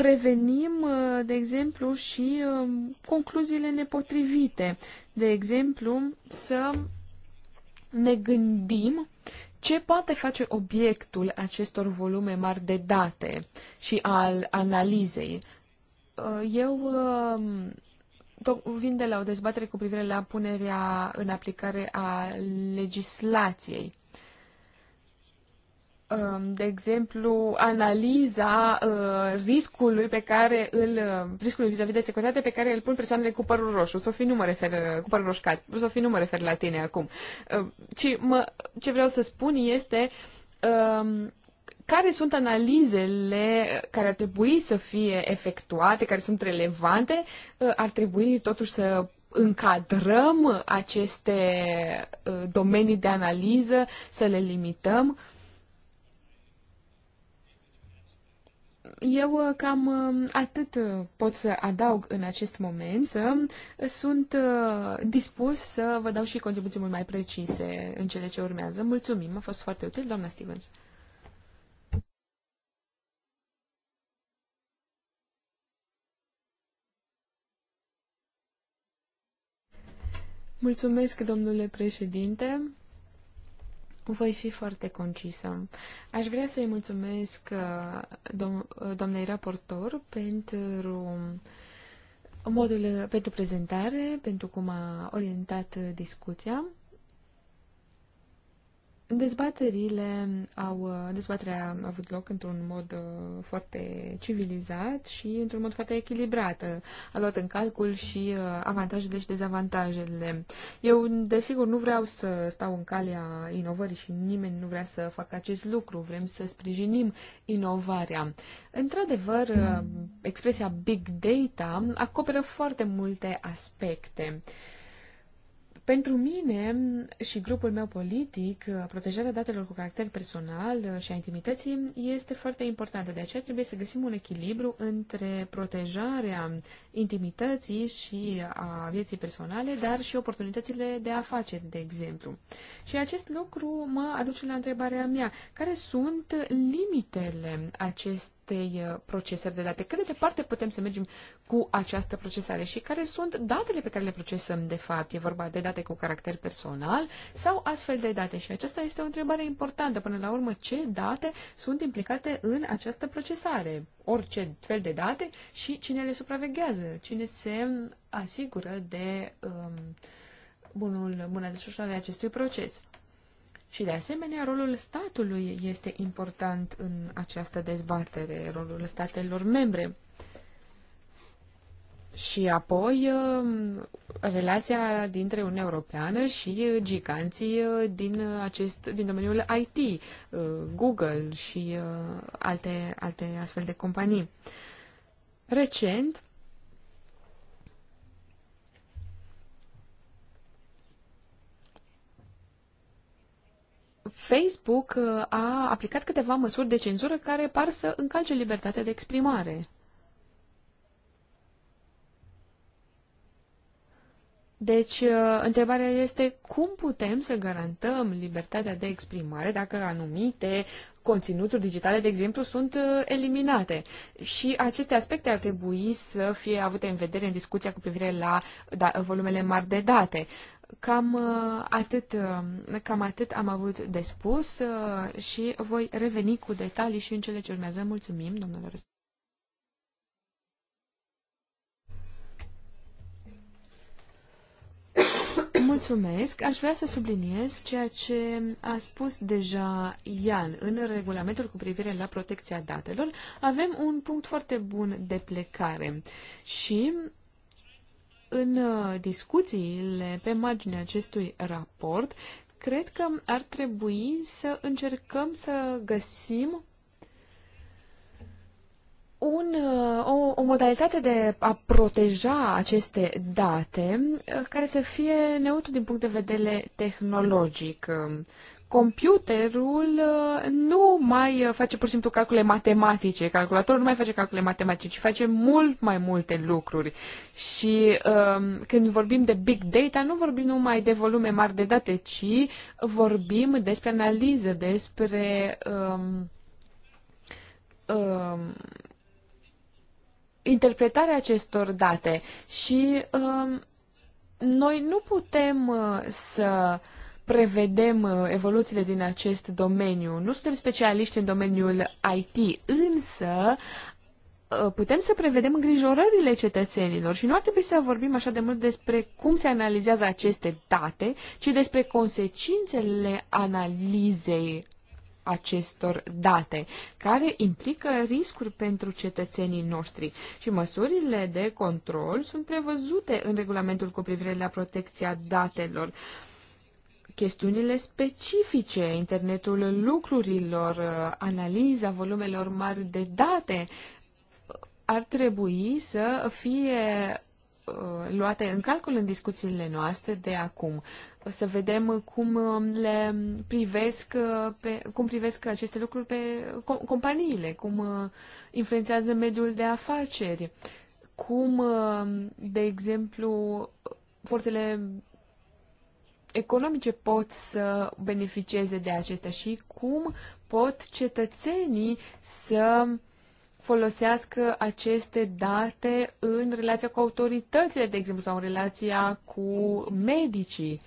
prevenim, uh, de exemplu, și um, concluziile nepotrivite. De exemplu, să ne gândim ce poate face obiectul acestor volume mari de date și al analizei. Uh, eu um, vin de la o dezbatere cu privire la punerea în aplicare a legislației. Um, de exemplu, analiza uh, riscului pe care îl, uh, riscului vis-a-vis -vis de securitate pe care îl pun persoanele cu părul roșu. Sofie, nu mă refer, uh, cu părul roșcat. Sofie, nu mă refer la tine acum. Ci mă, ce vreau să spun este um, care sunt analizele care ar trebui să fie efectuate, care sunt relevante, ar trebui totuși să încadrăm aceste domenii de analiză, să le limităm. Eu uh, cam uh, atât uh, pot să adaug în acest moment, să sunt dispus să vă dau și contribuții mult mai precise în cele ce urmează. Mulțumim, a fost foarte util, doamna Stevens. Mulțumesc, domnule președinte. Voi fi foarte concisă. Aș vrea să-i mulțumesc uh, dom- doamnei raportor pentru modul pentru prezentare, pentru cum a orientat discuția. Dezbaterile au, dezbaterea a avut loc într-un mod uh, foarte civilizat și într-un mod foarte echilibrat. A luat în calcul și uh, avantajele și dezavantajele. Eu, desigur, nu vreau să stau în calea inovării și nimeni nu vrea să facă acest lucru. Vrem să sprijinim inovarea. Într-adevăr, uh, expresia big data acoperă foarte multe aspecte. Pentru mine și grupul meu politic, protejarea datelor cu caracter personal și a intimității este foarte importantă. De aceea trebuie să găsim un echilibru între protejarea intimității și a vieții personale, dar și oportunitățile de afaceri, de exemplu. Și acest lucru mă aduce la întrebarea mea. Care sunt limitele acestei acestei uh, procesări de date? Cât de departe putem să mergem cu această procesare și care sunt datele pe care le procesăm de fapt? E vorba de date cu caracter personal sau astfel de date? Și aceasta este o întrebare importantă. Până la urmă, ce date sunt implicate în această procesare? Orice fel de date și cine le supraveghează? Cine se asigură de um, bunul, bună desfășurare acestui proces? Și de asemenea, rolul statului este important în această dezbatere, rolul statelor membre. Și apoi um, relația dintre Uniunea Europeană și giganții uh, din, acest, din domeniul IT, uh, Google și uh, alte, alte astfel de companii. Recent, Facebook uh, a aplicat câteva măsuri de cenzură care par să încalce libertatea de exprimare. Deci, uh, întrebarea este cum putem să garantăm libertatea de exprimare dacă anumite conținuturi digitale, de exemplu, sunt uh, eliminate. Și aceste aspecte ar trebui să fie avute în vedere în discuția cu privire la da, volumele mari de date. Uh, Cam uh, atât, uh, cam atât am avut de spus uh, și voi reveni cu detalii și în cele ce urmează. Mulțumim, domnilor. Mulțumesc. Aș vrea să subliniez ceea ce a spus deja Ian. În regulamentul cu privire la protecția datelor avem un punct foarte bun de plecare și în uh, discuțiile pe marginea acestui raport, cred că ar trebui să încercăm să găsim un, uh, o, o modalitate de a proteja aceste date uh, care să fie neutru din punct de vedere tehnologic computerul uh, nu mai uh, face pur și simplu calcule matematice, calculatorul nu mai face calcule matematice, ci face mult mai multe lucruri. Și um, când vorbim de big data, nu vorbim numai de volume mari de date, ci vorbim despre analiză, despre um, um, interpretarea acestor date. Și um, noi nu putem uh, să uh, prevedem uh, evoluțiile din acest domeniu. Nu suntem specialiști în domeniul IT, însă uh, putem să prevedem îngrijorările cetățenilor și nu ar trebui să vorbim așa de mult despre cum se analizează aceste date, ci despre consecințele analizei acestor date, care implică riscuri pentru cetățenii noștri și măsurile de control sunt prevăzute în regulamentul cu privire la protecția datelor. Uh, chestiunile specifice, internetul lucrurilor, analiza volumelor mari de date, ar trebui să fie uh, luate în calcul în discuțiile noastre de acum. Să vedem cum um, le privesc, uh, pe, cum privesc aceste lucruri pe companiile, cum uh, influențează mediul de afaceri, cum, um, de exemplu, forțele economice pot să beneficieze de acestea și cum pot cetățenii să folosească aceste date în relația cu autoritățile, de exemplu, sau în relația cu medicii.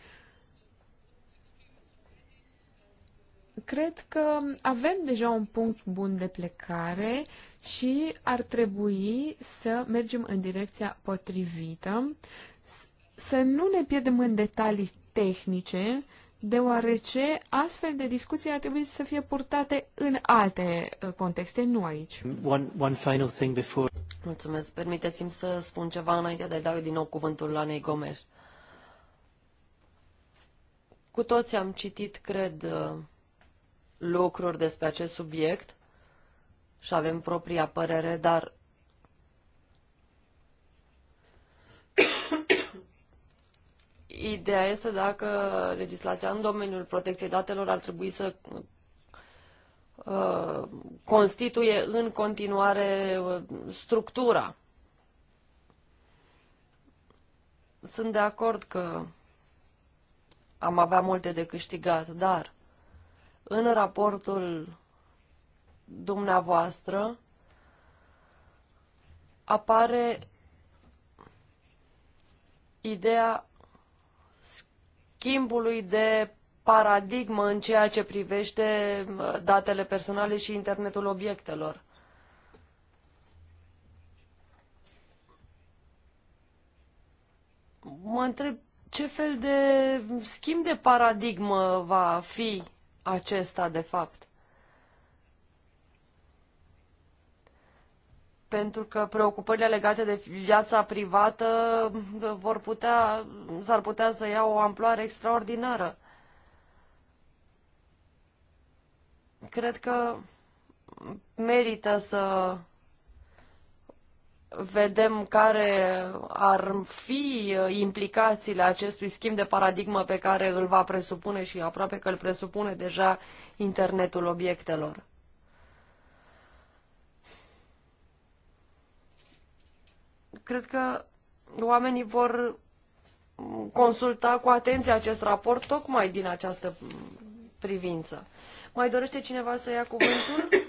Cred că avem deja un punct bun de plecare și ar trebui să mergem în direcția potrivită, să nu ne pierdem în detalii tehnice, deoarece astfel de discuții ar trebui să fie purtate în alte uh, contexte, nu aici. One, one final thing before... Mulțumesc. Permiteți-mi să spun ceva înainte de a da din nou cuvântul la Nei Gomes. Cu toți am citit, cred, uh, lucruri despre acest subiect și avem propria părere, dar Ideea este dacă legislația în domeniul protecției datelor ar trebui să uh, constituie în continuare uh, structura. Sunt de acord că am avea multe de câștigat, dar în raportul dumneavoastră apare ideea schimbului de paradigmă în ceea ce privește uh, datele personale și internetul obiectelor. Mă întreb ce fel de schimb de paradigmă va fi acesta de fapt. pentru că preocupările legate de viața privată vor putea, s-ar putea să ia o amploare extraordinară. Cred că merită să vedem care ar fi implicațiile acestui schimb de paradigmă pe care îl va presupune și aproape că îl presupune deja internetul obiectelor. cred că oamenii vor consulta cu atenție acest raport tocmai din această privință. Mai dorește cineva să ia cuvântul?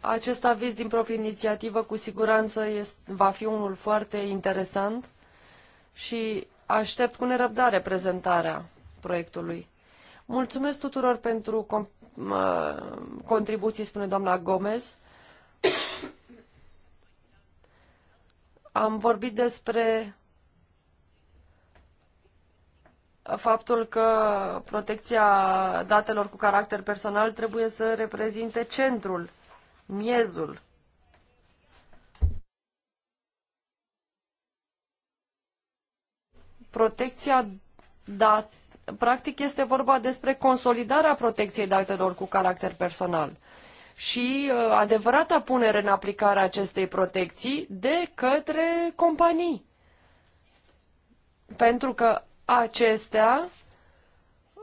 Acest aviz din proprie inițiativă cu siguranță este, va fi unul foarte interesant și aștept cu nerăbdare prezentarea proiectului. Mulțumesc tuturor pentru contribuții, spune doamna Gomez. Am vorbit despre faptul că protecția datelor cu caracter personal trebuie să reprezinte centrul, miezul protecția dat practic este vorba despre consolidarea protecției datelor cu caracter personal și uh, adevărata punere în aplicare a acestei protecții de către companii. Pentru că acestea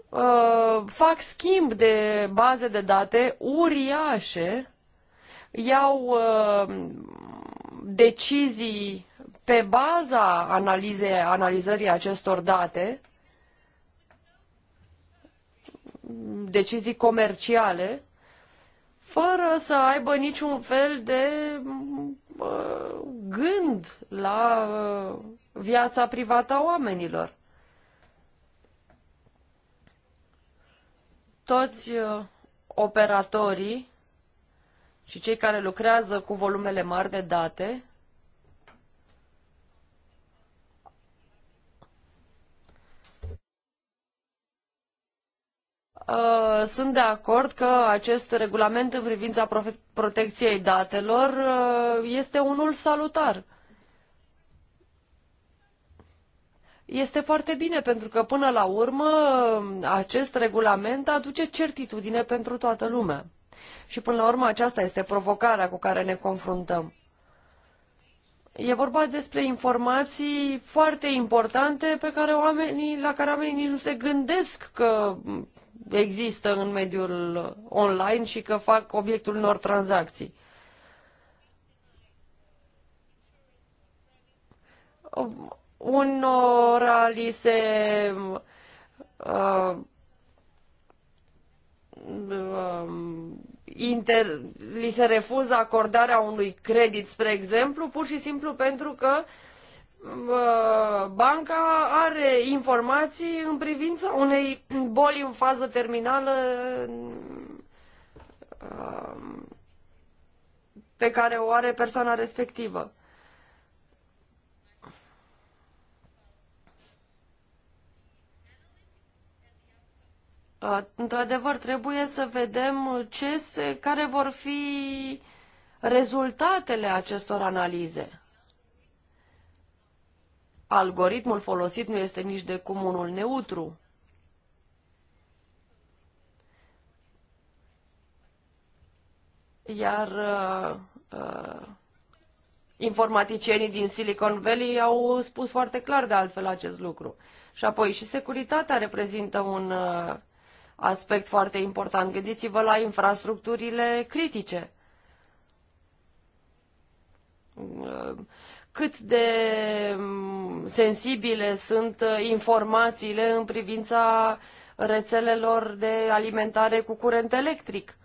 uh, fac schimb de baze de date uriașe, iau uh, decizii pe baza analizei, analizării acestor date decizii comerciale fără să aibă niciun fel de gând la uh, viața privată a oamenilor. Toți uh, operatorii și cei care lucrează cu volumele mari de date Uh, sunt de acord că acest regulament în privința protecției datelor uh, este unul salutar. Este foarte bine pentru că până la urmă uh, acest regulament aduce certitudine pentru toată lumea. Și până la urmă aceasta este provocarea cu care ne confruntăm. E vorba despre informații foarte importante pe care oamenii, la care oamenii nici nu se gândesc că mm, există în mediul online și că fac obiectul unor tranzacții. Unora li se uh, um, inter, li se refuză acordarea unui credit, spre exemplu, pur și simplu pentru că uh, banca are informații în privința unei boli în fază terminală um, pe care o are persoana respectivă. Într-adevăr, trebuie să vedem ce se, care vor fi rezultatele acestor analize algoritmul folosit nu este nici de cum unul neutru. Iar uh, uh, informaticienii din Silicon Valley au spus foarte clar de altfel acest lucru. Și apoi și securitatea reprezintă un uh, aspect foarte important. Gândiți-vă la infrastructurile critice. Uh, cât de mm, sensibile sunt uh, informațiile în privința rețelelor de alimentare cu curent electric.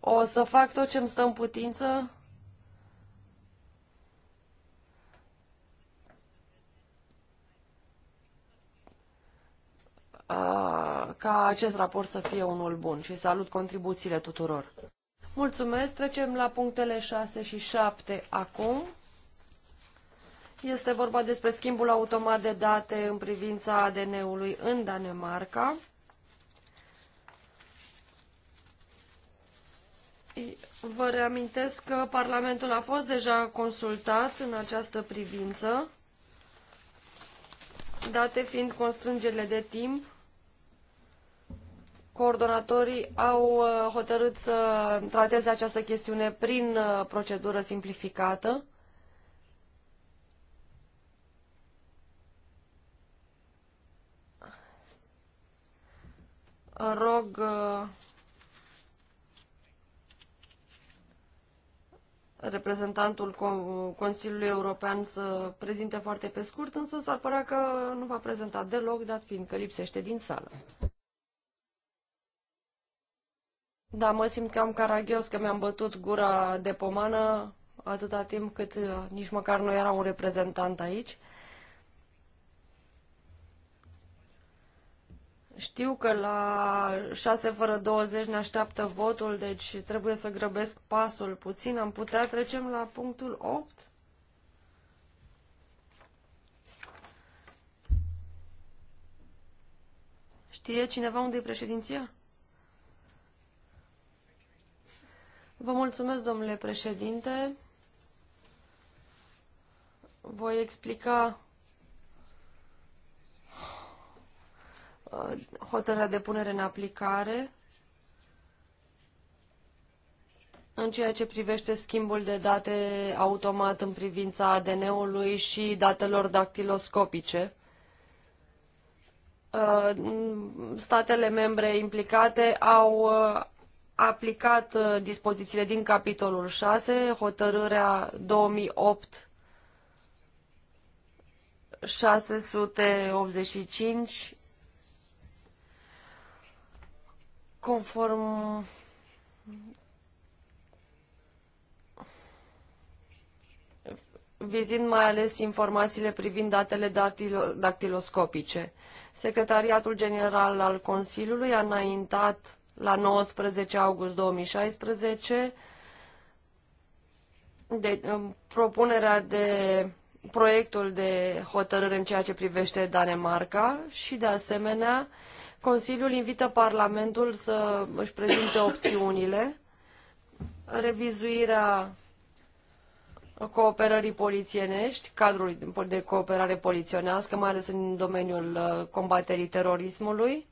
O să fac tot ce îmi stă în putință ca acest raport să fie unul bun și salut contribuțiile tuturor. Mulțumesc. Trecem la punctele 6 și 7 acum. Este vorba despre schimbul automat de date în privința ADN-ului în Danemarca. Vă reamintesc că Parlamentul a fost deja consultat în această privință, date fiind constrângerile de timp coordonatorii au uh, hotărât să trateze această chestiune prin uh, procedură simplificată. Rog uh, reprezentantul Consiliului European să prezinte foarte pe scurt, însă s-ar părea că nu va prezenta deloc, dat fiindcă lipsește din sală. Da, mă simt cam caragios că mi-am bătut gura de pomană atâta timp cât uh, nici măcar nu era un reprezentant aici. Știu că la 6 fără 20 ne așteaptă votul, deci trebuie să grăbesc pasul puțin. Am putea trecem la punctul 8? Știe cineva unde e președinția? Vă mulțumesc, domnule președinte. Voi explica uh, hotărârea de punere în aplicare în ceea ce privește schimbul de date automat în privința ADN-ului și datelor dactiloscopice. Uh, statele membre implicate au uh, aplicat uh, dispozițiile din capitolul 6, hotărârea 2008 685 conform vizând mai ales informațiile privind datele dactiloscopice. Secretariatul General al Consiliului a înaintat la 19 august 2016 de, um, propunerea de proiectul de hotărâre în ceea ce privește Danemarca și, de asemenea, Consiliul invită Parlamentul să își prezinte opțiunile, revizuirea cooperării polițienești, cadrul de cooperare poliționească, mai ales în domeniul uh, combaterii terorismului,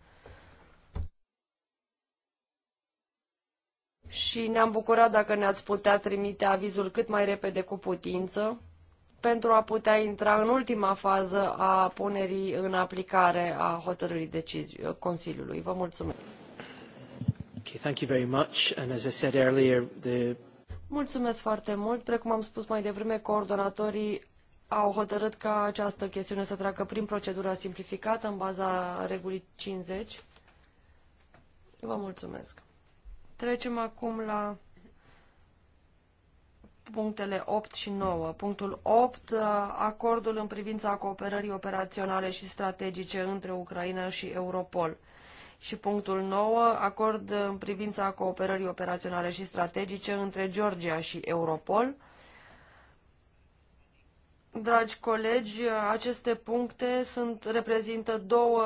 și ne-am bucurat dacă ne-ați putea trimite avizul cât mai repede cu putință pentru a putea intra în ultima fază a punerii în aplicare a hotărârii decizi- Consiliului. Vă mulțumesc. Okay, thank you very much. And as I said earlier, the... Mulțumesc foarte mult. Precum am spus mai devreme, coordonatorii au hotărât ca această chestiune să treacă prin procedura simplificată în baza regulii 50. Vă mulțumesc. Trecem acum la punctele 8 și 9. Punctul 8, uh, acordul în privința cooperării operaționale și strategice între Ucraina și Europol. Și punctul 9, acord în privința cooperării operaționale și strategice între Georgia și Europol. Dragi colegi, aceste puncte sunt, reprezintă două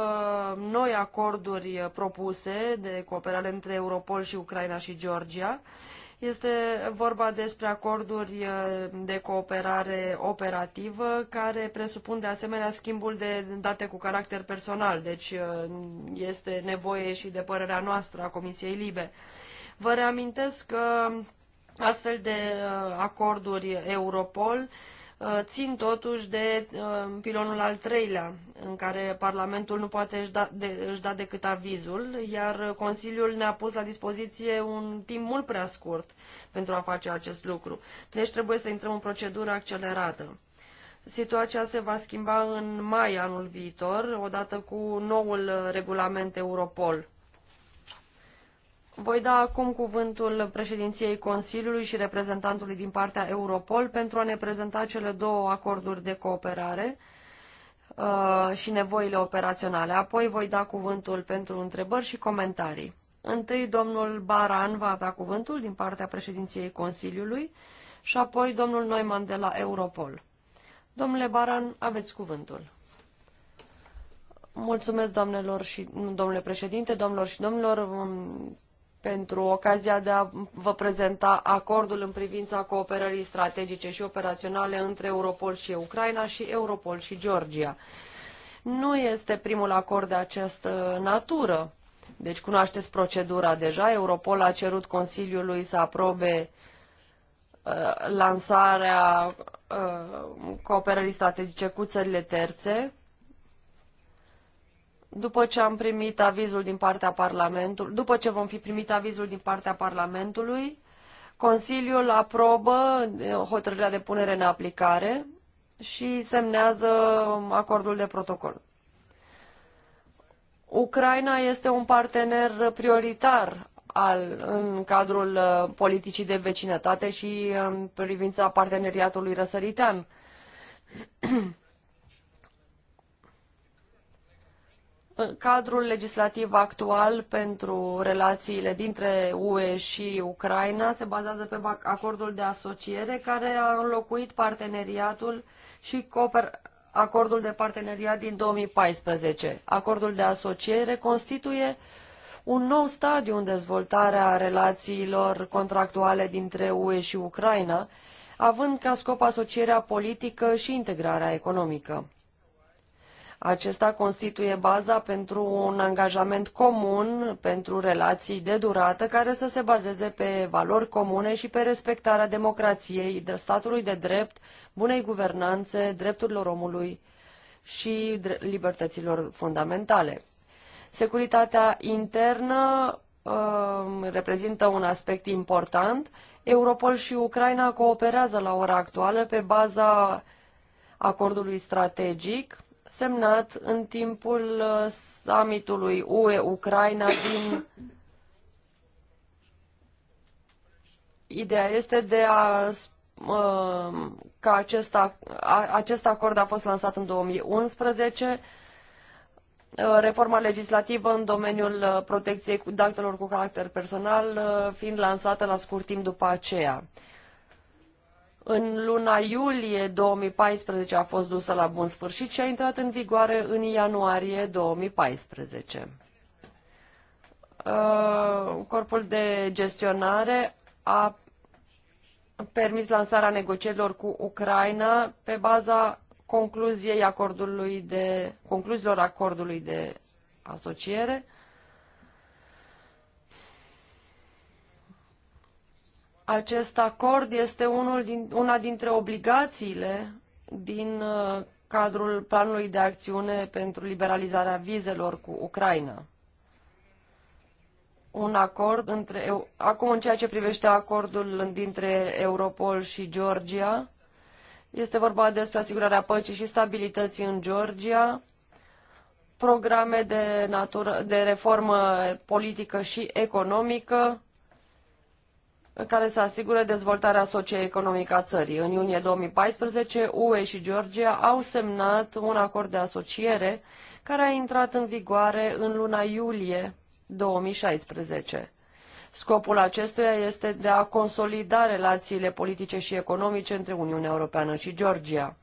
noi acorduri propuse de cooperare între Europol și Ucraina și Georgia. Este vorba despre acorduri de cooperare operativă care presupun de asemenea schimbul de date cu caracter personal, deci este nevoie și de părerea noastră a Comisiei Libe. Vă reamintesc că astfel de acorduri Europol Uh, țin totuși de uh, pilonul al treilea, în care Parlamentul nu poate își da, de, își da decât avizul, iar Consiliul ne-a pus la dispoziție un timp mult prea scurt pentru a face acest lucru. Deci trebuie să intrăm în procedură accelerată. Situația se va schimba în mai anul viitor, odată cu noul regulament Europol. Voi da acum cuvântul președinției Consiliului și reprezentantului din partea Europol pentru a ne prezenta cele două acorduri de cooperare uh, și nevoile operaționale. Apoi voi da cuvântul pentru întrebări și comentarii. Întâi domnul Baran va avea cuvântul din partea președinției Consiliului și apoi domnul Neumann de la Europol. Domnule Baran, aveți cuvântul. Mulțumesc, doamnelor și domnule președinte, domnilor și domnilor pentru ocazia de a vă prezenta acordul în privința cooperării strategice și operaționale între Europol și Ucraina și Europol și Georgia. Nu este primul acord de această natură. Deci cunoașteți procedura deja. Europol a cerut Consiliului să aprobe uh, lansarea uh, cooperării strategice cu țările terțe, după ce am primit avizul din partea Parlamentului, după ce vom fi primit avizul din partea Parlamentului, Consiliul aprobă hotărârea de punere în aplicare și semnează acordul de protocol. Ucraina este un partener prioritar al, în cadrul uh, politicii de vecinătate și în privința parteneriatului răsăritean. Cadrul legislativ actual pentru relațiile dintre UE și Ucraina se bazează pe acordul de asociere care a înlocuit parteneriatul și cooper acordul de parteneriat din 2014. Acordul de asociere constituie un nou stadiu în dezvoltarea relațiilor contractuale dintre UE și Ucraina, având ca scop asocierea politică și integrarea economică. Acesta constituie baza pentru un angajament comun pentru relații de durată care să se bazeze pe valori comune și pe respectarea democrației, statului de drept, bunei guvernanțe, drepturilor omului și libertăților fundamentale. Securitatea internă um, reprezintă un aspect important. Europol și Ucraina cooperează la ora actuală pe baza acordului strategic semnat în timpul uh, summitului UE-Ucraina din... Ideea este de a uh, că acest, acest acord a fost lansat în 2011, uh, reforma legislativă în domeniul protecției datelor cu caracter personal fiind lansată la scurt timp după aceea. În luna iulie 2014 a fost dusă la bun sfârșit și a intrat în vigoare în ianuarie 2014. Uh, corpul de gestionare a permis lansarea negocierilor cu Ucraina pe baza concluziei acordului de, concluziilor acordului de asociere Acest acord este unul din, una dintre obligațiile din uh, cadrul planului de acțiune pentru liberalizarea vizelor cu Ucraina. Un acord între. Acum, în ceea ce privește acordul dintre Europol și Georgia, este vorba despre asigurarea păcii și stabilității în Georgia, programe de, natură, de reformă politică și economică, care să asigure dezvoltarea socioeconomică a țării. În iunie 2014, UE și Georgia au semnat un acord de asociere care a intrat în vigoare în luna iulie 2016. Scopul acestuia este de a consolida relațiile politice și economice între Uniunea Europeană și Georgia.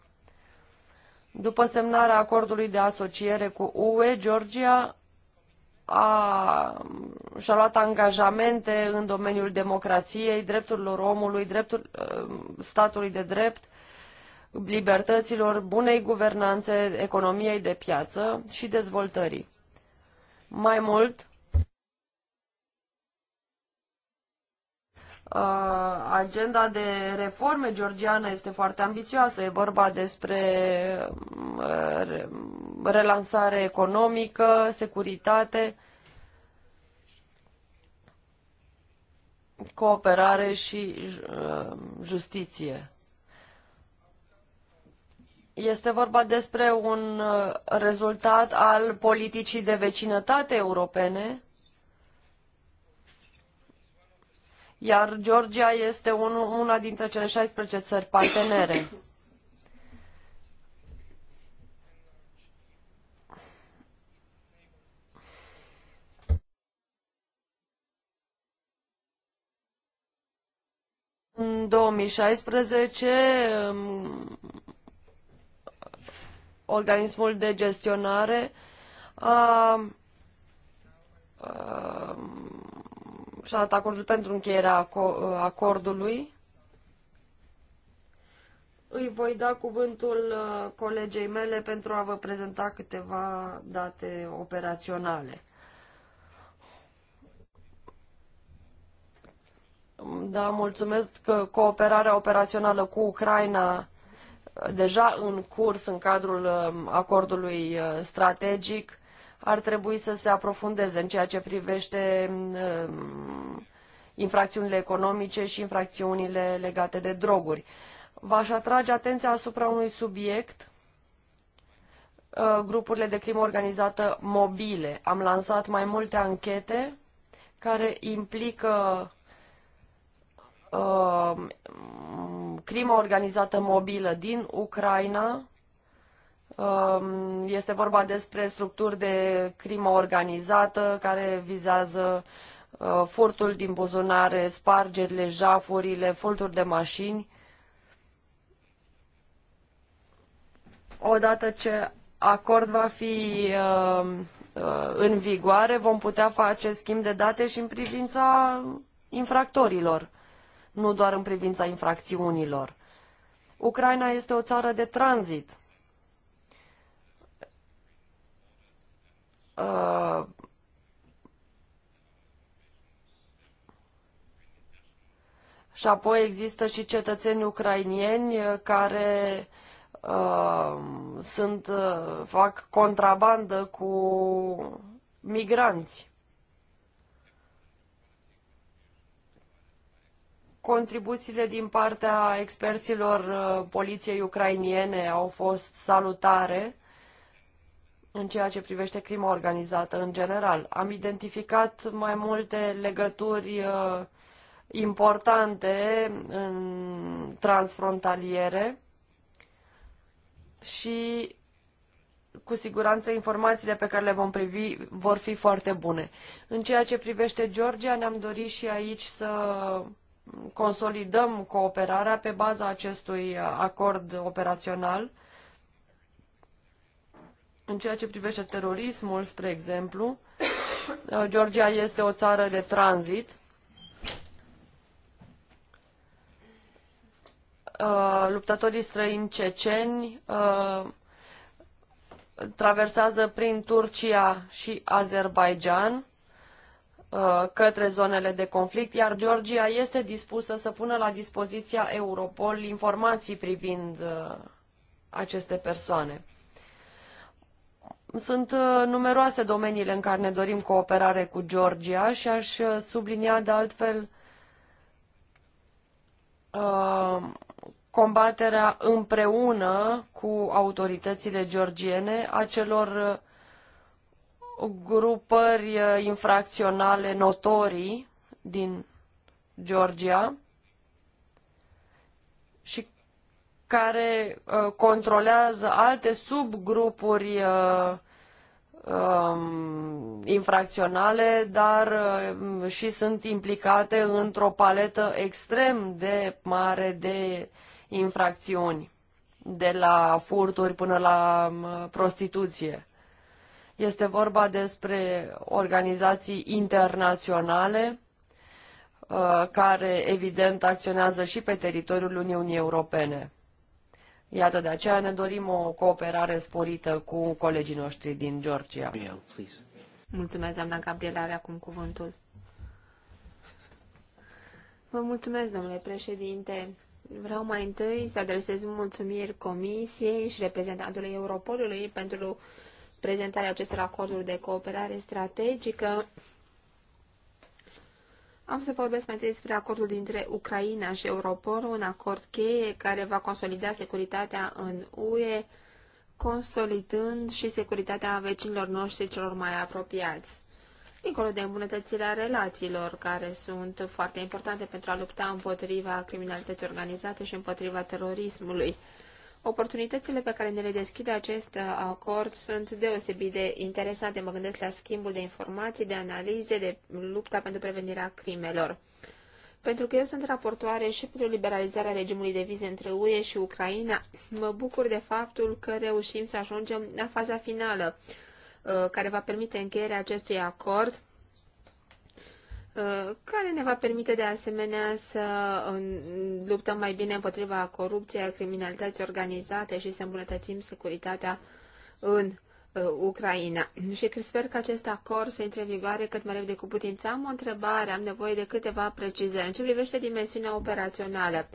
După semnarea acordului de asociere cu UE, Georgia a, și-a luat angajamente în domeniul democrației, drepturilor omului, dreptul, ă, statului de drept, libertăților, bunei guvernanțe, economiei de piață și dezvoltării. Mai mult, ă, agenda de reforme georgiană este foarte ambițioasă. E vorba despre ă, relansare economică, securitate, cooperare și uh, justiție. Este vorba despre un uh, rezultat al politicii de vecinătate europene, iar Georgia este una dintre cele 16 țări partenere. În 2016, um, organismul de gestionare a, a, um, și-a dat acordul pentru încheierea acordului. Îi voi da cuvântul uh, colegei mele pentru a vă prezenta câteva date operaționale. Da, mulțumesc că cooperarea operațională cu Ucraina deja în curs în cadrul um, acordului uh, strategic ar trebui să se aprofundeze în ceea ce privește um, infracțiunile economice și infracțiunile legate de droguri. V-aș atrage atenția asupra unui subiect, uh, grupurile de crimă organizată mobile. Am lansat mai multe anchete care implică Uh, crimă organizată mobilă din Ucraina. Uh, este vorba despre structuri de crimă organizată care vizează uh, furtul din buzunare, spargerile, jafurile, furturi de mașini. Odată ce acord va fi în vigoare, vom putea face schimb de date și în privința infractorilor nu doar în privința infracțiunilor. Ucraina este o țară de tranzit. Uh, și apoi există și cetățeni ucrainieni care uh, sunt, uh, fac contrabandă cu migranți. Contribuțiile din partea experților uh, poliției ucrainiene au fost salutare în ceea ce privește crima organizată în general. Am identificat mai multe legături uh, importante în transfrontaliere și cu siguranță informațiile pe care le vom privi vor fi foarte bune. În ceea ce privește Georgia, ne-am dorit și aici să consolidăm cooperarea pe baza acestui acord operațional în ceea ce privește terorismul, spre exemplu. Georgia este o țară de tranzit. Uh, luptătorii străini ceceni uh, traversează prin Turcia și Azerbaijan Uh, către zonele de conflict, iar Georgia este dispusă să pună la dispoziția Europol informații privind uh, aceste persoane. Sunt uh, numeroase domeniile în care ne dorim cooperare cu Georgia și aș sublinia de altfel combaterea împreună cu autoritățile georgiene a celor grupări uh, infracționale notorii din Georgia și care uh, controlează alte subgrupuri uh, um, infracționale, dar și sunt implicate într-o paletă extrem de mare de infracțiuni, de la furturi până la prostituție. Este vorba despre organizații internaționale uh, care, evident, acționează și pe teritoriul Uniunii Europene. Iată, de aceea ne dorim o cooperare sporită cu colegii noștri din Georgia. Mulțumesc, doamna Gabriela, are acum cuvântul. Vă mulțumesc, domnule președinte. Vreau mai întâi să adresez mulțumiri Comisiei și reprezentantului Europolului pentru prezentarea acestor acorduri de cooperare strategică. Am să vorbesc mai întâi despre acordul dintre Ucraina și Europol, un acord cheie care va consolida securitatea în UE, consolidând și securitatea vecinilor noștri celor mai apropiați. Dincolo de îmbunătățirea relațiilor, care sunt foarte importante pentru a lupta împotriva criminalității organizate și împotriva terorismului. Oportunitățile pe care ne le deschide acest uh, acord sunt deosebit de interesante. Mă gândesc la schimbul de informații, de analize, de lupta pentru prevenirea crimelor. Pentru că eu sunt raportoare și pentru liberalizarea regimului de vize între UE și Ucraina, mă bucur de faptul că reușim să ajungem la faza finală, uh, care va permite încheierea acestui acord Uh, care ne va permite de asemenea să luptăm mai bine împotriva corupției, a criminalității organizate și să îmbunătățim securitatea în uh, Ucraina. Și sper că acest acord să intre în vigoare cât mai repede cu putință. Am o întrebare, am nevoie de câteva precizări. În ce privește dimensiunea operațională,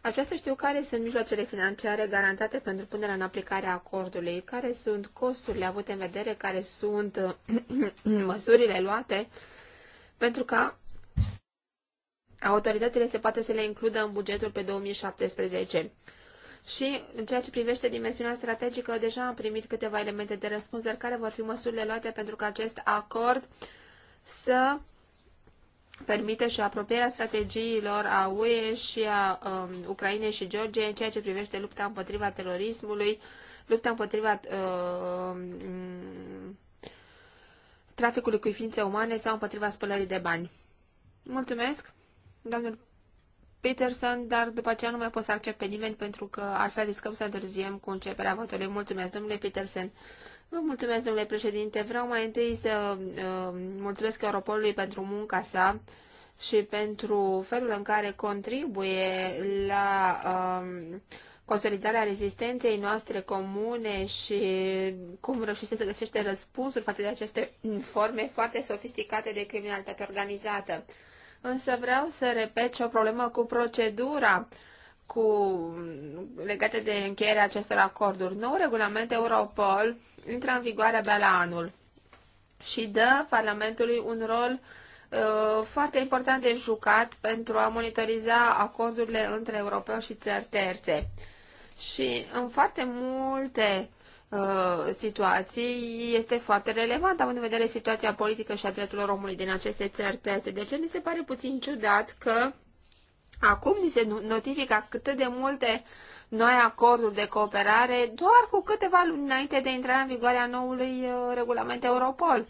aș vrea să știu care sunt mijloacele financiare garantate pentru punerea în aplicare a acordului, care sunt costurile avute în vedere, care sunt uh, măsurile luate pentru ca autoritățile se poate să le includă în bugetul pe 2017. Și în ceea ce privește dimensiunea strategică, deja am primit câteva elemente de răspuns, dar care vor fi măsurile luate pentru ca acest acord să permite și apropierea strategiilor a UE și a um, Ucrainei și Georgiei în ceea ce privește lupta împotriva terorismului, lupta împotriva uh, um, traficului cu ființe umane sau împotriva spălării de bani. Mulțumesc, domnul Peterson, dar după aceea nu mai pot să accept pe nimeni pentru că altfel riscăm să întârziem cu începerea votului. Mulțumesc, domnule Peterson. Vă mulțumesc, domnule președinte. Vreau mai întâi să uh, mulțumesc Europolului pentru munca sa și pentru felul în care contribuie la uh, consolidarea rezistenței noastre comune și cum reușește să găsește răspunsuri față de aceste forme foarte sofisticate de criminalitate organizată. Însă vreau să repet și o problemă cu procedura cu, legate de încheierea acestor acorduri. Nou regulament Europol intră în vigoare abia la anul și dă Parlamentului un rol uh, foarte important de jucat pentru a monitoriza acordurile între europeni și țări terțe și în foarte multe uh, situații este foarte relevant, având în vedere situația politică și a drepturilor omului din aceste țări terțe. De ce mi se pare puțin ciudat că acum ni se notifică cât de multe noi acorduri de cooperare doar cu câteva luni înainte de intrarea în vigoare a noului uh, regulament Europol.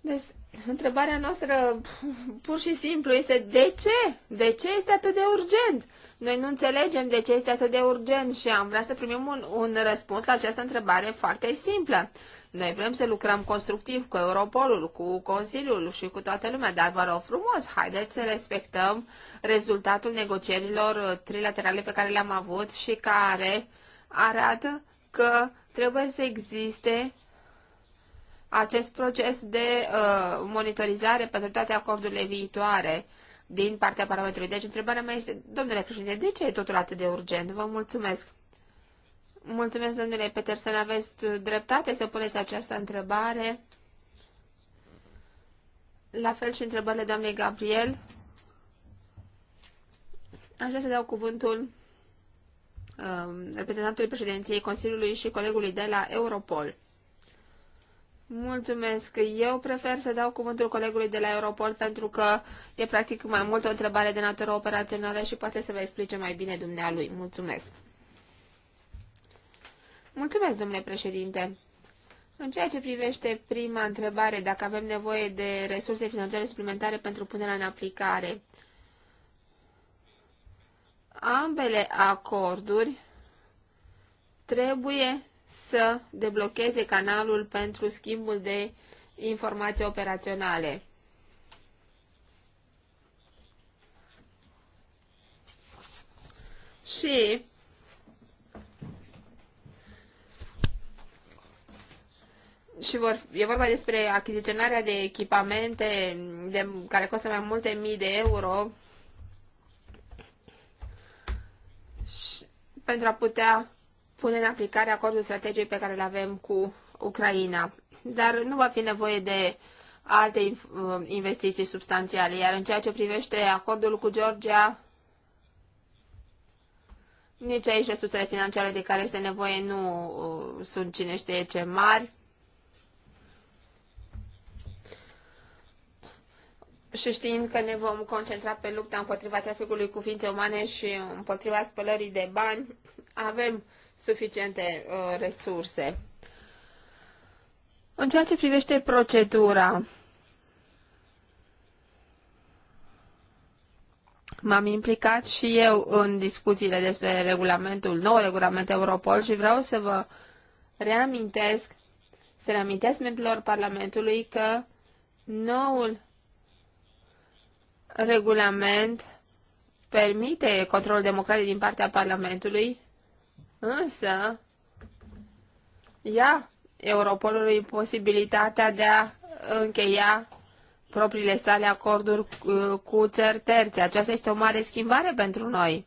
Deci Întrebarea noastră pur și simplu este de ce? De ce este atât de urgent? Noi nu înțelegem de ce este atât de urgent și am vrea să primim un, un răspuns la această întrebare foarte simplă. Noi vrem să lucrăm constructiv cu Europolul, cu Consiliul și cu toată lumea, dar vă rog frumos, haideți să respectăm rezultatul negocierilor trilaterale pe care le-am avut și care arată că trebuie să existe acest proces de uh, monitorizare pentru toate acordurile viitoare din partea Parlamentului. Deci, întrebarea mea este, domnule președinte, de ce e totul atât de urgent? Vă mulțumesc. Mulțumesc, domnule Peterson, aveți dreptate să puneți această întrebare. La fel și întrebările doamnei Gabriel. Aș vrea să dau cuvântul uh, reprezentantului președinției Consiliului și colegului de la Europol. Mulțumesc. Eu prefer să dau cuvântul colegului de la Europol pentru că e practic mai mult o întrebare de natură operațională și poate să vă explice mai bine dumnealui. Mulțumesc. Mulțumesc, domnule președinte. În ceea ce privește prima întrebare, dacă avem nevoie de resurse financiare suplimentare pentru punerea în aplicare, ambele acorduri trebuie să deblocheze canalul pentru schimbul de informații operaționale. Și și vor, e vorba despre achiziționarea de echipamente de, care costă mai multe mii de euro și, pentru a putea pune în aplicare acordul strategic pe care îl avem cu Ucraina. Dar nu va fi nevoie de alte investiții substanțiale. Iar în ceea ce privește acordul cu Georgia, nici aici resursele financiare de care este nevoie nu uh, sunt cine știe ce mari. Și știind că ne vom concentra pe lupta împotriva traficului cu ființe umane și împotriva spălării de bani, avem suficiente uh, resurse. În ceea ce privește procedura, m-am implicat și eu în discuțiile despre regulamentul, nou regulament Europol și vreau să vă reamintesc, să reamintesc membrilor Parlamentului că noul regulament permite controlul democratic din partea Parlamentului Însă, ia Europolului posibilitatea de a încheia propriile sale acorduri uh, cu țări terțe. Aceasta este o mare schimbare pentru noi.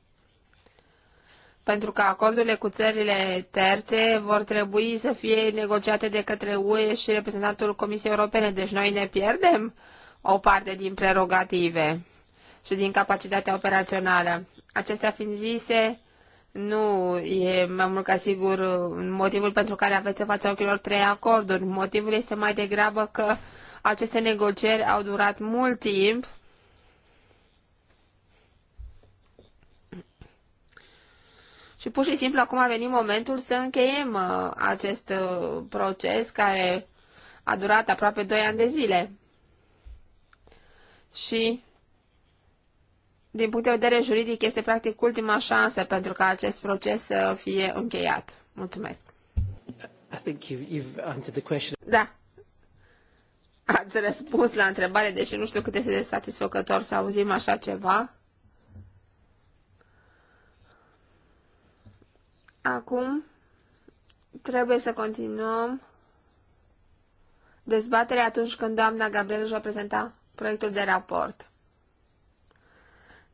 Pentru că acordurile cu țările terțe vor trebui să fie negociate de către UE și reprezentantul Comisiei Europene, deci noi ne pierdem o parte din prerogative și din capacitatea operațională. Acestea fiind zise, nu e mai mult ca sigur uh, motivul pentru care aveți în fața ochilor trei acorduri. Motivul este mai degrabă că aceste negocieri au durat mult timp Și pur și simplu acum a venit momentul să încheiem uh, acest uh, proces care a durat aproape 2 ani de zile. Și din punct de vedere juridic, este practic ultima șansă pentru ca acest proces să fie încheiat. Mulțumesc. I think you've answered the question. Da. Ați răspuns la întrebare, deși nu știu cât este de satisfăcător să auzim așa ceva. Acum trebuie să continuăm dezbaterea atunci când doamna Gabriel își va prezenta proiectul de raport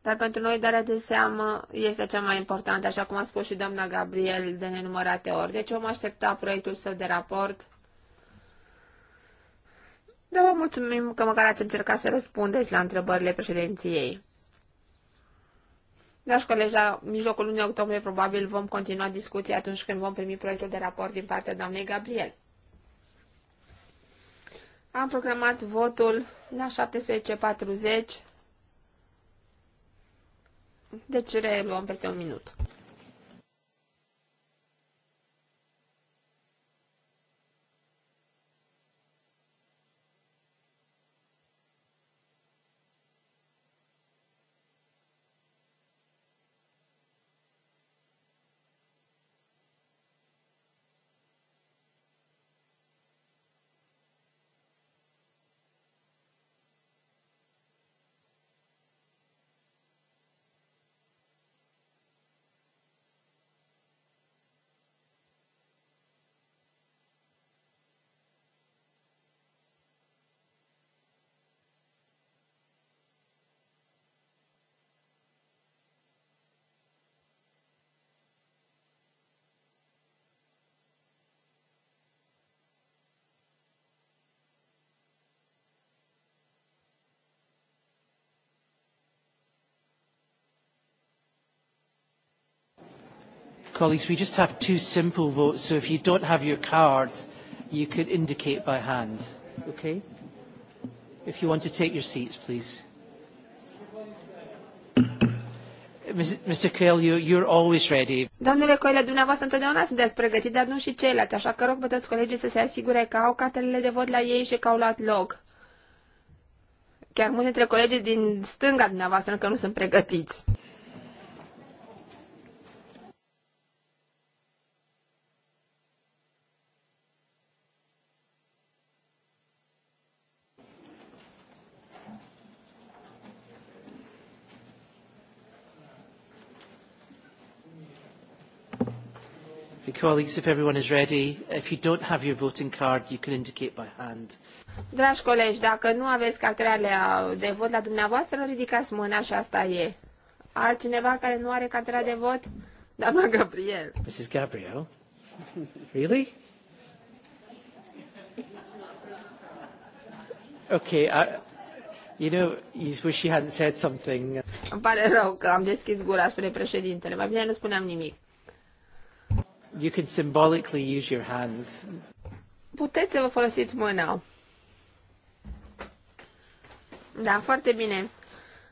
dar pentru noi darea de seamă este cea mai importantă, așa cum a spus și doamna Gabriel de nenumărate ori. Deci vom aștepta proiectul său de raport. Dar vă mulțumim că măcar ați încercat să răspundeți la întrebările președinției. Dragi colegi, la mijlocul lunii octombrie probabil vom continua discuția atunci când vom primi proiectul de raport din partea doamnei Gabriel. Am programat votul la 17.40 deci reluăm peste un minut. Colleagues, we just have two simple votes, so if you don't have your card, you could indicate by hand. Okay? If you want to take your seats, please. Mr. Coelho, you're always ready. Domnule Coelho, dumneavoastră întotdeauna sunteți pregătit, dar nu și ceilalți, așa că rog pe toți colegii să se asigure că au cartelele de vot la ei și că au luat loc. Chiar mulți dintre colegii din stânga dumneavoastră încă nu sunt pregătiți. colleagues, if everyone is ready, if you don't have your voting card, you can indicate by hand. Dragi colegi, dacă nu aveți cartelele uh, de vot la dumneavoastră, ridicați mâna și asta e. Altcineva care nu are cartela de vot? Doamna Gabriel. Mrs. Gabriel? Really? Ok, I, uh, you know, you wish you hadn't said something. Îmi pare rău că am deschis gura, spune președintele. Mai bine nu spuneam nimic. You can symbolically use your hand. Puteți să vă folosiți mâna. Da, foarte bine.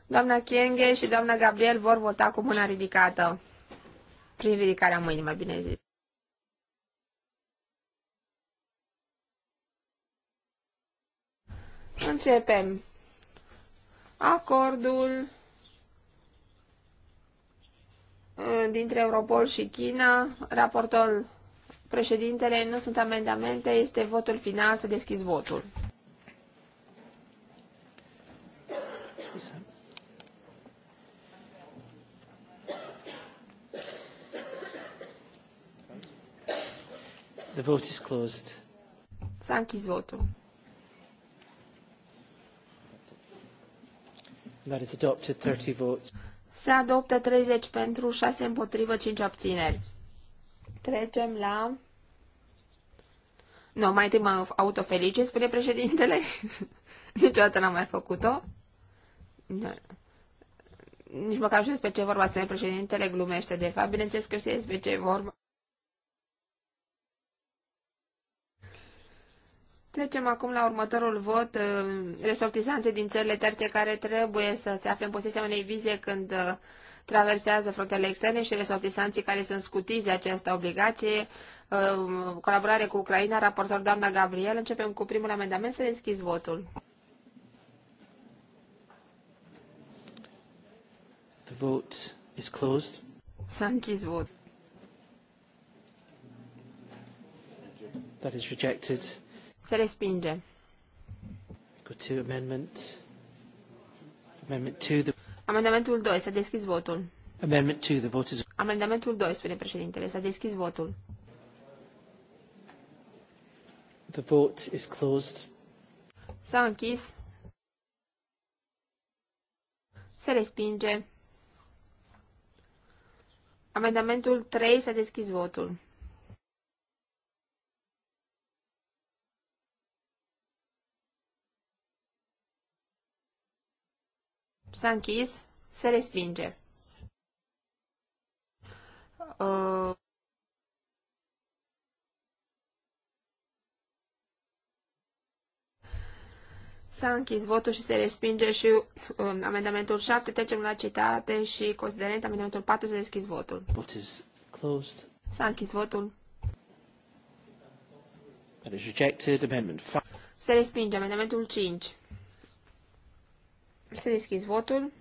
Doamna Kienge și doamna Gabriel vor vota cu mâna ridicată. Prin ridicarea mâinii, mai bine zis. Începem. Acordul Eh, dintre Europol și China. Raportul președintele, nu sunt amendamente, este votul final, să deschizi votul. The vote is closed. S-a închis votul. That is adopted 30 votes. Se adoptă 30 pentru, 6 împotrivă, 5 obțineri. Trecem la... Nu, mai întâi mă autofelice, spune președintele. Niciodată n-am mai făcut-o. Nu. Nici măcar știu despre ce vorba spune președintele, glumește de fapt. Bineînțeles că știu despre ce vorba. Trecem acum la următorul vot. Uh, Resortizanțe din țările terțe care trebuie să se afle în posesia unei vize când uh, traversează frontele externe și resortizanții care sunt scutiți de această obligație. Uh, colaborare cu Ucraina, raportor doamna Gabriel. Începem cu primul amendament să deschizi votul. The vote is closed. S-a închis votul. That is rejected. Se respinge. Amendamentul 2. S-a deschis votul. Amendamentul 2, spune președintele. S-a deschis votul. The vote is closed. S-a închis. Se respinge. Amendamentul 3. S-a deschis votul. S-a închis. Se respinge. Uh... S-a închis votul și se respinge și um, amendamentul 7, trecem la citate și considerent amendamentul 4, se deschis votul. S-a închis votul. is rejected. Amendment 5. Se respinge amendamentul 5. S-a deschis votul.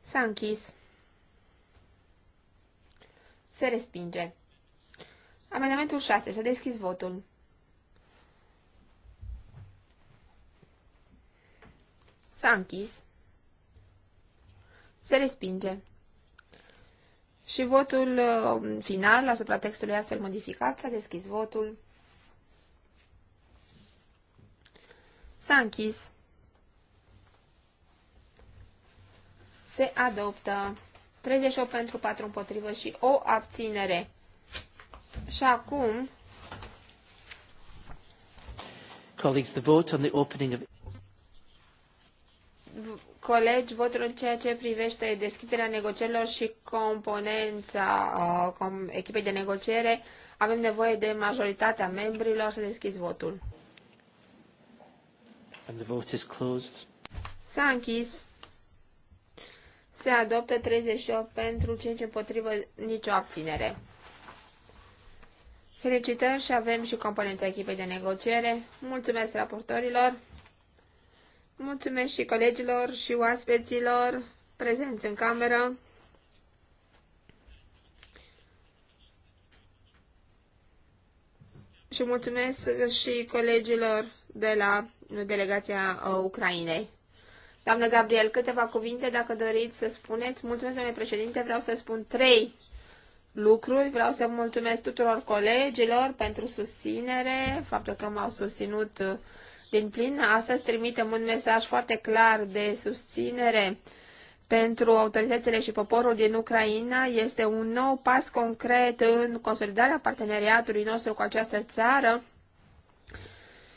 S-a închis. Se respinge. Amendamentul 6. Să deschis votul. S-a închis. Se respinge. Și votul uh, final asupra textului astfel modificat s-a deschis votul. S-a închis. Se adoptă 38 pentru 4 împotrivă și o abținere. Și acum... the vote on the opening of... Colegi, votul în ceea ce privește deschiderea negocierilor și componența uh, echipei de negociere, avem nevoie de majoritatea membrilor să deschizi votul. And the vote is closed. S-a închis. Se adoptă 38 pentru 5 împotrivă, nicio abținere. Felicitări și avem și componența echipei de negociere. Mulțumesc raportorilor. Mulțumesc și colegilor și oaspeților prezenți în cameră. Și mulțumesc și colegilor de la delegația uh, Ucrainei. Doamnă Gabriel, câteva cuvinte, dacă doriți să spuneți. Mulțumesc, domnule președinte, vreau să spun trei lucruri. Vreau să mulțumesc tuturor colegilor pentru susținere, faptul că m-au susținut uh, din plin. Astăzi trimitem un mesaj foarte clar de susținere pentru autoritățile și poporul din Ucraina. Este un nou pas concret în consolidarea parteneriatului nostru cu această țară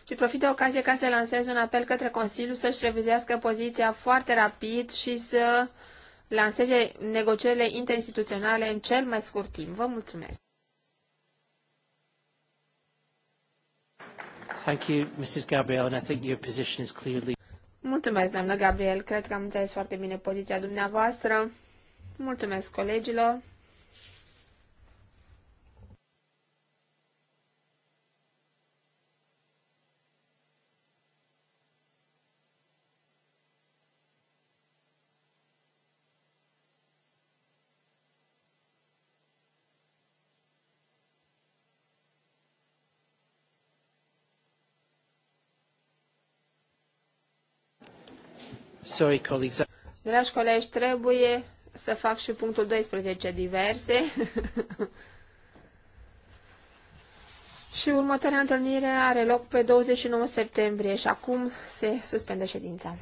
și profit de ocazie ca să lansez un apel către Consiliu să-și revizuiască poziția foarte rapid și să lanseze negocierile interinstituționale în cel mai scurt timp. Vă mulțumesc! Thank you, Mrs. Gabriel, and I think your position is clearly... Mulțumesc, doamnă Gabriel. Cred că am înțeles foarte bine poziția dumneavoastră. Mulțumesc colegilor. Sorry, colleagues. Dragi colegi, trebuie să fac și punctul 12 diverse. și următoarea întâlnire are loc pe 29 septembrie și acum se suspendă ședința.